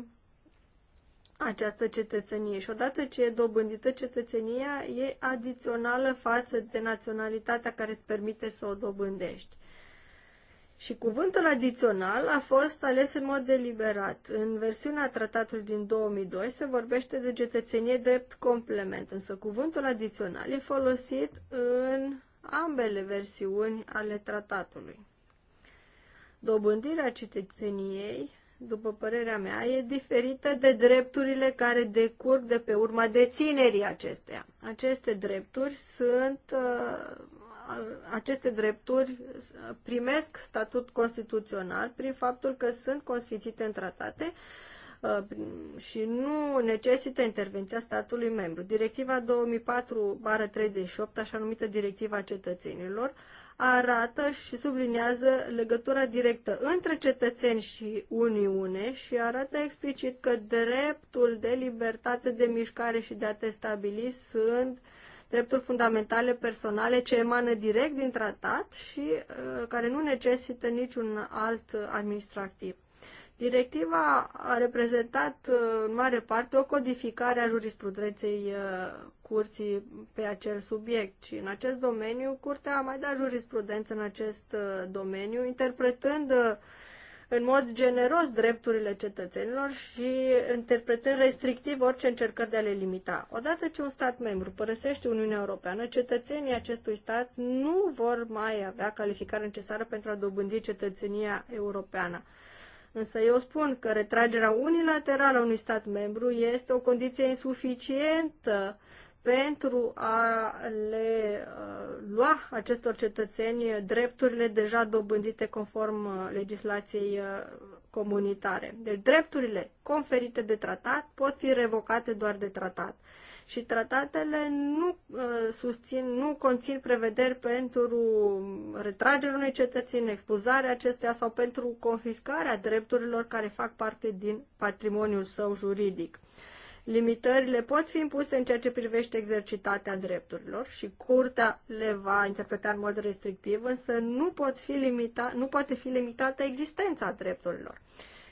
această cetățenie și odată ce e dobândită cetățenia, e adițională față de naționalitatea care îți permite să o dobândești. Și cuvântul adițional a fost ales în mod deliberat. În versiunea tratatului din 2002 se vorbește de cetățenie drept complement, însă cuvântul adițional e folosit în ambele versiuni ale tratatului. Dobândirea cetățeniei, după părerea mea, e diferită de drepturile care decurg de pe urma deținerii acesteia. Aceste drepturi sunt uh, aceste drepturi primesc statut constituțional prin faptul că sunt consfințite în tratate uh, și nu necesită intervenția statului membru. Directiva 2004-38, așa numită Directiva Cetățenilor, arată și sublinează legătura directă între cetățeni și Uniune și arată explicit că dreptul de libertate de mișcare și de a te stabili sunt uh, drepturi fundamentale personale ce emană direct din tratat și uh, care nu necesită niciun alt administrativ. Directiva a reprezentat uh, în mare parte o codificare a jurisprudenței uh, curții pe acel subiect și în acest domeniu curtea a mai dat jurisprudență în acest uh, domeniu interpretând în mod generos drepturile cetățenilor și interpretând restrictiv orice încercări de a le limita. Odată ce un stat membru părăsește Uniunea Europeană, cetățenii acestui stat nu vor mai avea calificarea necesară pentru a dobândi cetățenia europeană. Însă eu spun că retragerea unilaterală a unui stat membru este o condiție insuficientă pentru a le uh, lua acestor cetățeni drepturile deja dobândite conform uh, legislației uh, comunitare. Deci drepturile conferite de tratat pot fi revocate doar de tratat. Și tratatele nu susțin, nu conțin prevederi pentru retragerea unei cetățeni, expulzarea acesteia sau pentru confiscarea drepturilor care fac parte din patrimoniul său juridic. Limitările pot fi impuse în ceea ce privește exercitatea drepturilor și curtea le va interpreta în mod restrictiv, însă nu, pot fi limita, nu poate fi limitată existența drepturilor.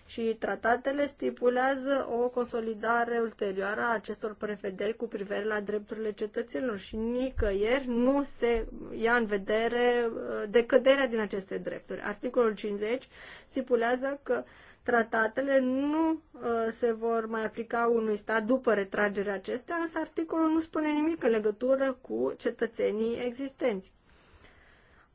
Și tratatele stipulează o consolidare ulterioară a acestor prevederi cu privire la drepturile cetățenilor și nicăieri nu se ia în vedere uh, decăderea din aceste drepturi. Articolul 50 stipulează că tratatele nu uh, se vor mai aplica unui stat după retragerea acestea, însă articolul nu spune nimic în legătură cu cetățenii existenți.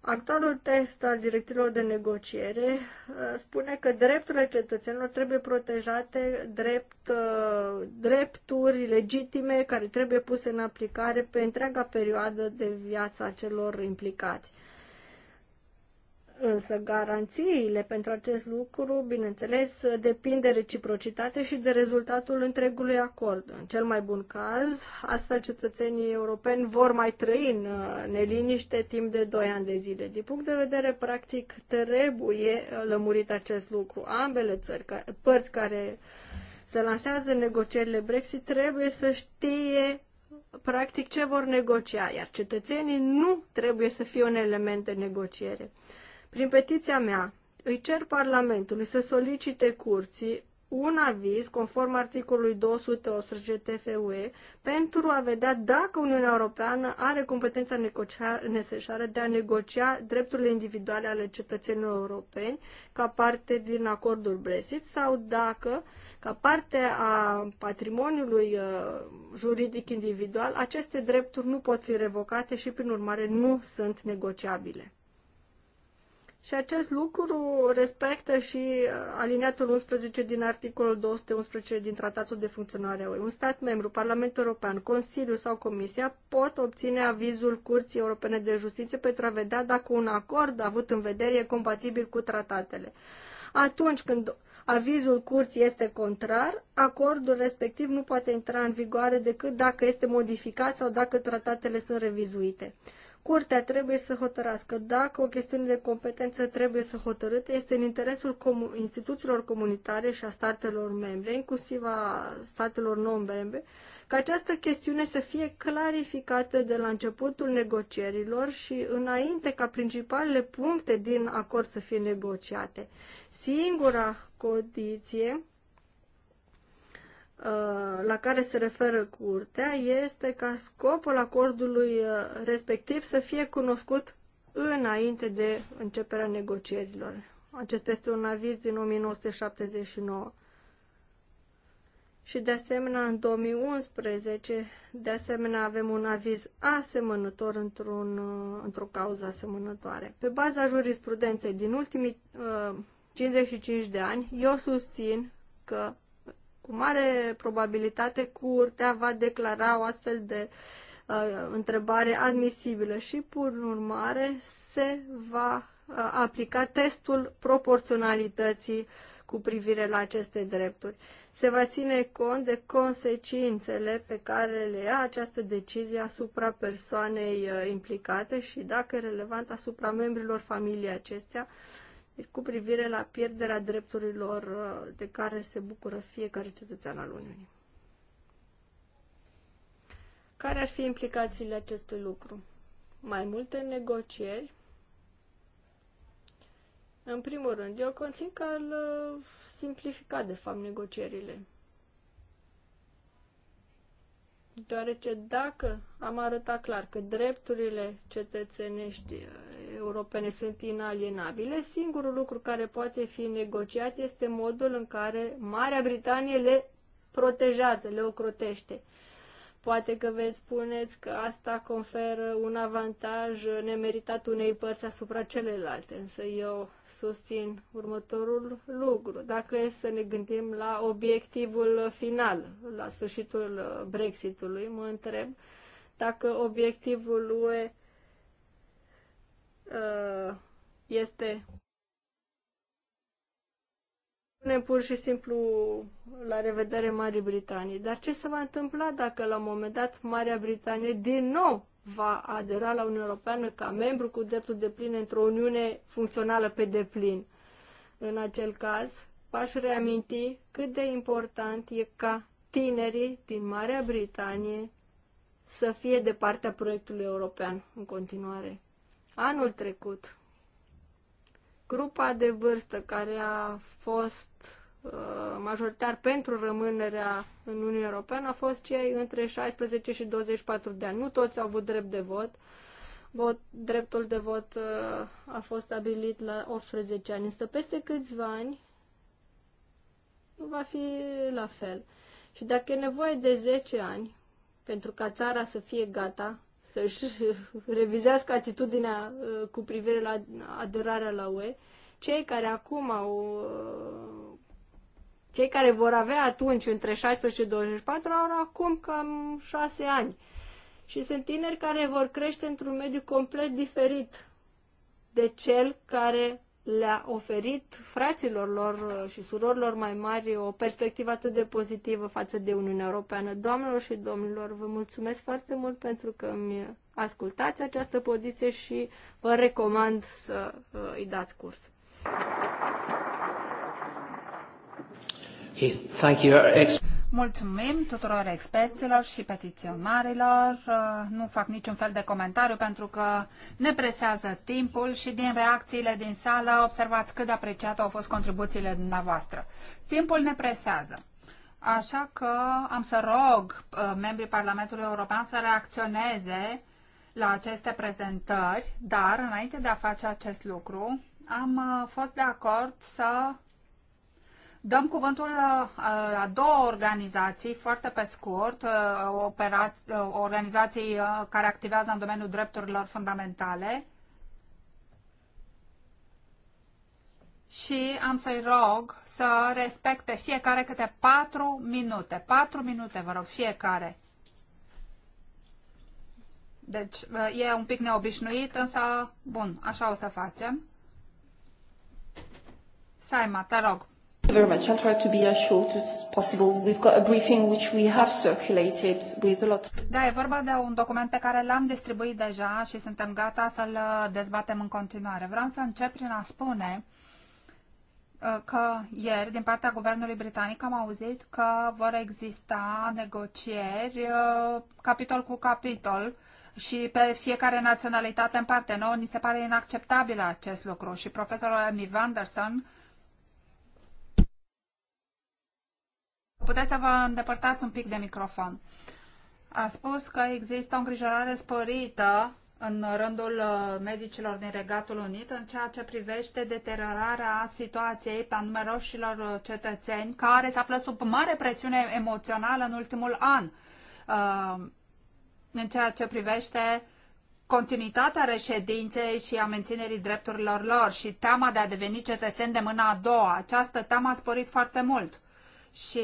Actualul text al directivelor de negociere uh, spune că drepturile cetățenilor trebuie protejate drept uh, drepturi legitime care trebuie puse în aplicare pe întreaga perioadă de viață a celor implicați. Însă garanțiile pentru acest lucru, bineînțeles, depind de reciprocitate și de rezultatul întregului acord. În cel mai bun caz, astfel cetățenii europeni vor mai trăi în uh, neliniște timp de 2 ani de zile. Din punct de vedere practic, trebuie uh, lămurit acest lucru. Ambele țări, părți care se lansează în negocierile Brexit trebuie să știe practic ce vor negocia, iar cetățenii nu trebuie să fie un element de negociere. Prin petiția mea, îi cer Parlamentului să solicite curții un aviz conform articolului 218 TFUE pentru a vedea dacă Uniunea Europeană are competența necesară de a negocia drepturile individuale ale cetățenilor europeni ca parte din acordul Brexit sau dacă, ca parte a patrimoniului uh, juridic individual, aceste drepturi nu pot fi revocate și, prin urmare, nu sunt negociabile. Și acest lucru respectă și uh, aliniatul 11 din articolul 211 din Tratatul de Funcționare a UE. Un stat membru, Parlamentul European, Consiliul sau Comisia pot obține avizul Curții Europene de Justiție pentru a vedea dacă un acord avut în vedere e compatibil cu tratatele. Atunci când avizul curții este contrar, acordul respectiv nu poate intra în vigoare decât dacă este modificat sau dacă tratatele sunt revizuite. Curtea trebuie să hotărască dacă o chestiune de competență trebuie să hotărâte este în interesul comu- instituțiilor comunitare și a statelor membre, inclusiv a statelor non-membre, ca această chestiune să fie clarificată de la începutul negocierilor și înainte ca principalele puncte din acord să fie negociate. Singura condiție Uh, la care se referă curtea este ca scopul acordului uh, respectiv să fie cunoscut înainte de începerea negocierilor. Acesta este un aviz din 1979. Și de asemenea, în 2011, de asemenea, avem un aviz asemănător într-un, uh, într-o cauză asemănătoare. Pe baza jurisprudenței din ultimii uh, 55 de ani, eu susțin că cu mare probabilitate, curtea va declara o astfel de uh, întrebare admisibilă și, pur urmare, se va uh, aplica testul proporționalității cu privire la aceste drepturi. Se va ține cont de consecințele pe care le ia această decizie asupra persoanei uh, implicate și, dacă relevant, asupra membrilor familiei acestea, uh, deci cu privire la pierderea drepturilor uh, de care se bucură fiecare cetățean al Uniunii. Care ar fi implicațiile acestui lucru? Mai multe negocieri. În primul rând, eu conțin că îl simplifica, de fapt, negocierile deoarece dacă am arătat clar că drepturile cetățenești uh, europene sunt inalienabile, singurul lucru care poate fi negociat este modul în care Marea Britanie le protejează, le ocrotește. Poate că veți spuneți că asta conferă un avantaj nemeritat unei părți asupra celelalte, însă eu susțin următorul lucru. Dacă e să ne gândim la obiectivul final, la sfârșitul Brexitului, mă întreb dacă obiectivul UE uh, este spune pur și simplu la revedere Marii Britanii. Dar ce se va întâmpla dacă la un moment dat Marea Britanie din nou va adera la Uniunea Europeană ca membru cu dreptul de plin într-o Uniune funcțională pe deplin? În acel caz, v-aș reaminti cât de important e ca tinerii din Marea Britanie să fie de partea proiectului european în continuare. Anul trecut, grupa de vârstă care a fost uh, majoritar pentru rămânerea în Uniunea Europeană a fost cei între 16 și 24 de ani. Nu toți au avut drept de vot. vot dreptul de vot uh, a fost stabilit la 18 ani, însă peste câțiva ani va fi la fel. Și dacă e nevoie de 10 ani pentru ca țara să fie gata să-și revizească atitudinea uh, cu privire la aderarea la UE, cei care acum au uh, cei care vor avea atunci între 16 și 24 au acum cam 6 ani. Și sunt tineri care vor crește într-un mediu complet diferit de cel care le-a oferit fraților lor și surorilor mai mari o perspectivă atât de pozitivă față de Uniunea Europeană. Doamnelor și domnilor, vă mulțumesc foarte mult pentru că îmi ascultați această poziție și vă recomand să uh, îi dați curs. Okay, thank you. Uh, Mulțumim tuturor experților și petiționarilor. Uh, nu fac niciun fel de comentariu pentru că ne presează timpul și din reacțiile din sală observați cât de apreciate au fost contribuțiile dumneavoastră. Timpul ne presează. Așa că am să rog uh, membrii Parlamentului European să reacționeze la aceste prezentări, dar înainte de a face acest lucru, am uh, fost de acord să Dăm cuvântul uh, la două organizații, foarte pe scurt, uh, uh, organizații care activează în domeniul drepturilor fundamentale. Și am să-i rog să respecte fiecare câte patru minute. Patru minute, vă rog, fiecare. Deci e un pic neobișnuit, însă bun, așa o să facem. Saima, te rog very much. I'll try to be as short as possible. We've got a briefing which we have circulated with a lot. Da, e vorba de un document pe care l-am distribuit deja și suntem gata să-l uh, dezbatem în continuare. Vreau să încep prin a spune uh, că ieri, din partea guvernului britanic, am auzit că vor exista negocieri uh, capitol cu capitol și pe fiecare naționalitate în parte. Nouă ni se pare inacceptabil acest lucru și profesorul Amy Vanderson puteți să vă îndepărtați un pic de microfon. A spus că există o îngrijorare sporită în rândul uh, medicilor din Regatul Unit în ceea ce privește deteriorarea situației pe numeroșilor uh, cetățeni care se află sub mare presiune emoțională în ultimul an uh, în ceea ce privește continuitatea reședinței și a menținerii drepturilor lor și teama de a deveni cetățeni de mâna a doua. Această teamă a sporit foarte mult și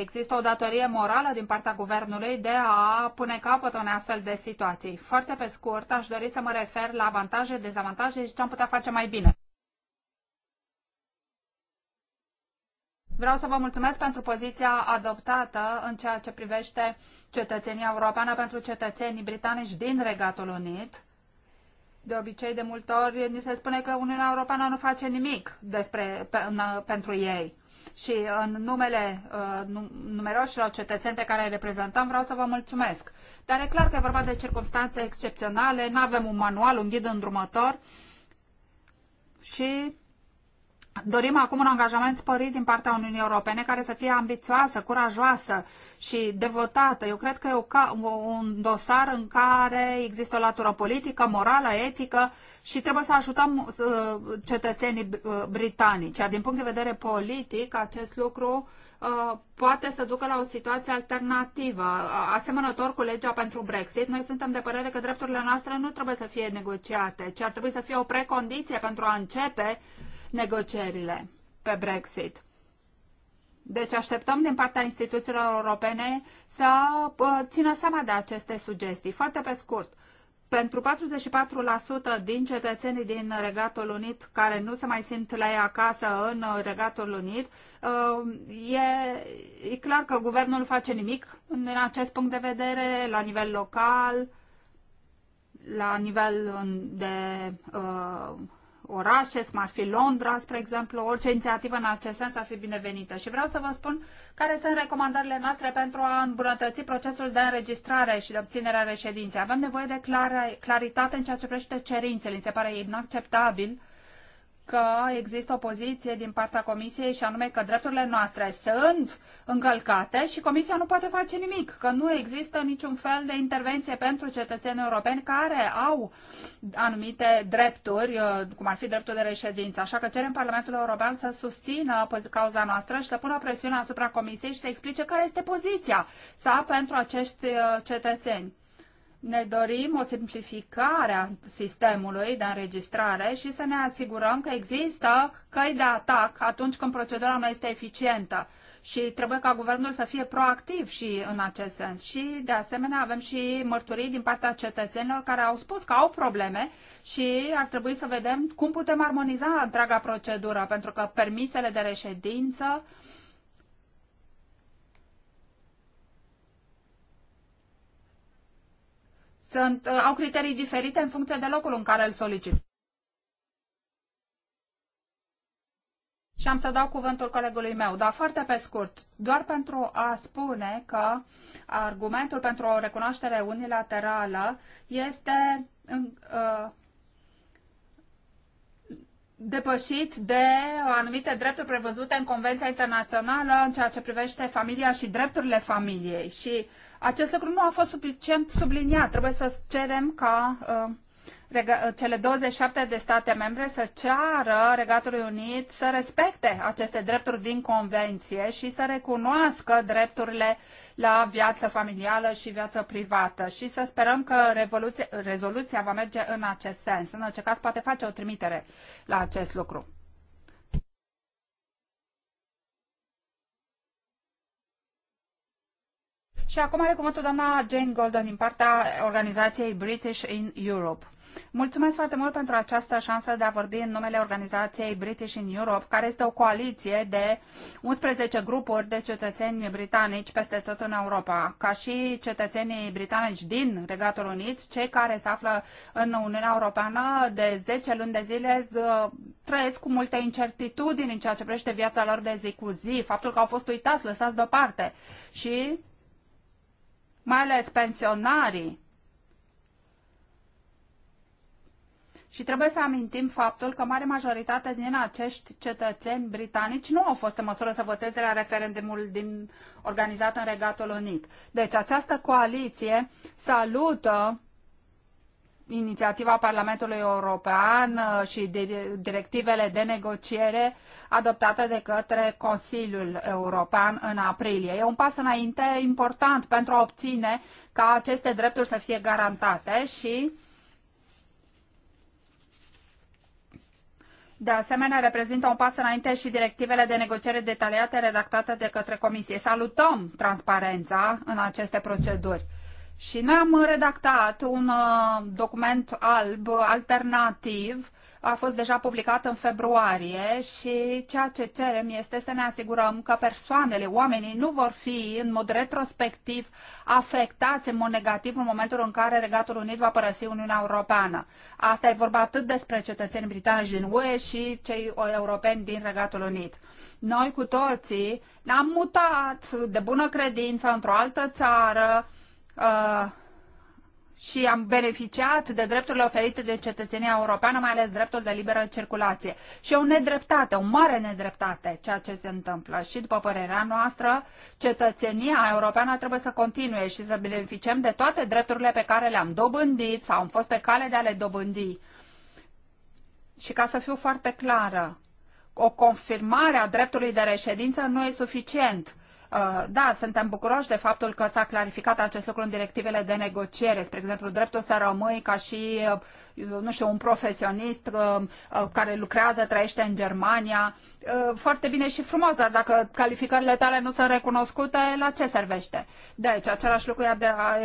există o datorie morală din partea guvernului de a pune capăt unei astfel de situații. Foarte pe scurt, aș dori să mă refer la avantaje, dezavantaje și ce am putea face mai bine. Vreau să vă mulțumesc pentru poziția adoptată în ceea ce privește cetățenia europeană pentru cetățenii britanici din Regatul Unit. De obicei, de multe ori, ni se spune că Uniunea Europeană nu face nimic despre, pe, în, pentru ei și în numele uh, numeroșilor cetățeni pe care îi reprezentăm vreau să vă mulțumesc. Dar e clar că e vorba de circunstanțe excepționale, nu avem un manual, un ghid îndrumător și Dorim acum un angajament sporit din partea Uniunii Europene care să fie ambițioasă, curajoasă și devotată. Eu cred că e un dosar în care există o latură politică, morală, etică și trebuie să ajutăm uh, cetățenii uh, britanici. Iar din punct de vedere politic, acest lucru uh, poate să ducă la o situație alternativă. Asemănător cu legea pentru Brexit, noi suntem de părere că drepturile noastre nu trebuie să fie negociate, ci ar trebui să fie o precondiție pentru a începe negocierile pe Brexit. Deci așteptăm din partea instituțiilor europene să uh, țină seama de aceste sugestii. Foarte pe scurt, pentru 44% din cetățenii din Regatul Unit care nu se mai simt la ei acasă în Regatul Unit, uh, e, e clar că guvernul nu face nimic în acest punct de vedere, la nivel local, la nivel de uh, orașe, cum ar fi Londra, spre exemplu, orice inițiativă în acest sens ar fi binevenită. Și vreau să vă spun care sunt recomandările noastre pentru a îmbunătăți procesul de înregistrare și de obținere a reședinței. Avem nevoie de clar, claritate în ceea ce privește cerințele. Mi se pare inacceptabil că există o poziție din partea Comisiei și anume că drepturile noastre sunt încălcate și Comisia nu poate face nimic, că nu există niciun fel de intervenție pentru cetățenii europeni care au anumite drepturi, uh, cum ar fi dreptul de reședință. Așa că cerem Parlamentul European să susțină cauza noastră și să pună presiune asupra Comisiei și să explice care este poziția sa pentru acești uh, cetățeni ne dorim o simplificare a sistemului de înregistrare și să ne asigurăm că există căi de atac atunci când procedura nu este eficientă și trebuie ca guvernul să fie proactiv și în acest sens. Și de asemenea avem și mărturii din partea cetățenilor care au spus că au probleme și ar trebui să vedem cum putem armoniza întreaga procedură, pentru că permisele de reședință uh, sunt, uh, au criterii diferite în funcție de locul în care îl solicit. Și am să dau cuvântul colegului meu, dar foarte pe scurt, doar pentru a spune că argumentul pentru o recunoaștere unilaterală este uh, depășit de anumite drepturi prevăzute în Convenția Internațională în ceea ce privește familia și drepturile familiei. Și acest lucru nu a fost suficient subliniat. Trebuie să cerem ca uh, uh cele 27 de state membre să ceară Regatului Unit să respecte aceste drepturi din convenție și să recunoască drepturile la viață familială și viață privată și să sperăm că rezoluția va merge în acest sens. În orice caz, poate face o trimitere la acest lucru. Și acum are cuvântul doamna Jane Golden din partea organizației British in Europe. Mulțumesc foarte mult pentru această șansă de a vorbi în numele organizației British in Europe, care este o coaliție de 11 grupuri de cetățeni britanici peste tot în Europa, ca și cetățenii britanici din Regatul Unit, cei care se află în Uniunea Europeană de 10 luni de zile ă, trăiesc cu multe incertitudini în ceea ce privește viața lor de zi cu zi, faptul că au fost uitați, lăsați deoparte și mai ales pensionarii. Și trebuie să amintim faptul că mare majoritate din acești cetățeni britanici nu au fost în măsură să voteze la referendumul din, organizat în Regatul Unit. Deci această coaliție salută inițiativa Parlamentului European uh, și directivele de negociere adoptate de către Consiliul European în aprilie. E un pas înainte important pentru a obține ca aceste drepturi să fie garantate și De asemenea, reprezintă un pas înainte și directivele de negociere detaliate redactate de către Comisie. Salutăm transparența în aceste proceduri. Și noi am redactat un uh, document alb alternativ, a fost deja publicat în februarie și ceea ce cerem este să ne asigurăm că persoanele, oamenii nu vor fi în mod retrospectiv afectați în mod negativ în momentul în care Regatul Unit va părăsi Uniunea Europeană. Asta e vorba atât despre cetățenii britanici din UE și cei europeni din Regatul Unit. Noi cu toții ne-am mutat de bună credință într-o altă țară, Uh, și am beneficiat de drepturile oferite de cetățenia europeană, mai ales dreptul de liberă circulație. Și e o nedreptate, o mare nedreptate ceea ce se întâmplă. Și după părerea noastră, cetățenia europeană trebuie să continue și să beneficiem de toate drepturile pe care le-am dobândit sau am fost pe cale de a le dobândi. Și ca să fiu foarte clară, o confirmare a dreptului de reședință nu e suficient Uh, da, suntem bucuroși de faptul că s-a clarificat acest lucru în directivele de negociere. Spre exemplu, dreptul să rămâi ca și, uh, nu știu, un profesionist uh, care lucrează, trăiește în Germania. Foarte bine și frumos, dar dacă calificările tale nu sunt recunoscute, la ce servește? Deci, același lucru e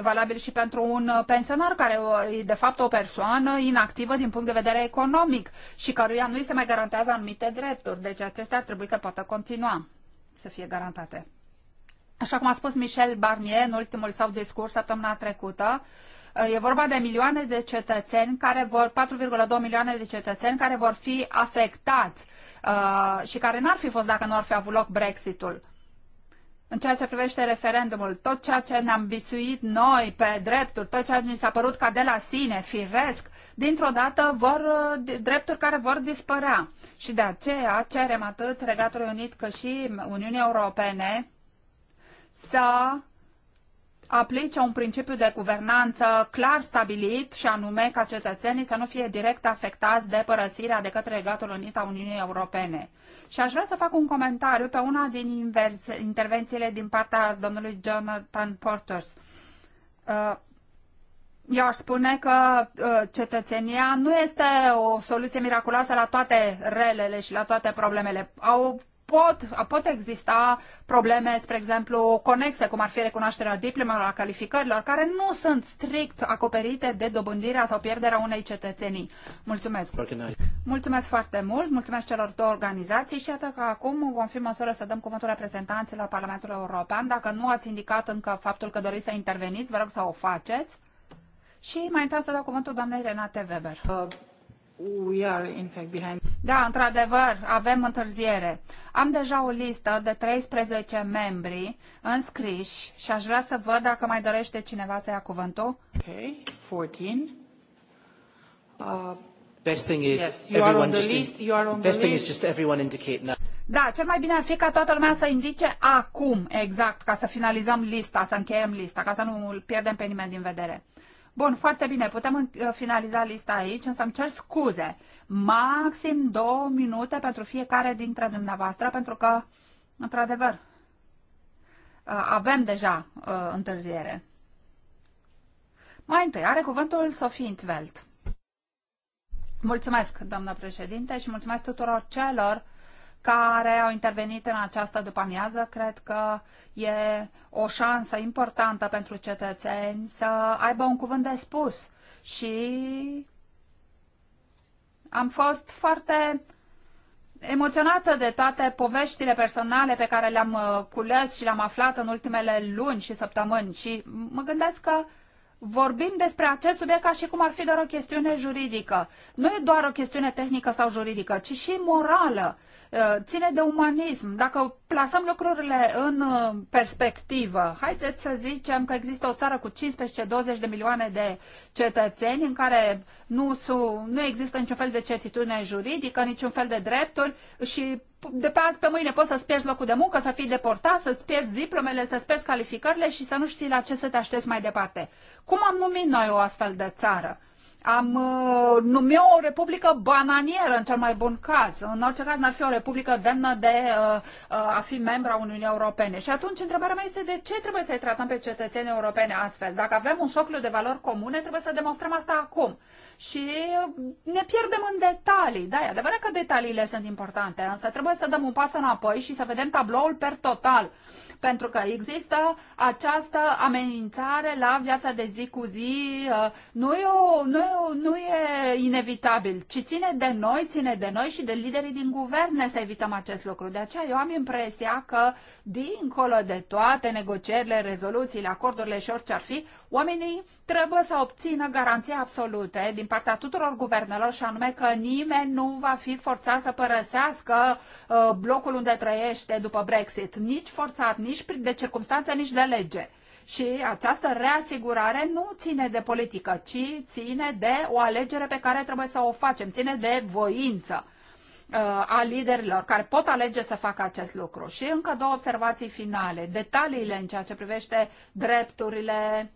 valabil și pentru un pensionar care e, de fapt, o persoană inactivă din punct de vedere economic și căruia nu îi se mai garantează anumite drepturi. Deci, acestea ar trebui să poată continua să fie garantate. Așa cum a spus Michel Barnier în ultimul său discurs săptămâna trecută, E vorba de milioane de cetățeni care vor, 4,2 milioane de cetățeni care vor fi afectați uh, și care n-ar fi fost dacă nu ar fi avut loc Brexitul. În ceea ce privește referendumul, tot ceea ce ne-am bisuit noi pe drepturi, tot ceea ce ni s-a părut ca de la sine, firesc, dintr-o dată vor uh, drepturi care vor dispărea. Și de aceea cerem atât Regatului Unit cât și Uniunii Europene să aplice un principiu de guvernanță clar stabilit și anume ca cetățenii să nu fie direct afectați de părăsirea de către Regatul Unit a Uniunii Europene. Și aș vrea să fac un comentariu pe una din intervențiile din partea domnului Jonathan Porters. Uh, eu aș spune că uh, cetățenia nu este o soluție miraculoasă la toate relele și la toate problemele. Au pot, pot exista probleme, spre exemplu, conexe, cum ar fi recunoașterea diplomelor, a calificărilor, care nu sunt strict acoperite de dobândirea sau pierderea unei cetățenii. Mulțumesc! Mulțumesc foarte mult, mulțumesc celor două organizații și iată că acum vom fi măsură să dăm cuvântul reprezentanților Parlamentului European. Dacă nu ați indicat încă faptul că doriți să interveniți, vă rog să o faceți. Și mai întâi să dau cuvântul doamnei Renate Weber. Uh. We are in fact behind. Da, într-adevăr, avem întârziere. Am deja o listă de 13 membri înscriși și aș vrea să văd dacă mai dorește cineva să ia cuvântul. Okay, 14. Uh, Best thing is yes, you everyone are on the just you are on best thing list. is just everyone indicate now. Da, cel mai bine ar fi ca toată lumea să indice acum, exact, ca să finalizăm lista, să încheiem lista, ca să nu pierdem pe nimeni din vedere. Bun, foarte bine, putem uh, finaliza lista aici, însă îmi cer scuze. Maxim două minute pentru fiecare dintre dumneavoastră, pentru că, într-adevăr, uh, avem deja uh, întârziere. Mai întâi, are cuvântul Sofie Intveld. Mulțumesc, doamnă președinte, și mulțumesc tuturor celor uh, care au intervenit în această după-amiază. Cred că e o șansă importantă pentru cetățeni să aibă un cuvânt de spus. Și am fost foarte emoționată de toate poveștile personale pe care le-am uh, cules și le-am aflat în ultimele luni și săptămâni și mă gândesc că vorbim despre acest subiect ca și cum ar fi doar o chestiune juridică. Nu e doar o chestiune tehnică sau juridică, ci și morală. Uh, ține de umanism. Dacă plasăm lucrurile în uh, perspectivă, haideți să zicem că există o țară cu 15-20 de milioane de cetățeni în care nu, nu există niciun fel de certitudine juridică, niciun fel de drepturi și de pe azi pe mâine poți să-ți pierzi locul de muncă, să fii deportat, să-ți pierzi diplomele, să-ți pierzi calificările și să nu știi la ce să te aștepți mai departe. Cum am numit noi o astfel de țară? am uh, numit o republică bananieră în cel mai bun caz. În orice caz n-ar fi o republică demnă de uh, uh, a fi membra Uniunii Europene. Și atunci întrebarea mea este de ce trebuie să-i tratăm pe cetățenii europene astfel? Dacă avem un soclu de valori comune, trebuie să demonstrăm asta acum. Și uh, ne pierdem în detalii. Da, e adevărat că detaliile sunt importante, însă trebuie să dăm un pas înapoi și să vedem tabloul per total. Pentru că există această amenințare la viața de zi cu zi. Uh, nu e o, nu e nu e inevitabil, ci ține de noi, ține de noi și de liderii din guverne să evităm acest lucru. De aceea eu am impresia că, dincolo de toate negocierile, rezoluțiile, acordurile și orice ar fi, oamenii trebuie să obțină garanții absolute din partea tuturor guvernelor și anume că nimeni nu va fi forțat să părăsească uh, blocul unde trăiește după Brexit, nici forțat, nici de circunstanță, nici de lege. Și această reasigurare nu ține de politică, ci ține de o alegere pe care trebuie să o facem, ține de voință uh, a liderilor care pot alege să facă acest lucru. Și încă două observații finale. Detaliile în ceea ce privește drepturile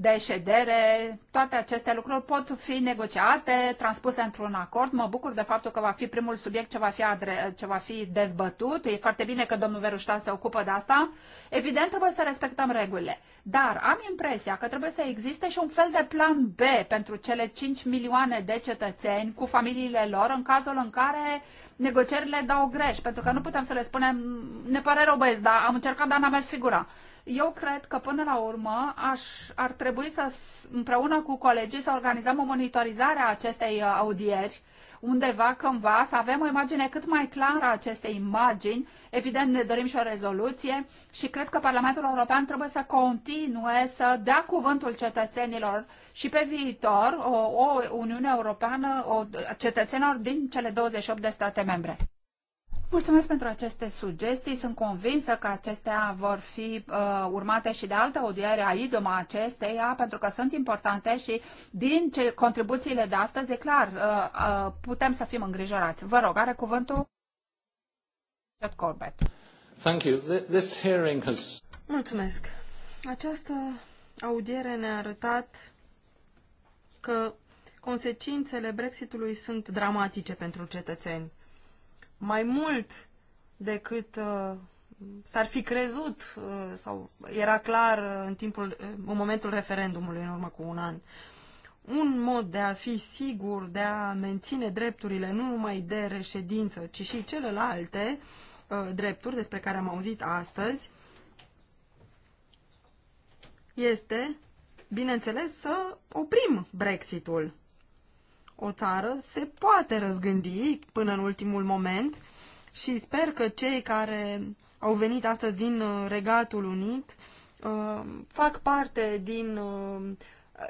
de ședere, toate aceste lucruri pot fi negociate, transpuse într-un acord. Mă bucur de faptul că va fi primul subiect ce va fi, adre- ce va fi dezbătut. E foarte bine că domnul Verușta se ocupă de asta. Evident, trebuie să respectăm regulile. Dar am impresia că trebuie să existe și un fel de plan B pentru cele 5 milioane de cetățeni cu familiile lor în cazul în care negocierile dau greș, pentru că nu putem să le spunem, ne pare rău băieți, dar am încercat, dar n-a mers figura eu cred că până la urmă aș, ar trebui să împreună cu colegii să organizăm o monitorizare a acestei uh, audieri undeva, cândva, să avem o imagine cât mai clară a acestei imagini. Evident, ne dorim și o rezoluție și cred că Parlamentul European trebuie să continue să dea cuvântul cetățenilor și pe viitor o, o Uniune Europeană, o, cetățenilor din cele 28 de state membre. Mulțumesc pentru aceste sugestii. Sunt convinsă că acestea vor fi uh, urmate și de alte audiere a idoma acesteia, pentru că sunt importante și din ce, contribuțiile de astăzi, e clar, uh, uh, putem să fim îngrijorați. Vă rog, are cuvântul Corbett. Thank you. This hearing has... Mulțumesc. Această audiere ne-a arătat că consecințele Brexitului sunt dramatice pentru cetățeni mai mult decât uh, s-ar fi crezut uh, sau era clar uh, în timpul, în momentul referendumului în urmă cu un an. Un mod de a fi sigur de a menține drepturile nu numai de reședință, ci și celelalte uh, drepturi despre care am auzit astăzi este, bineînțeles, să oprim Brexitul o țară se poate răzgândi până în ultimul moment și sper că cei care au venit astăzi din uh, Regatul Unit uh, fac parte din uh,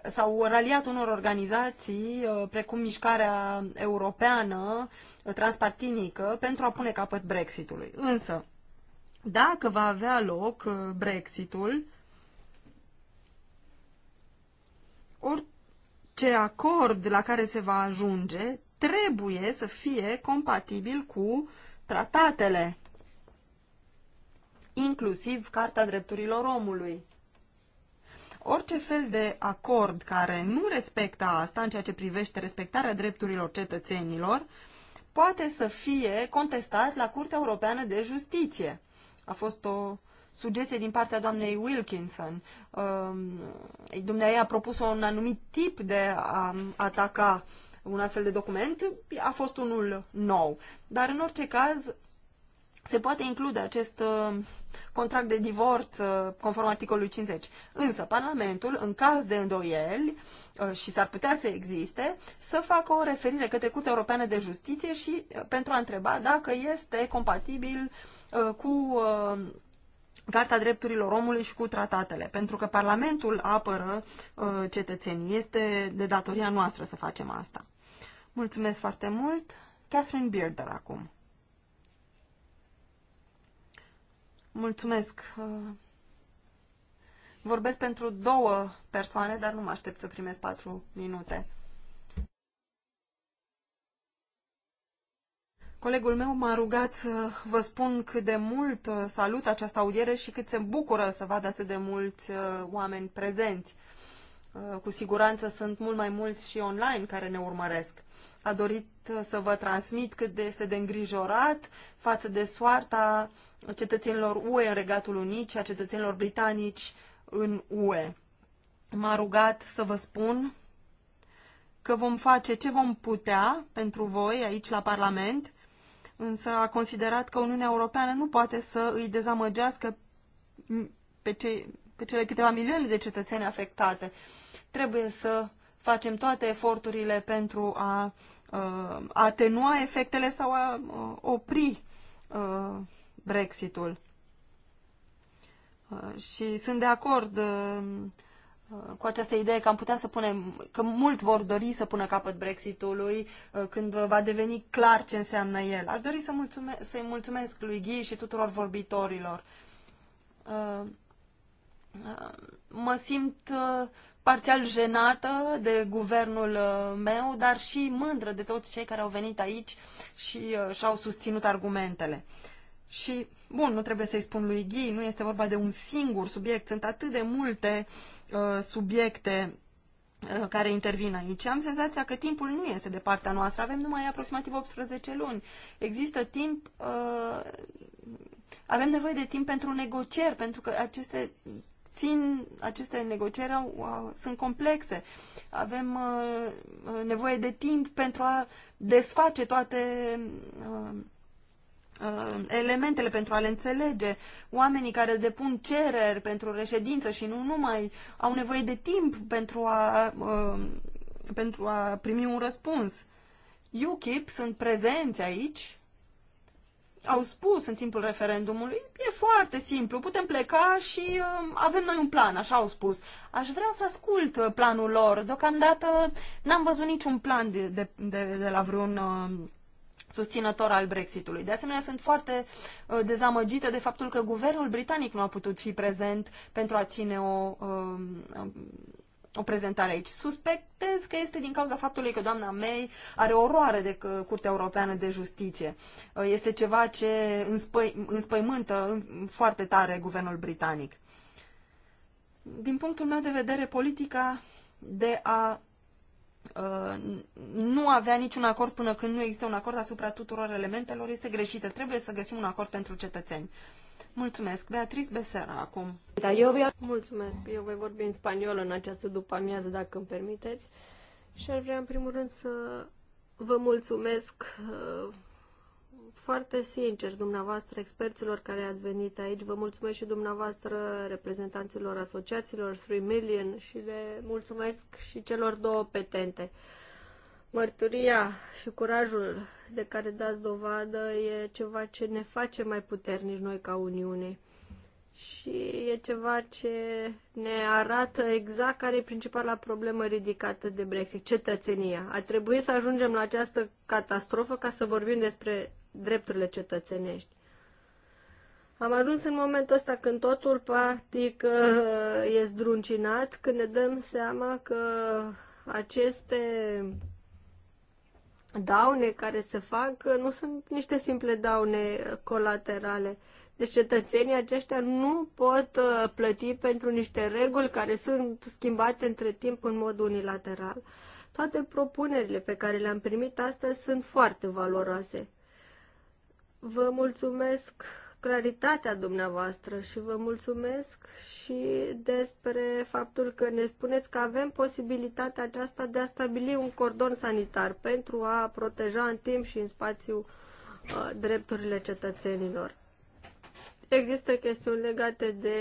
sau raliat unor organizații precum Mișcarea Europeană Transpartinică pentru a pune capăt Brexitului. Însă, dacă va avea loc Brexitul, ori ce acord la care se va ajunge trebuie să fie compatibil cu tratatele, inclusiv Carta Drepturilor Omului. Orice fel de acord care nu respectă asta în ceea ce privește respectarea drepturilor cetățenilor poate să fie contestat la Curtea Europeană de Justiție. A fost o sugestie din partea doamnei Wilkinson. Um, Dumnezeu a propus un anumit tip de a ataca un astfel de document, a fost unul nou. Dar în orice caz, se poate include acest uh, contract de divorț uh, conform articolului 50. Însă Parlamentul, în caz de îndoieli, uh, și s-ar putea să existe, să facă o referire către Curtea Europeană de Justiție și pentru a întreba dacă este compatibil cu Carta Drepturilor Omului și cu tratatele, pentru că Parlamentul apără uh, cetățenii. Este de datoria noastră să facem asta. Mulțumesc foarte mult. Catherine Bearder acum. Mulțumesc. Uh, vorbesc pentru două persoane, dar nu mă aștept să primesc patru minute. Colegul meu m-a rugat să vă spun cât de mult uh, salut această audiere și cât se bucură să vadă atât de mulți uh, oameni prezenți. Uh, cu siguranță sunt mult mai mulți și online care ne urmăresc. A dorit să vă transmit cât de este de îngrijorat față de soarta cetățenilor UE în Regatul Unit și a cetățenilor britanici în UE. M-a rugat să vă spun că vom face ce vom putea pentru voi aici la Parlament însă a considerat că Uniunea Europeană nu poate să îi dezamăgească pe, ce, pe cele câteva milioane de cetățeni afectate. Trebuie să facem toate eforturile pentru a uh, atenua efectele sau a uh, opri uh, Brexitul. Uh, și sunt de acord uh, cu această idee că am putea să punem, că mult vor dori să pună capăt Brexitului uh, când va deveni clar ce înseamnă el. Aș dori să mulțume, să-i mulțumesc lui Ghi și tuturor vorbitorilor. Uh, uh, mă simt parțial jenată de guvernul meu, dar și mândră de toți cei care au venit aici și și-au susținut argumentele. Și, bun, nu trebuie să-i spun lui Ghi, nu este vorba de un singur subiect, sunt atât de multe uh, Uh, subiecte uh, care intervin aici. Am senzația că timpul nu este de partea noastră. Avem numai aproximativ 18 luni. Există timp, uh, avem nevoie de timp pentru negocieri, pentru că aceste țin, aceste negocieri uh, sunt complexe. Avem uh, nevoie de timp pentru a desface toate uh, Uh, elementele pentru a le înțelege. Oamenii care depun cereri pentru reședință și nu numai au nevoie de timp pentru a, uh, pentru a primi un răspuns. UKIP sunt prezenți aici, au spus în timpul referendumului, e foarte simplu, putem pleca și uh, avem noi un plan, așa au spus. Aș vrea să ascult uh, planul lor. Deocamdată n-am văzut niciun plan de, de, de, de la vreun uh, susținător al Brexitului. De asemenea, sunt foarte uh, dezamăgită de faptul că guvernul britanic nu a putut fi prezent pentru a ține o, um, um, o prezentare aici. Suspectez că este din cauza faptului că doamna May are oroare de Curtea Europeană de Justiție. Uh, este ceva ce înspăi, înspăimântă foarte tare guvernul britanic. Din punctul meu de vedere, politica de a Uh, nu avea niciun acord până când nu există un acord asupra tuturor elementelor este greșită. Trebuie să găsim un acord pentru cetățeni. Mulțumesc. Beatriz Besera acum. Da, eu voi... Mulțumesc. Eu voi vorbi în spaniolă în această după-amiază, dacă îmi permiteți. Și ar vrea, în primul rând, să vă mulțumesc uh, foarte sincer dumneavoastră, experților care ați venit aici. Vă mulțumesc și dumneavoastră, reprezentanților asociațiilor 3 Million și le mulțumesc și celor două petente. Mărturia și curajul de care dați dovadă e ceva ce ne face mai puternici noi ca Uniune. Și e ceva ce ne arată exact care e principala problemă ridicată de Brexit, cetățenia. A trebuit să ajungem la această catastrofă ca să vorbim despre drepturile cetățenești. Am ajuns în momentul ăsta când totul practic uh, e zdruncinat, când ne dăm seama că aceste daune care se fac uh, nu sunt niște simple daune colaterale. Deci cetățenii aceștia nu pot uh, plăti pentru niște reguli care sunt schimbate între timp în mod unilateral. Toate propunerile pe care le-am primit astăzi sunt foarte valoroase Vă mulțumesc claritatea dumneavoastră și vă mulțumesc și despre faptul că ne spuneți că avem posibilitatea aceasta de a stabili un cordon sanitar pentru a proteja în timp și în spațiu uh, drepturile cetățenilor. Există chestiuni legate de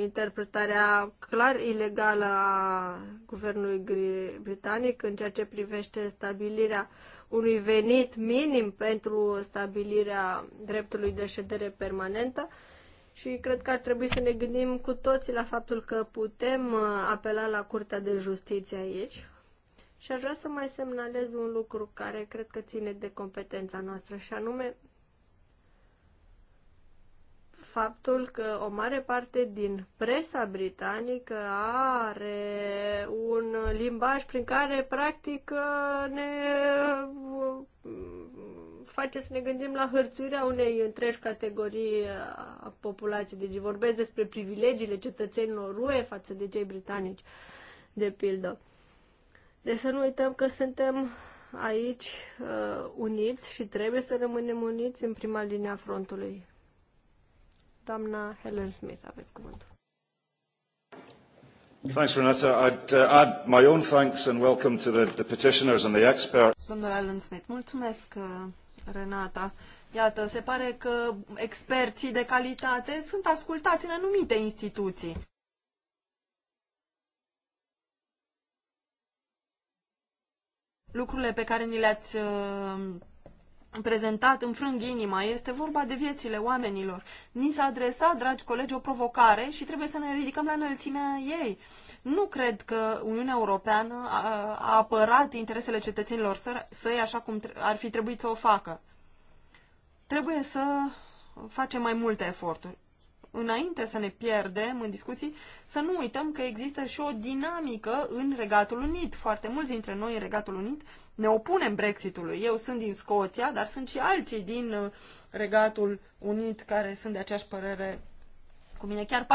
interpretarea clar ilegală a guvernului britanic în ceea ce privește stabilirea uh, unui venit minim pentru stabilirea dreptului de ședere permanentă și cred că ar trebui să ne gândim cu toții la faptul că putem uh, apela la Curtea de Justiție aici. Și aș vrea să mai semnalez un lucru care cred că ține de competența noastră, și anume faptul că o mare parte din presa britanică are un limbaj prin care practic ne face să ne gândim la hărțuirea unei întregi categorii a populației. Deci vorbesc despre privilegiile cetățenilor UE față de cei britanici, de pildă. Deci să nu uităm că suntem aici uh, uniți și trebuie să rămânem uniți în prima linie a frontului. Doamna Helen Smith, aveți cuvântul. Thanks, Renata. I'd uh, add my own thanks and welcome to the, the petitioners and the experts. Domnule Alan Smith, mulțumesc, uh, Renata. Iată, se pare că experții de calitate sunt ascultați în anumite instituții. Lucrurile pe care ni le-ați uh, prezentat în frâng inima. Este vorba de viețile oamenilor. Ni s-a adresat, dragi colegi, o provocare și trebuie să ne ridicăm la înălțimea ei. Nu cred că Uniunea Europeană a apărat interesele cetățenilor săi așa cum ar fi trebuit să o facă. Trebuie să facem mai multe eforturi. Înainte să ne pierdem în discuții, să nu uităm că există și o dinamică în Regatul Unit. Foarte mulți dintre noi în Regatul Unit ne opunem Brexitului. Eu sunt din Scoția, dar sunt și alții din uh, Regatul Unit care sunt de aceeași părere cu mine. Chiar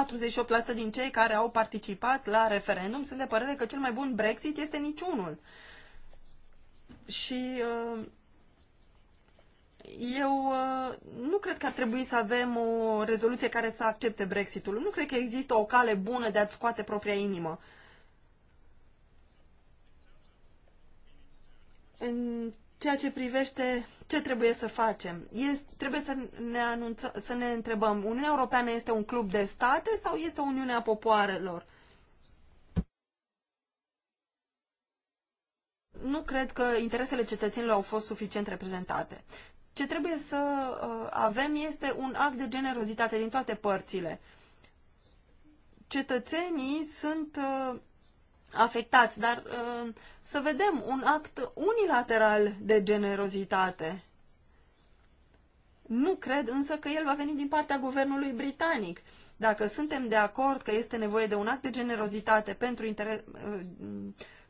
48% din cei care au participat la referendum sunt de părere că cel mai bun Brexit este niciunul. Și uh, eu uh, nu cred că ar trebui să avem o rezoluție care să accepte Brexitul. Nu cred că există o cale bună de a-ți scoate propria inimă. În ceea ce privește ce trebuie să facem, este, trebuie să ne, anunță, să ne întrebăm, Uniunea Europeană este un club de state sau este Uniunea Popoarelor? Nu cred că interesele cetățenilor au fost suficient reprezentate. Ce trebuie să uh, avem este un act de generozitate din toate părțile. Cetățenii sunt uh, afectați, dar uh, să vedem un act unilateral de generozitate. Nu cred însă că el va veni din partea guvernului britanic. Dacă suntem de acord că este nevoie de un act de generozitate pentru, interes, uh,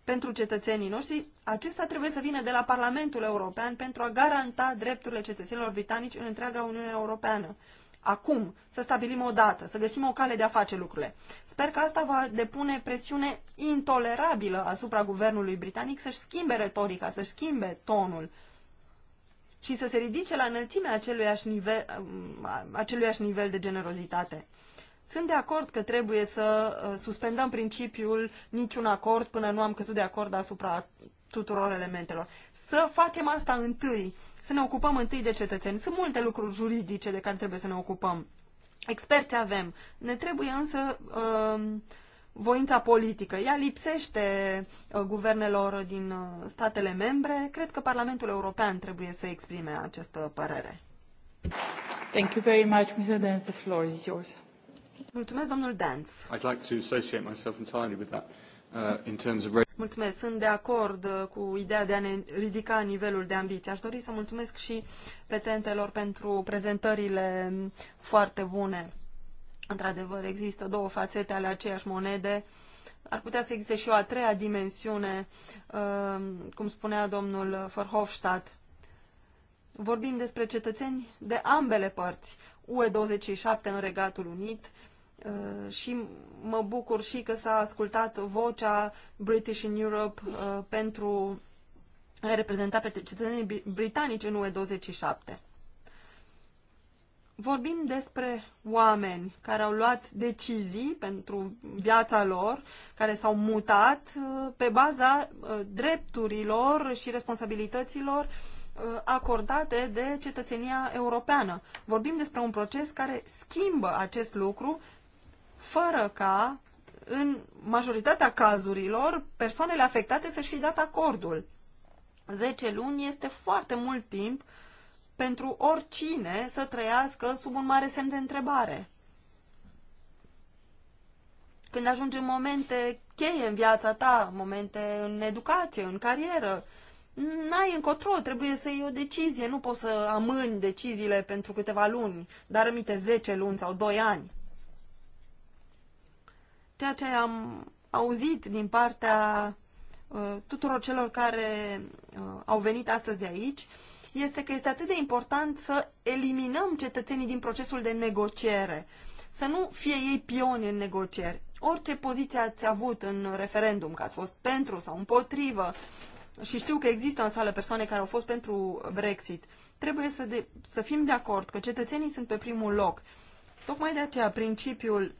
pentru cetățenii noștri, acesta trebuie să vină de la Parlamentul European pentru a garanta drepturile cetățenilor britanici în întreaga Uniune Europeană acum, să stabilim o dată, să găsim o cale de a face lucrurile. Sper că asta va depune presiune intolerabilă asupra guvernului britanic să-și schimbe retorica, să-și schimbe tonul și să se ridice la înălțimea aceluiași nivel, um, aceluiași nivel de generozitate. Sunt de acord că trebuie să uh, suspendăm principiul niciun acord până nu am căzut de acord asupra tuturor elementelor. Să facem asta întâi să ne ocupăm întâi de cetățeni. Sunt multe lucruri juridice de care trebuie să ne ocupăm. Experți avem. Ne trebuie însă um, voința politică. Ea lipsește uh, guvernelor din uh, statele membre. Cred că Parlamentul European trebuie să exprime această părere. Thank you very much, Mr. Dance. The floor is yours. Mulțumesc, domnul Dance. I'd like to associate myself entirely with that. Uh, in terms of... Mulțumesc, sunt de acord uh, cu ideea de a ne ridica nivelul de ambiție. Aș dori să mulțumesc și petentelor pentru prezentările foarte bune. Într-adevăr, există două fațete ale aceeași monede. Ar putea să existe și o a treia dimensiune, uh, cum spunea domnul Verhofstadt. Vorbim despre cetățeni de ambele părți, UE27 în Regatul Unit Uh, și mă bucur și că s-a ascultat vocea British in Europe uh, pentru a reprezenta pe cetățenii britanici în UE27. Vorbim despre oameni care au luat decizii pentru viața lor, care s-au mutat uh, pe baza drepturilor și responsabilităților acordate de cetățenia europeană. Vorbim despre un proces care schimbă acest lucru fără ca, în majoritatea cazurilor, persoanele afectate să-și fi dat acordul. 10 luni este foarte mult timp pentru oricine să trăiască sub un mare semn de întrebare. Când ajungi în momente cheie în viața ta, momente în educație, în carieră, n-ai încotro, trebuie să iei o decizie, nu poți să amâni deciziile pentru câteva luni, dar rămite 10 luni sau 2 ani ceea ce am auzit din partea uh, tuturor celor care uh, au venit astăzi aici este că este atât de important să eliminăm cetățenii din procesul de negociere, să nu fie ei pioni în negocieri. Orice poziție ați avut în referendum, că ați fost pentru sau împotrivă, și știu că există în sală persoane care au fost pentru Brexit, trebuie să, de, să fim de acord că cetățenii sunt pe primul loc. Tocmai de aceea principiul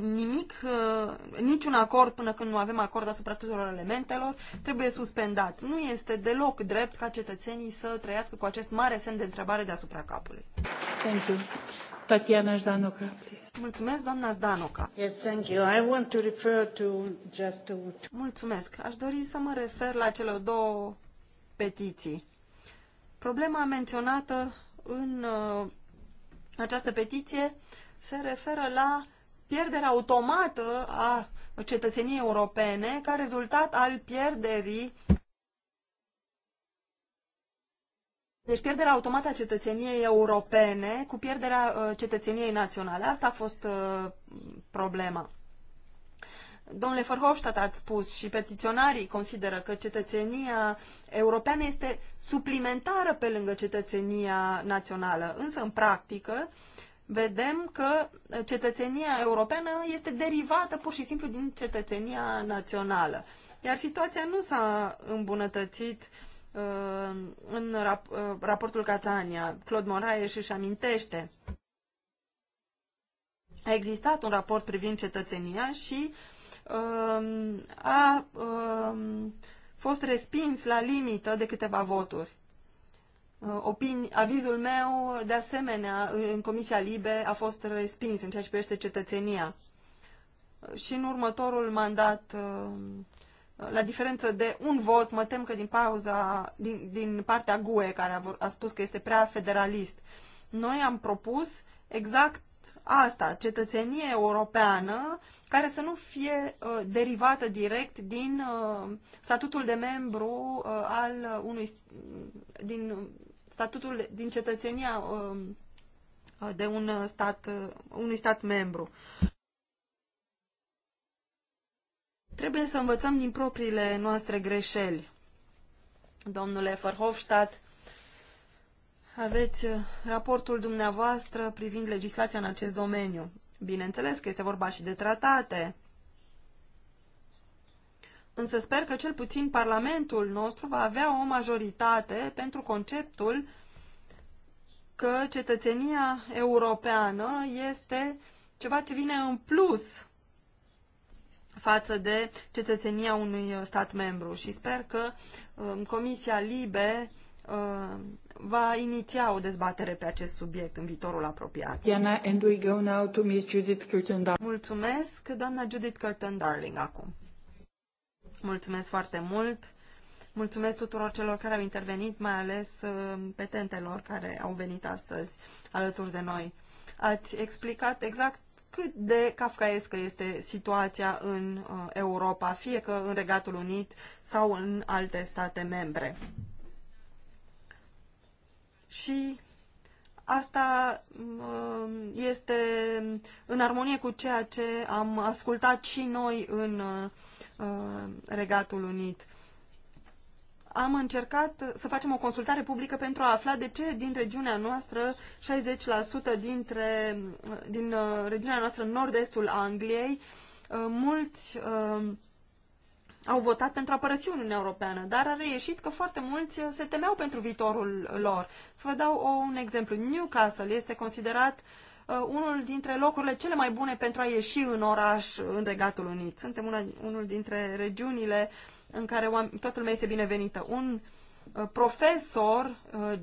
nimic, uh, niciun acord până când nu avem acord asupra tuturor elementelor trebuie suspendat. Nu este deloc drept ca cetățenii să trăiască cu acest mare semn de întrebare deasupra capului. Thank you. Tatiana Zdanoca, please. Mulțumesc, doamna Zdanoca. Yes, thank you. I want to refer to just to... Mulțumesc. Aș dori să mă refer la cele două petiții. Problema menționată în uh, această petiție se referă la pierderea automată a cetățeniei europene ca rezultat al pierderii Deci pierderea automată a cetățeniei europene cu pierderea uh, cetățeniei naționale. Asta a fost uh, problema. Domnule Fărhoștat, ați spus și petiționarii consideră că cetățenia europeană este suplimentară pe lângă cetățenia națională, însă în practică vedem că cetățenia europeană este derivată pur și simplu din cetățenia națională. Iar situația nu s-a îmbunătățit uh, în rap uh, raportul Catania. Claude Moraes își amintește. A existat un raport privind cetățenia și uh, a um, fost respins la limită de câteva voturi. Uh, Opinii, avizul meu, de asemenea, în Comisia Libe a fost respins în ceea ce privește cetățenia. Uh, și în următorul mandat, uh, la diferență de un vot, mă tem că din, pauza, din, din partea GUE, care a, a spus că este prea federalist, noi am propus exact asta, cetățenie europeană, care să nu fie uh, derivată direct din uh, statutul de membru uh, al unui din statutul din cetățenia um, de un stat, unui stat membru. Trebuie să învățăm din propriile noastre greșeli. Domnule Verhofstadt, aveți uh, raportul dumneavoastră privind legislația în acest domeniu. Bineînțeles că este vorba și de tratate, însă sper că cel puțin Parlamentul nostru va avea o majoritate pentru conceptul că cetățenia europeană este ceva ce vine în plus față de cetățenia unui stat membru și sper că um, Comisia Libe um, va iniția o dezbatere pe acest subiect în viitorul apropiat. Diana, and we go now to Miss Judith Curtin Mulțumesc, doamna Judith Curtin Darling, acum. Mulțumesc foarte mult. Mulțumesc tuturor celor care au intervenit, mai ales uh, petentelor care au venit astăzi alături de noi. Ați explicat exact cât de kafkaescă este situația în uh, Europa, fie că în Regatul Unit sau în alte state membre. Și asta uh, este în armonie cu ceea ce am ascultat și noi în Uh, Regatul Unit. Am încercat să facem o consultare publică pentru a afla de ce din regiunea noastră 60% dintre, din uh, regiunea noastră nord-estul Angliei uh, mulți au votat pentru a părăsi Uniunea Europeană, dar a reieșit că foarte mulți se temeau pentru viitorul lor. Să vă dau un exemplu. Newcastle este considerat uh, Uh, unul dintre locurile cele mai bune pentru a ieși în oraș, în Regatul Unit. Suntem una, unul dintre regiunile în care oameni, toată lumea este binevenită. Un uh, profesor uh,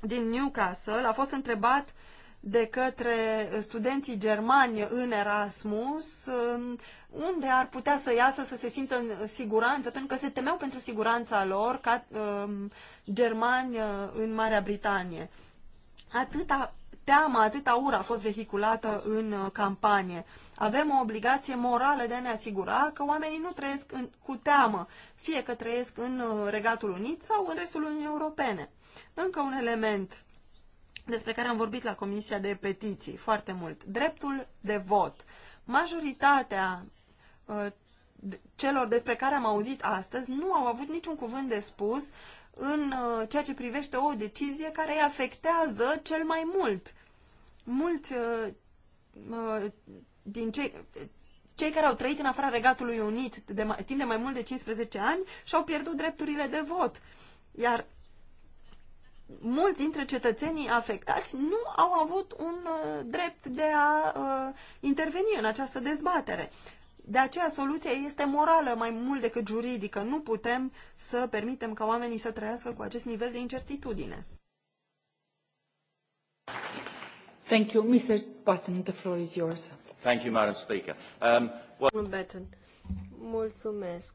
din Newcastle a fost întrebat de către studenții germani în Erasmus um, unde ar putea să iasă să se simtă în siguranță, pentru că se temeau pentru siguranța lor ca um, germani în Marea Britanie. Atâta teamă, atâta ură a fost vehiculată în uh, campanie. Avem o obligație morală de a ne asigura că oamenii nu trăiesc în, cu teamă, fie că trăiesc în uh, Regatul Unit sau în restul Uniunii Europene. Încă un element despre care am vorbit la Comisia de Petiții foarte mult, dreptul de vot. Majoritatea uh, celor despre care am auzit astăzi nu au avut niciun cuvânt de spus în uh, ceea ce privește o decizie care îi afectează cel mai mult. Mulți uh, uh, din cei, cei care au trăit în afara Regatului Unit de, timp de mai mult de 15 ani și-au pierdut drepturile de vot. Iar mulți dintre cetățenii afectați nu au avut un uh, drept de a uh, interveni în această dezbatere. De aceea soluția este morală mai mult decât juridică. Nu putem să permitem ca oamenii să trăiască cu acest nivel de incertitudine. Thank you. Mr. Button, the floor is yours. Thank you, Madam Speaker. Um, well... Button, mulțumesc.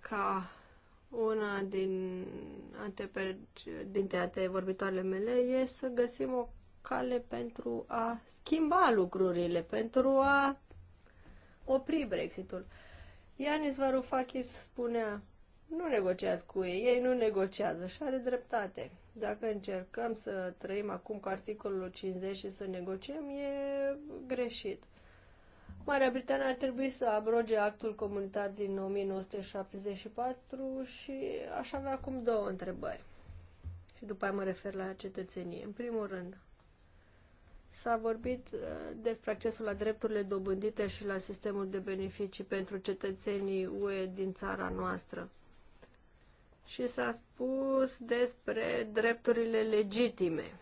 Ca una din dintre vorbitoarele mele e să găsim o cale pentru a schimba lucrurile, pentru a opri Brexitul. Ianis Varoufakis spunea, nu negociați cu ei, ei nu negociază și are dreptate. Dacă încercăm să trăim acum cu articolul 50 și să negociem, e greșit. Marea Britanie ar trebui să abroge actul comunitar din 1974 și aș avea acum două întrebări. Și după aia mă refer la cetățenie. În primul rând, S-a vorbit uh, despre accesul la drepturile dobândite și la sistemul de beneficii pentru cetățenii UE din țara noastră. Și s-a spus despre drepturile legitime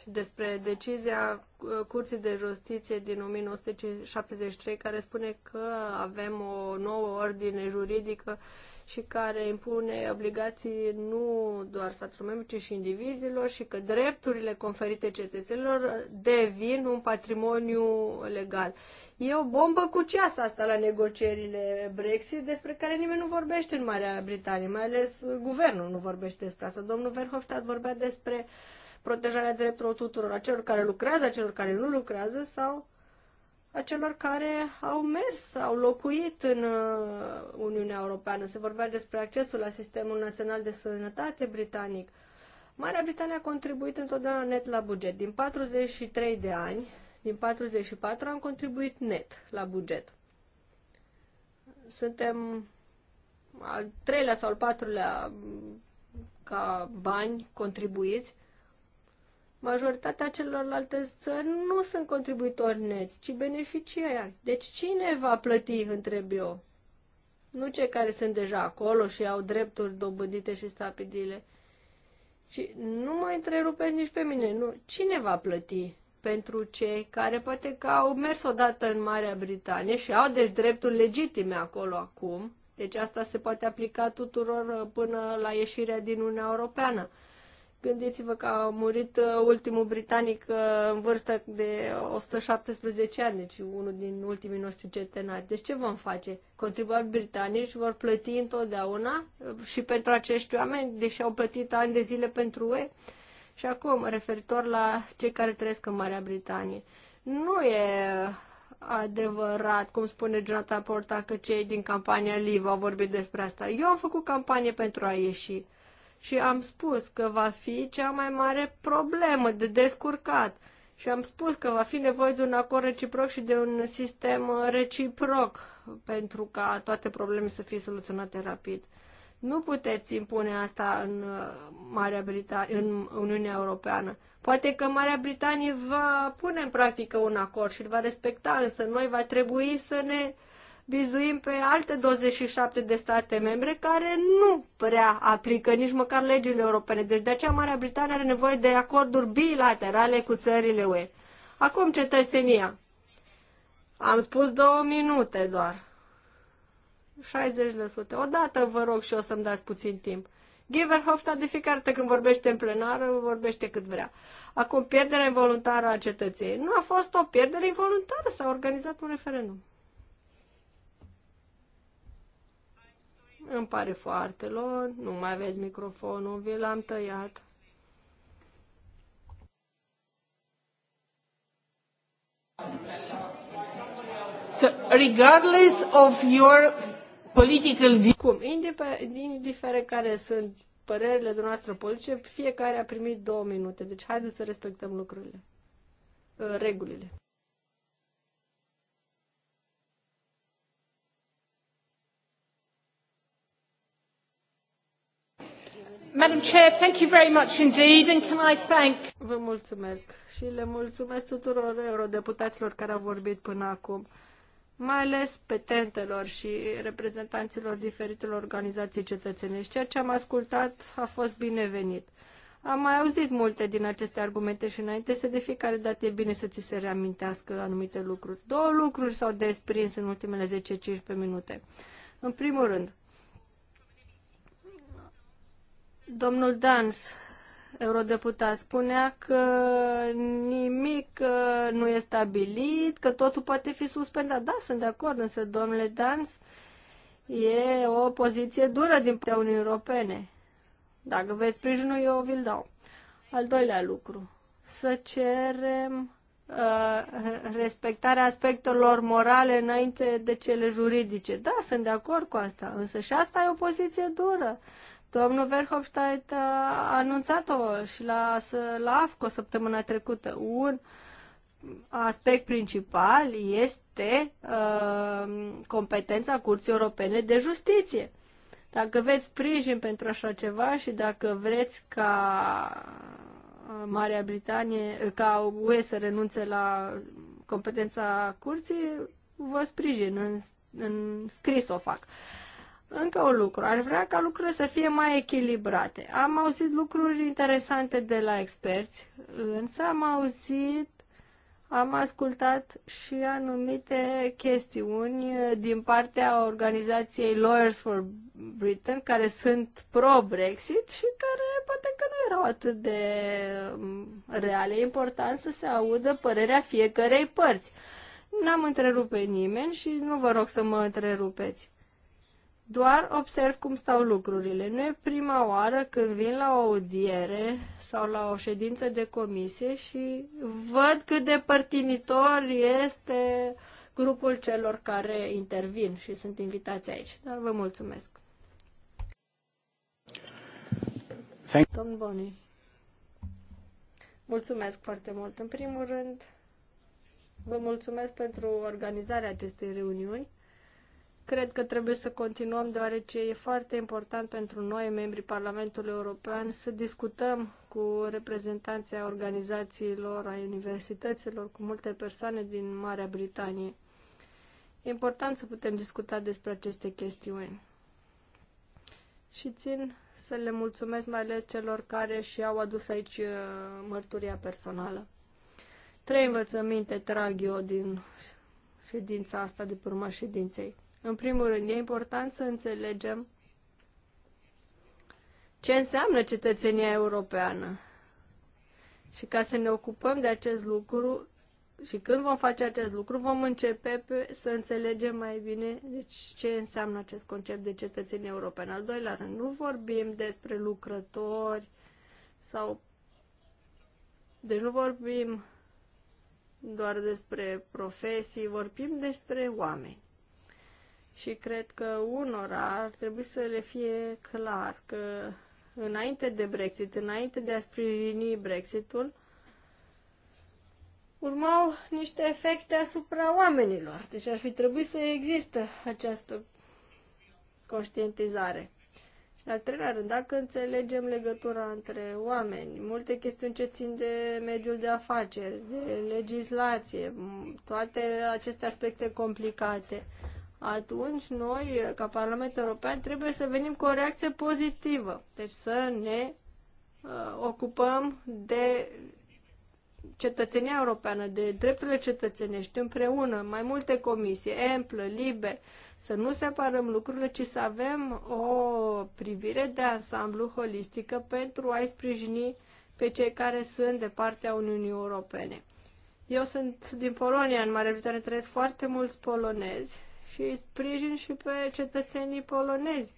și despre decizia uh, Curții de Justiție din 1973 care spune că avem o nouă ordine juridică și care impune obligații nu doar statului membru, ci și indivizilor și că drepturile conferite cetățenilor devin un patrimoniu legal. E o bombă cu ceas asta la negocierile Brexit, despre care nimeni nu vorbește în Marea Britanie, mai ales guvernul nu vorbește despre asta. Domnul Verhofstadt vorbea despre protejarea drepturilor tuturor, a celor care lucrează, a celor care nu lucrează sau a celor care au mers, au locuit în uh, Uniunea Europeană. Se vorbea despre accesul la Sistemul Național de Sănătate britanic. Marea Britanie a contribuit întotdeauna net la buget. Din 43 de ani, din 44 am contribuit net la buget. Suntem al treilea sau al patrulea mm, ca bani contribuiți Majoritatea celorlalte țări nu sunt contribuitori neți, ci beneficiari. Deci cine va plăti, întreb eu? Nu cei care sunt deja acolo și au drepturi dobândite și stabilite. Și nu mă întrerupeți nici pe mine, nu. Cine va plăti pentru cei care poate că au mers odată în Marea Britanie și au deci drepturi legitime acolo acum? Deci asta se poate aplica tuturor uh, până la ieșirea din Uniunea Europeană. Gândiți-vă că a murit uh, ultimul britanic uh, în vârstă de 117 ani, deci unul din ultimii noștri centenari. Deci ce vom face? Contribuabili britanici vor plăti întotdeauna uh, și pentru acești oameni, deși au plătit ani de zile pentru ei. Și acum, referitor la cei care trăiesc în Marea Britanie, nu e adevărat, cum spune Jonathan Porta, că cei din campania Live au vorbit despre asta. Eu am făcut campanie pentru a ieși și am spus că va fi cea mai mare problemă de descurcat. Și am spus că va fi nevoie de un acord reciproc și de un sistem uh, reciproc pentru ca toate problemele să fie soluționate rapid. Nu puteți impune asta în, uh, Marea Britanie, în Uniunea Europeană. Poate că Marea Britanie va pune în practică un acord și îl va respecta, însă noi va trebui să ne vizuim pe alte 27 de state membre care nu prea aplică nici măcar legile europene. Deci de aceea Marea Britanie are nevoie de acorduri bilaterale cu țările UE. Acum cetățenia. Am spus două minute doar. 60%. Odată vă rog și o să-mi dați puțin timp. Giverhofstadt de fiecare dată când vorbește în plenară, vorbește cât vrea. Acum, pierderea involuntară a cetățenii. Nu a fost o pierdere involuntară, s-a organizat un referendum. Îmi pare foarte lor, nu mai aveți microfonul, vi l-am tăiat. So, regardless of your political view... Cum, indiferent care sunt părerile dumneavoastră politice, fiecare a primit două minute. Deci haideți să respectăm lucrurile, regulile. Madam Chair, thank you very much indeed and can I thank... Vă mulțumesc și le mulțumesc tuturor eurodeputaților care au vorbit până acum, mai ales petentelor și reprezentanților diferitelor organizații cetățenești. Ceea ce am ascultat a fost binevenit. Am mai auzit multe din aceste argumente și înainte să de fiecare dată e bine să ți se reamintească anumite lucruri. Două lucruri s-au desprins în ultimele 10-15 minute. În primul rând, Domnul Dans, eurodeputat, spunea că nimic nu e stabilit, că totul poate fi suspendat. Da, sunt de acord, însă, domnule Dans, e o poziție dură din partea Uniunii Europene. Dacă veți sprijinul, eu vi-l dau. Al doilea lucru, să cerem uh, respectarea aspectelor morale înainte de cele juridice. Da, sunt de acord cu asta, însă și asta e o poziție dură. Domnul Verhofstadt a anunțat-o și la, la o săptămână trecută. Un aspect principal este uh, competența Curții Europene de Justiție. Dacă veți sprijin pentru așa ceva și dacă vreți ca Marea Britanie, ca UE să renunțe la competența curții, vă sprijin, în, în scris o fac. Uh, încă un lucru, Ar vrea ca lucrurile să fie mai echilibrate. Am auzit lucruri interesante de la experți, însă am auzit, am ascultat și anumite chestiuni din partea organizației Lawyers for Britain, care sunt pro-Brexit și care poate că nu erau atât de um, reale. E important să se audă părerea fiecarei părți. N-am întrerupt pe nimeni și nu vă rog să mă întrerupeți. Doar observ cum stau lucrurile. Nu e prima oară când vin la o audiere sau la o ședință de comisie și văd cât de părtinitor este grupul celor care intervin și sunt invitați aici. Dar vă mulțumesc. Thank- Domn Boni. Mulțumesc foarte mult. În primul rând, vă mulțumesc pentru organizarea acestei reuniuni. Cred că trebuie să continuăm deoarece e foarte important pentru noi, membrii Parlamentului European, să discutăm cu reprezentanții organizațiilor, a universităților, cu multe persoane din Marea Britanie. E important să putem discuta despre aceste chestiuni. Și țin să le mulțumesc mai ales celor care și-au adus aici uh, mărturia personală. Trei învățăminte trag eu din ședința asta de pe urma ședinței. În primul rând, e important să înțelegem ce înseamnă cetățenia europeană. Și ca să ne ocupăm de acest lucru, și când vom face acest lucru, vom începe pe, să înțelegem mai bine deci, ce înseamnă acest concept de cetățenie europeană. Al doilea rând, nu vorbim despre lucrători sau. Deci nu vorbim doar despre profesii, vorbim despre oameni. Și cred că unora ar trebui să le fie clar că înainte de Brexit, înainte de a sprijini Brexitul, urmau niște efecte asupra oamenilor. Deci ar fi trebuit să există această conștientizare. Și al treilea rând, dacă înțelegem legătura între oameni, multe chestiuni ce țin de mediul de afaceri, de legislație, toate aceste aspecte complicate, atunci noi, ca Parlament European, trebuie să venim cu o reacție pozitivă. Deci să ne uh, ocupăm de cetățenia europeană, de drepturile cetățenești împreună, mai multe comisii, amplă, libe, să nu separăm lucrurile, ci să avem o privire de ansamblu holistică pentru a-i sprijini pe cei care sunt de partea Uniunii Europene. Eu sunt din Polonia, în Marea Britanie trăiesc foarte mulți polonezi și sprijin și pe cetățenii polonezi.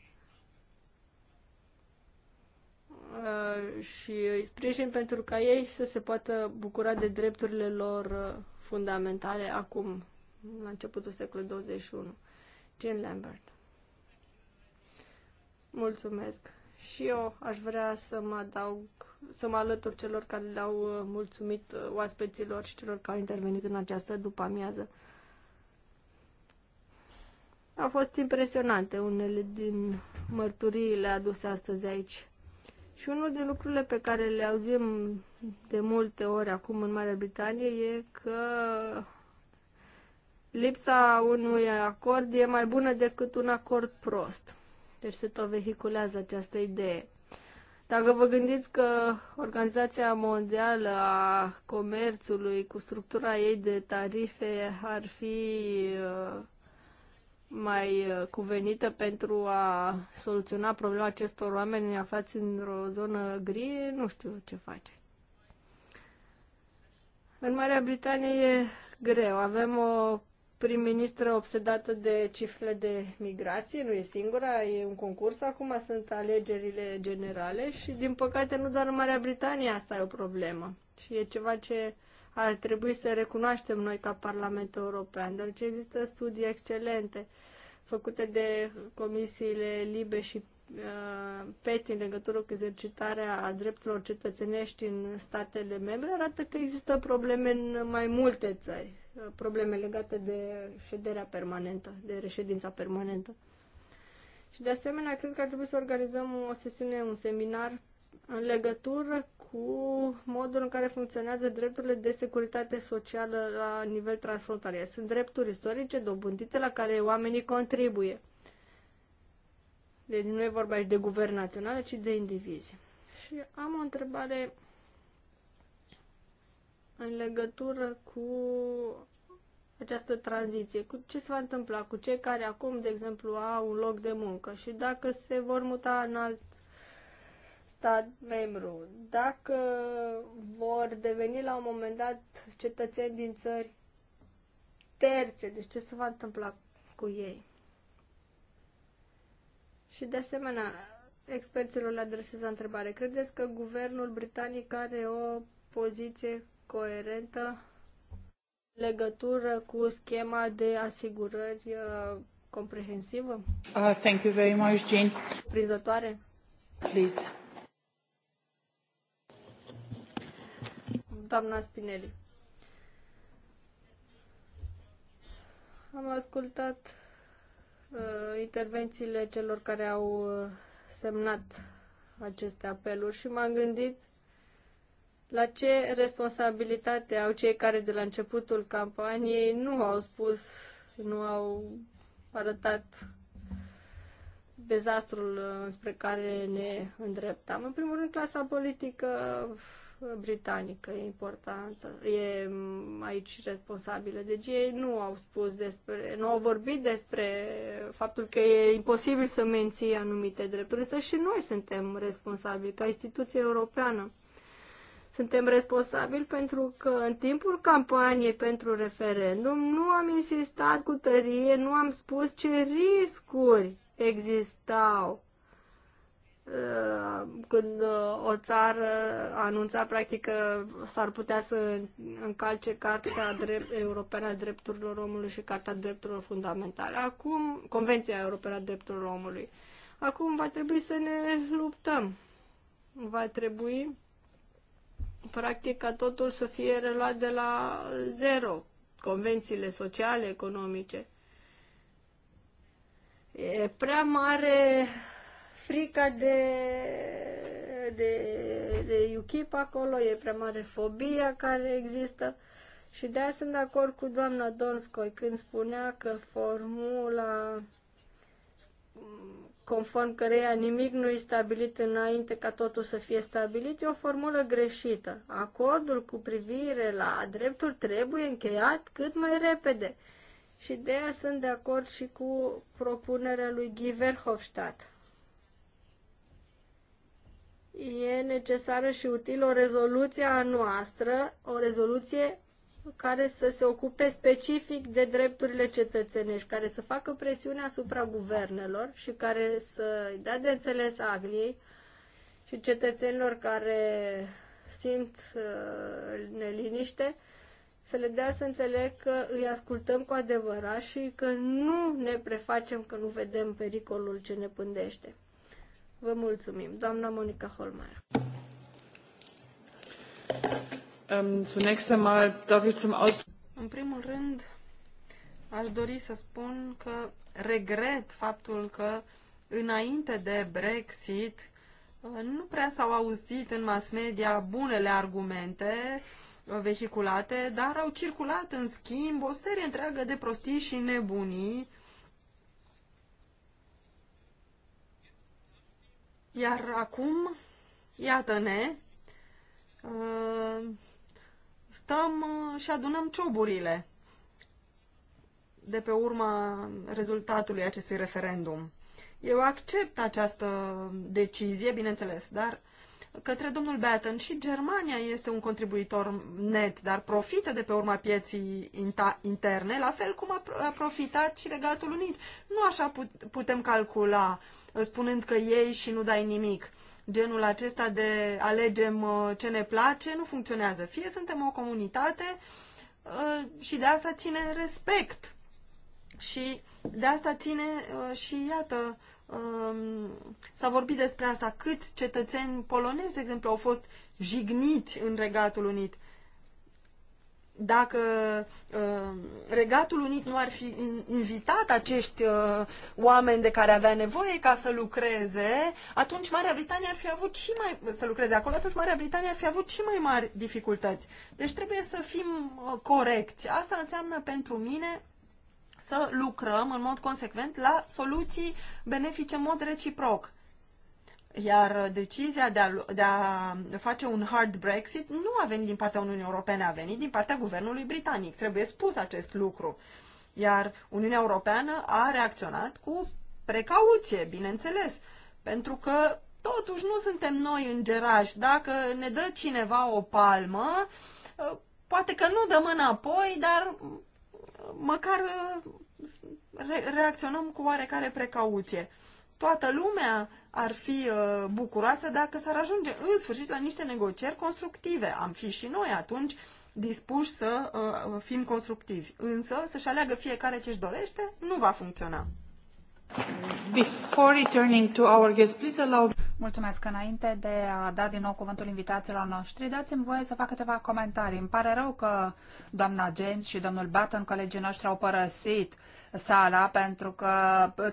Uh, și îi sprijin pentru ca ei să se poată bucura de drepturile lor uh, fundamentale acum, la începutul secolului 21. Jim Lambert. Mulțumesc. Și eu aș vrea să mă adaug, să mă alătur celor care le-au uh, mulțumit oaspeților și celor care au intervenit în această după amiază. A fost impresionante unele din mărturiile aduse astăzi aici. Și unul din lucrurile pe care le auzim de multe ori acum în Marea Britanie e că lipsa unui acord e mai bună decât un acord prost. Deci se tot vehiculează această idee. Dacă vă gândiți că Organizația Mondială a Comerțului cu structura ei de tarife ar fi uh, mai uh, cuvenită pentru a soluționa problema acestor oameni aflați într-o zonă gri, nu știu ce face. În Marea Britanie e greu. Avem o prim-ministră obsedată de cifrele de migrație, nu e singura, e un concurs acum, sunt alegerile generale și, din păcate, nu doar în Marea Britanie asta e o problemă. Și e ceva ce ar trebui să recunoaștem noi ca Parlamentul European, deoarece există studii excelente făcute de comisiile LIBE și uh, PETI în legătură cu exercitarea a drepturilor cetățenești în statele membre, arată că există probleme în mai multe țări, uh, probleme legate de șederea permanentă, de reședința permanentă. Și de asemenea, cred că ar trebui să organizăm o sesiune, un seminar în legătură cu modul în care funcționează drepturile de securitate socială la nivel transfrontalier. Sunt drepturi istorice dobândite la care oamenii contribuie. Deci nu e vorba aici de guvern național, ci de indivizi. Și am o întrebare în legătură cu această tranziție. Cu ce se va întâmpla cu cei care acum, de exemplu, au un loc de muncă și dacă se vor muta în alt stat membru, dacă vor deveni la un moment dat cetățeni din țări terțe, deci ce se va întâmpla cu ei? Și de asemenea, experților le adresez întrebare. Credeți că guvernul britanic are o poziție coerentă în legătură cu schema de asigurări uh, comprehensivă? Uh, thank you very much, Jean. Prizătoare? Please. doamna Spinelli. Am ascultat uh, intervențiile celor care au uh, semnat aceste apeluri și m-am gândit la ce responsabilitate au cei care de la începutul campaniei nu au spus, nu au arătat dezastrul uh, spre care ne îndreptam. În primul rând, clasa politică uh, britanică e importantă, e aici responsabilă. Deci ei nu au spus despre, nu au vorbit despre faptul că e imposibil să menții anumite drepturi, însă și noi suntem responsabili ca instituție europeană. Suntem responsabili pentru că în timpul campaniei pentru referendum nu am insistat cu tărie, nu am spus ce riscuri existau Uh, când uh, o țară anunța practic că s-ar putea să încalce Carta Drept, Europeană a Drepturilor Omului și Carta Drepturilor Fundamentale. Acum, Convenția Europeană a Drepturilor Omului. Acum va trebui să ne luptăm. Va trebui practic ca totul să fie reluat de la zero. Convențiile sociale, economice. E prea mare frica de, de, de UKIP acolo, e prea mare fobia care există. Și de aia sunt de acord cu doamna Donskoi când spunea că formula conform căreia nimic nu e stabilit înainte ca totul să fie stabilit, e o formulă greșită. Acordul cu privire la dreptul trebuie încheiat cât mai repede. Și de aia sunt de acord și cu propunerea lui Giverhofstadt e necesară și utilă o rezoluție a noastră, o rezoluție care să se ocupe specific de drepturile cetățenești, care să facă presiune asupra guvernelor și care să dea de înțeles Angliei și cetățenilor care simt uh, neliniște, să le dea să înțeleg că îi ascultăm cu adevărat și că nu ne prefacem că nu vedem pericolul ce ne pândește. Vă mulțumim. Doamna Monica Holmeier. Ähm, în primul rând, aș dori să spun că regret faptul că înainte de Brexit uh, nu prea s-au auzit în mass media bunele argumente uh, vehiculate, dar au circulat în schimb o serie întreagă de prostii și nebunii Iar acum, iată-ne, uh, stăm și adunăm cioburile de pe urma rezultatului acestui referendum. Eu accept această decizie, bineînțeles, dar către domnul Batten și Germania este un contribuitor net, dar profită de pe urma pieții interne, la fel cum a profitat și Regatul Unit. Nu așa putem calcula spunând că ei și nu dai nimic. Genul acesta de alegem uh, ce ne place nu funcționează. Fie suntem o comunitate uh, și de asta ține respect. Și de asta ține uh, și, iată, um, s-a vorbit despre asta, câți cetățeni polonezi, de exemplu, au fost jigniți în Regatul Unit dacă uh, Regatul Unit nu ar fi invitat acești uh, oameni de care avea nevoie ca să lucreze, atunci Marea Britanie ar fi avut și mai să lucreze acolo, atunci Marea Britanie ar fi avut și mai mari dificultăți. Deci trebuie să fim uh, corecți. Asta înseamnă pentru mine să lucrăm în mod consecvent la soluții benefice în mod reciproc. Iar decizia de a, de a face un hard Brexit nu a venit din partea Uniunii Europene, a venit din partea guvernului britanic. Trebuie spus acest lucru. Iar Uniunea Europeană a reacționat cu precauție, bineînțeles, pentru că totuși nu suntem noi îngerași. Dacă ne dă cineva o palmă, uh, poate că nu dăm înapoi, dar uh, măcar uh, reacționăm cu oarecare precauție toată lumea ar fi uh, bucuroasă dacă s-ar ajunge în sfârșit la niște negocieri constructive. Am fi și noi atunci dispuși să uh, fim constructivi. Însă, să-și aleagă fiecare ce-și dorește, nu va funcționa. Before returning to our please allow... Mulțumesc. Înainte de a da din nou cuvântul invitațiilor noștri, dați-mi voie să fac câteva comentarii. Îmi pare rău că doamna James și domnul Button, colegii noștri, au părăsit sala, pentru că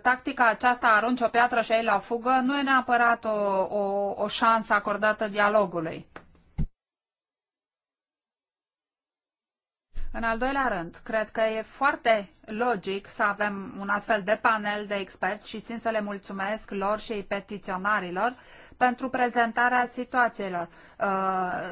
tactica aceasta, arunci o piatră și ei la fugă, nu e neapărat o, o, o șansă acordată dialogului. În al doilea rând, cred că e foarte logic să avem un astfel de panel de experți și țin să le mulțumesc lor și petiționarilor pentru prezentarea situațiilor. Uh,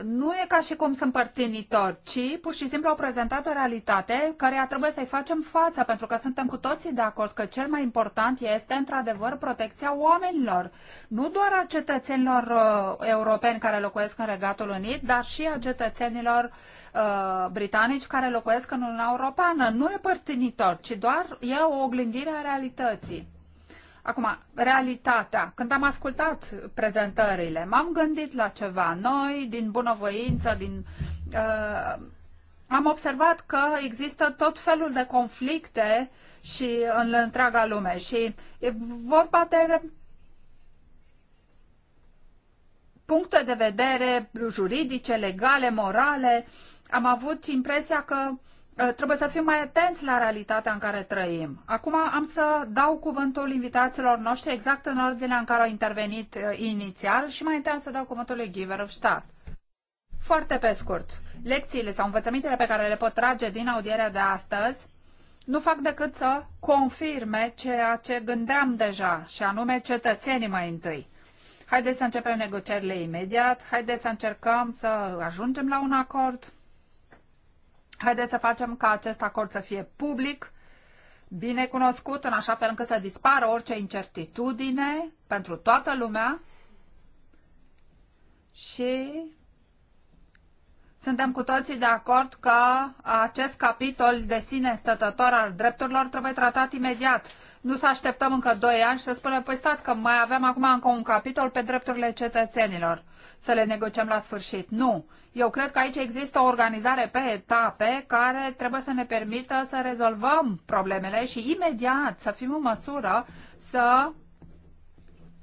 nu e ca și cum sunt părtinitori, ci pur și simplu au prezentat o realitate care trebuie să-i facem față, pentru că suntem cu toții de acord că cel mai important este într-adevăr protecția oamenilor, nu doar a cetățenilor uh, europeni care locuiesc în Regatul Unit, dar și a cetățenilor uh, britanici care locuiesc în Uniunea Europeană. Nu e părtinitor sector, ci doar e o oglindire a realității. Acum, realitatea. Când am ascultat prezentările, m-am gândit la ceva. Noi, din bunăvoință, din, uh, am observat că există tot felul de conflicte și în întreaga lume. Și e vorba de puncte de vedere juridice, legale, morale. Am avut impresia că uh, Uh, trebuie să fim mai atenți la realitatea în care trăim. Acum am să dau cuvântul invitațiilor noștri exact în ordinea în care au intervenit uh, inițial și mai întâi am să dau cuvântul lui Giver of Stat. Foarte pe scurt, lecțiile sau învățămintele pe care le pot trage din audierea de astăzi nu fac decât să confirme ceea ce gândeam deja, și anume cetățenii mai întâi. Haideți să începem negocierile imediat, haideți să încercăm să ajungem la un acord, Haideți să facem ca acest acord să fie public, bine cunoscut, în așa fel încât să dispară orice incertitudine pentru toată lumea și suntem cu toții de acord că acest capitol de sine stătător al drepturilor trebuie tratat imediat nu să așteptăm încă doi ani și să spunem, păi stați că mai avem acum încă un capitol pe drepturile cetățenilor, să le negociem la sfârșit. Nu. Eu cred că aici există o organizare pe etape care trebuie să ne permită să rezolvăm problemele și imediat să fim în măsură să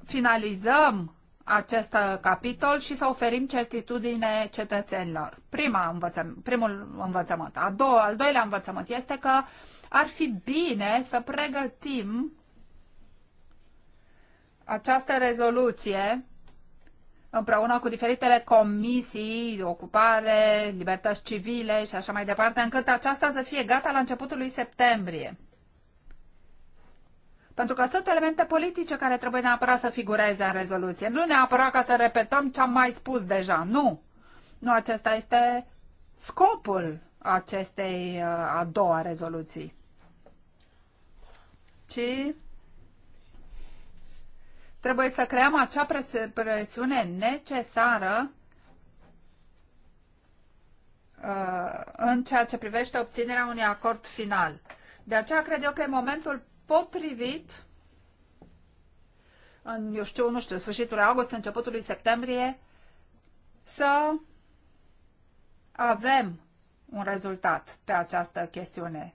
finalizăm acest capitol și să oferim certitudine cetățenilor. Prima învățăm, primul învățământ. A doua, al doilea învățământ este că uh, ar fi bine să pregătim această rezoluție împreună cu diferitele comisii, ocupare, libertăți civile și așa mai departe, încât aceasta să fie gata la începutul lui septembrie. Pentru că sunt elemente politice care trebuie neapărat să figureze în rezoluție. Nu neapărat ca să repetăm ce am mai spus deja. Nu. Nu acesta este scopul acestei uh, a doua rezoluții ci trebuie să creăm acea presiune necesară uh, în ceea ce privește obținerea unui acord final. De aceea cred eu că e momentul potrivit în, eu știu, nu știu, sfârșitul august, începutul lui septembrie, să avem un rezultat pe această chestiune.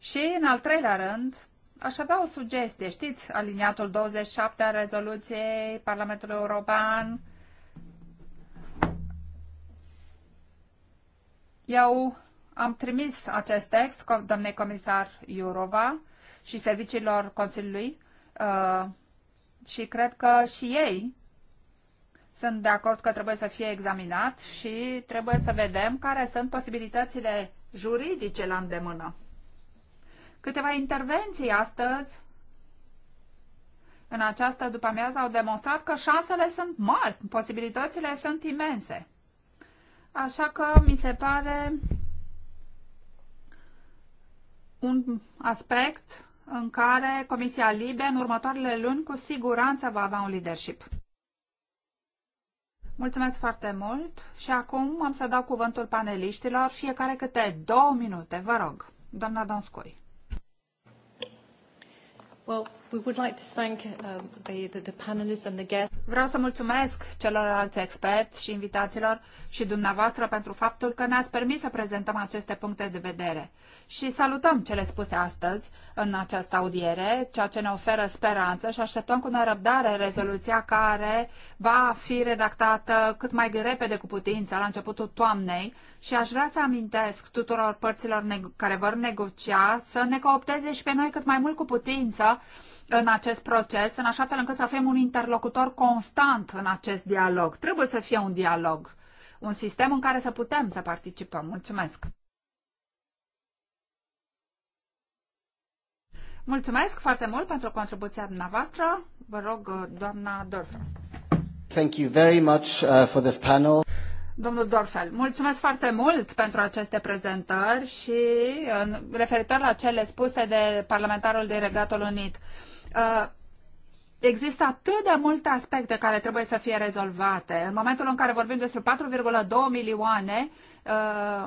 Și, în al treilea rând, aș avea o sugestie. Știți, aliniatul 27 a rezoluției Parlamentului European Eu am trimis acest text domnei comisar Iurova și serviciilor Consiliului uh, și cred că și ei sunt de acord că trebuie să fie examinat și trebuie să vedem care sunt posibilitățile juridice la îndemână. Câteva intervenții astăzi în această după-amiază au demonstrat că șansele sunt mari, posibilitățile sunt imense. Așa că mi se pare un aspect în care Comisia Libe în următoarele luni cu siguranță va avea un leadership. Mulțumesc foarte mult și acum am să dau cuvântul paneliștilor, fiecare câte două minute, vă rog. Doamna Donscoi. Well, Vreau să mulțumesc celorlalți experți și invitaților și dumneavoastră pentru faptul că ne-ați permis să prezentăm aceste puncte de vedere. Și salutăm cele spuse astăzi în această audiere, ceea ce ne oferă speranță și așteptăm cu nerăbdare rezoluția care va fi redactată cât mai repede cu putință la începutul toamnei și aș vrea să amintesc tuturor părților care vor negocia să ne coopteze și pe noi cât mai mult cu putință în acest proces, în așa fel încât să fim un interlocutor constant în acest dialog. Trebuie să fie un dialog, un sistem în care să putem să participăm. Mulțumesc! Mulțumesc foarte mult pentru contribuția dumneavoastră. Vă rog, doamna Dorfel. Thank you very much uh, for this panel. Domnul Dorfel, mulțumesc foarte mult pentru aceste prezentări și referitor la cele spuse de parlamentarul de Regatul Unit. Uh, Uh, există atât de multe aspecte care trebuie să fie rezolvate. În momentul în care vorbim despre 4,2 milioane, uh,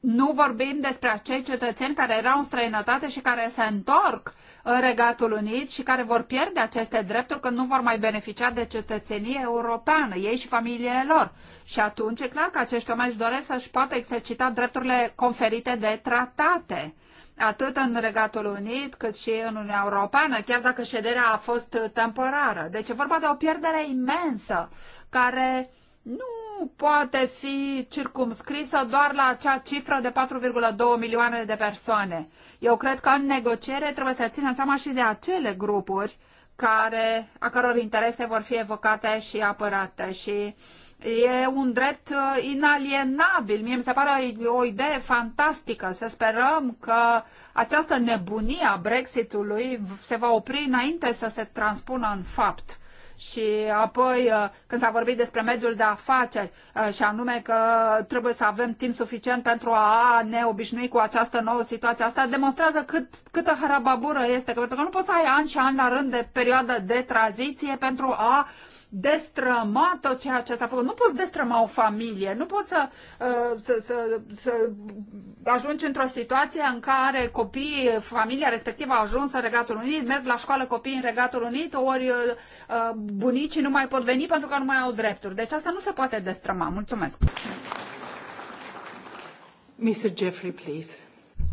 nu vorbim despre acei cetățeni care erau în străinătate și care se întorc în Regatul Unit și care vor pierde aceste drepturi când nu vor mai beneficia de cetățenie europeană, ei și familiile lor. Și atunci e clar că acești oameni își doresc să-și poată exercita drepturile conferite de tratate atât în Regatul Unit cât și în Uniunea Europeană, chiar dacă șederea a fost temporară. Deci e vorba de o pierdere imensă care nu poate fi circumscrisă doar la acea cifră de 4,2 milioane de persoane. Eu cred că în negociere trebuie să ținem seama și de acele grupuri care, a căror interese vor fi evocate și apărate. Și uh, E un drept uh, inalienabil. Mie mi se pare o idee fantastică. Să sperăm că această nebunie a Brexitului se va opri înainte să se transpună în fapt. Și apoi, uh, când s-a vorbit despre mediul de afaceri, uh, și anume că trebuie să avem timp suficient pentru a ne obișnui cu această nouă situație, asta demonstrează cât, câtă harababură este, că pentru că nu poți să ai ani și ani la rând de perioadă de tranziție pentru a destrăma tot ceea ce s-a făcut. Nu poți destrăma o familie, nu poți să, uh, să, să, să ajungi într-o situație în care copiii, familia respectivă a ajuns în Regatul Unit, merg la școală copiii în Regatul Unit, ori uh, bunicii nu mai pot veni pentru că nu mai au drepturi. Deci asta nu se poate destrăma. Mulțumesc. Mr. Jeffrey, please.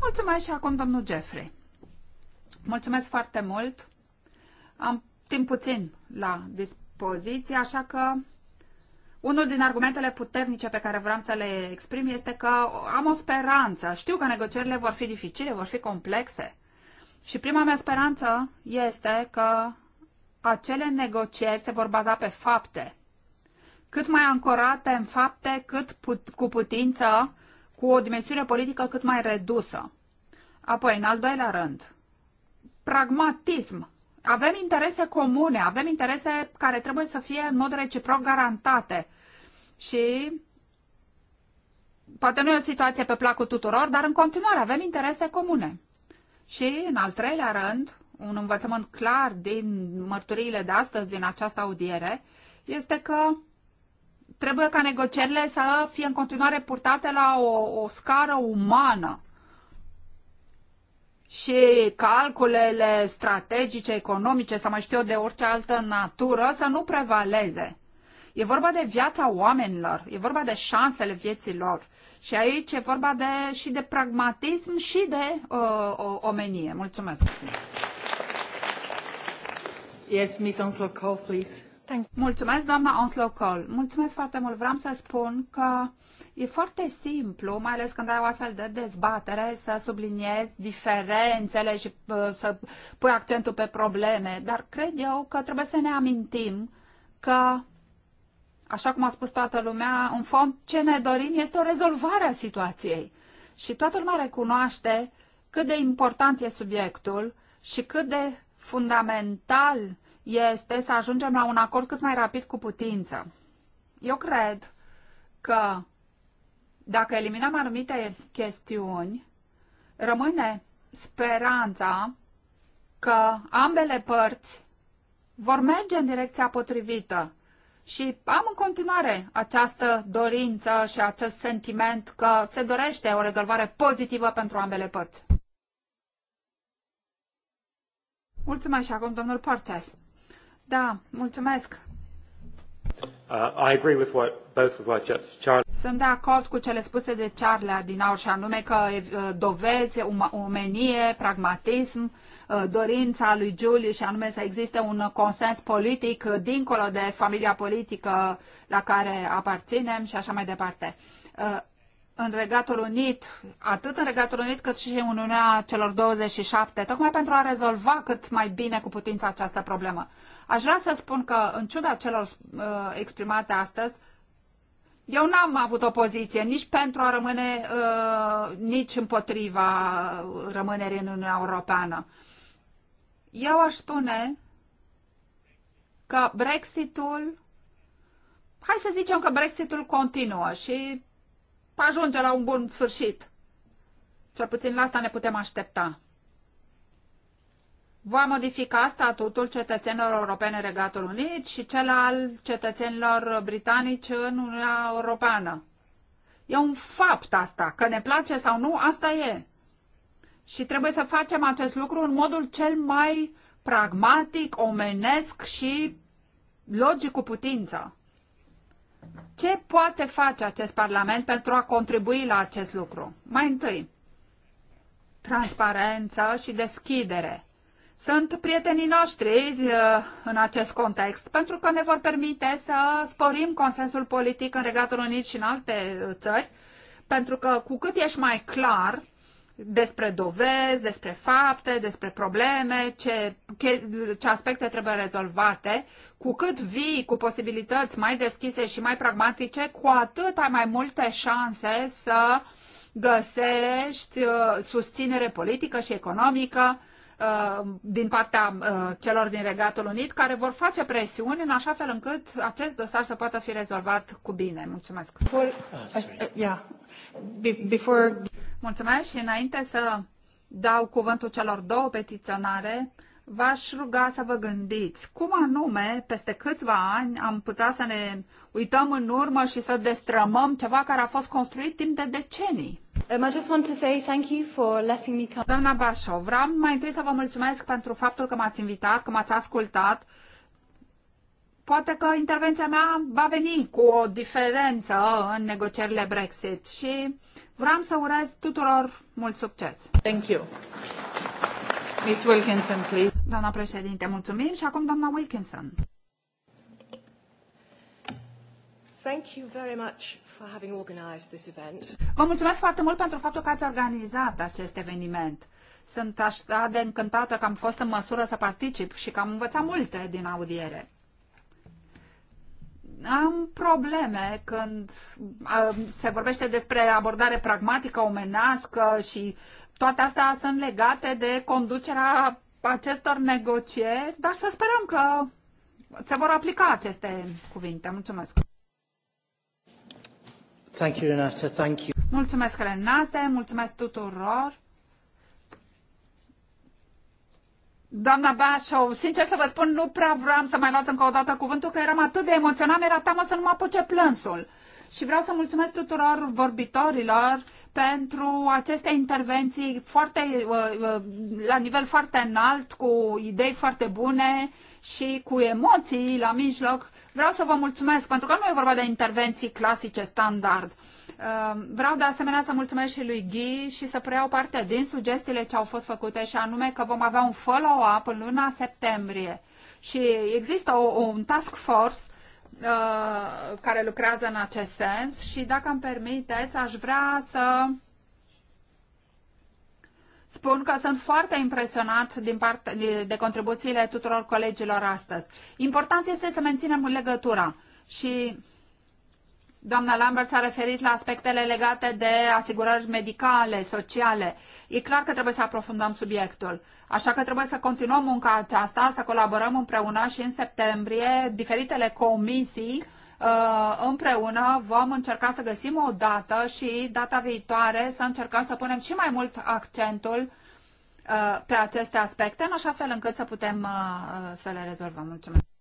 Mulțumesc și acum domnul Jeffrey. Mulțumesc foarte mult. Am timp puțin la dispoziție poziție, așa că unul din argumentele puternice pe care vreau să le exprim este că am o speranță. Știu că negocierile vor fi dificile, vor fi complexe. Și prima mea speranță este că acele negocieri se vor baza pe fapte. Cât mai ancorate în fapte, cât put, cu putință, cu o dimensiune politică cât mai redusă. Apoi, în al doilea rând, pragmatism avem interese comune, avem interese care trebuie să fie în mod reciproc garantate. Și poate nu e o situație pe placul tuturor, dar în continuare avem interese comune. Și, în al treilea rând, un învățământ clar din mărturiile de astăzi, din această audiere, este că trebuie ca negocierile să fie în continuare purtate la o, o scară umană și calculele strategice, economice sau mai știu de orice altă natură să nu prevaleze. E vorba de viața oamenilor, e vorba de șansele vieții lor. Și aici e vorba de, și de pragmatism și de uh, o, omenie. Mulțumesc! Yes, Ms. Onslow, call, please. Mulțumesc, doamna Onslow Cole. Mulțumesc foarte mult. Vreau să spun că e foarte simplu, mai ales când ai o astfel de dezbatere, să subliniezi diferențele și să pui accentul pe probleme. Dar cred eu că trebuie să ne amintim că, așa cum a spus toată lumea, în fond ce ne dorim este o rezolvare a situației. Și toată lumea recunoaște cât de important e subiectul și cât de fundamental este să ajungem la un acord cât mai rapid cu putință. Eu cred că dacă eliminăm anumite chestiuni, rămâne speranța că ambele părți vor merge în direcția potrivită. Și am în continuare această dorință și acest sentiment că se dorește o rezolvare pozitivă pentru ambele părți. Mulțumesc și acum, domnul Porces. Da, mulțumesc. Uh, I agree with what, both with what Charlie... Sunt de acord cu cele spuse de Charlie Adinaur și anume că uh, dovezi, um, umenie, pragmatism, uh, dorința lui Julie și anume să existe un consens politic dincolo de familia politică la care aparținem și așa mai departe. Uh, în Regatul Unit, atât în Regatul Unit cât și în Uniunea celor 27, tocmai pentru a rezolva cât mai bine cu putință această problemă. Aș vrea să spun că, în ciuda celor uh, exprimate astăzi, eu n-am avut o poziție nici pentru a rămâne, uh, nici împotriva rămânerii în Uniunea Europeană. Eu aș spune că Brexitul, hai să zicem că Brexitul continuă și ajunge la un bun sfârșit. Cel puțin la asta ne putem aștepta. Va modifica statutul cetățenilor europene Regatul Unit și cel al cetățenilor britanici în Uniunea Europeană. E un fapt asta, că ne place sau nu, asta e. Și trebuie să facem acest lucru în modul cel mai pragmatic, omenesc și logic cu putință. Ce poate face acest Parlament pentru a contribui la acest lucru? Mai întâi, transparență și deschidere. Sunt prietenii noștri uh, în acest context pentru că ne vor permite să sporim consensul politic în Regatul Unit și în alte uh, țări, pentru că cu cât ești mai clar, despre dovezi, despre fapte, despre probleme, ce, ce aspecte trebuie rezolvate. Cu cât vii cu posibilități mai deschise și mai pragmatice, cu atât ai mai multe șanse să găsești uh, susținere politică și economică uh, din partea uh, celor din Regatul Unit care vor face presiuni în așa fel încât acest dosar să poată fi rezolvat cu bine. Mulțumesc. Before, uh, yeah. Before... Mulțumesc și înainte să dau cuvântul celor două petiționare, v-aș ruga să vă gândiți cum anume, peste câțiva ani, am putea să ne uităm în urmă și să destrămăm ceva care a fost construit timp de decenii. Um, I just want to say thank you for letting me come. Doamna Bașov, vreau mai întâi să vă mulțumesc pentru faptul că m-ați invitat, că m-ați ascultat Poate că intervenția mea va veni cu o diferență în negocierile Brexit și vreau să urez tuturor mult succes. Thank you. Miss Wilkinson, please. Doamna președinte, mulțumim și acum doamna Wilkinson. Thank you very much for having organized this event. Vă mulțumesc foarte mult pentru faptul că ați organizat acest eveniment. Sunt așa de încântată că am fost în măsură să particip și că am învățat multe din audiere am probleme când se vorbește despre abordare pragmatică, omenească și toate astea sunt legate de conducerea acestor negocieri, dar să sperăm că se vor aplica aceste cuvinte. Mulțumesc! Thank you, Renata. Thank you. Mulțumesc, Renate, mulțumesc tuturor. Doamna Bașov, sincer să vă spun, nu prea vreau să mai luați încă o dată cuvântul, că eram atât de emoționat, mi-era teamă să nu mă apuce plânsul. Și vreau să mulțumesc tuturor vorbitorilor pentru aceste intervenții foarte, uh, uh, la nivel foarte înalt, cu idei foarte bune și cu emoții la mijloc. Vreau să vă mulțumesc, pentru că nu e vorba de intervenții clasice, standard Ehm, vreau de asemenea să mulțumesc și lui Ghi și să preiau parte din sugestiile ce au fost făcute și anume că vom avea un follow-up în luna septembrie și există o, un task force uh, care lucrează în acest sens și dacă îmi permiteți aș vrea să Spun că sunt foarte impresionat din part, de, de contribuțiile tuturor colegilor astăzi. Important este să menținem legătura și Doamna Lambert s-a referit la aspectele legate de asigurări medicale, sociale. E clar că trebuie să aprofundăm subiectul. Așa că trebuie să continuăm munca aceasta, să colaborăm împreună și în septembrie diferitele comisii uh, împreună vom încerca să găsim o dată și data viitoare să încercăm să punem și mai mult accentul uh, pe aceste aspecte, în așa fel încât să putem uh, să le rezolvăm. Mulțumesc!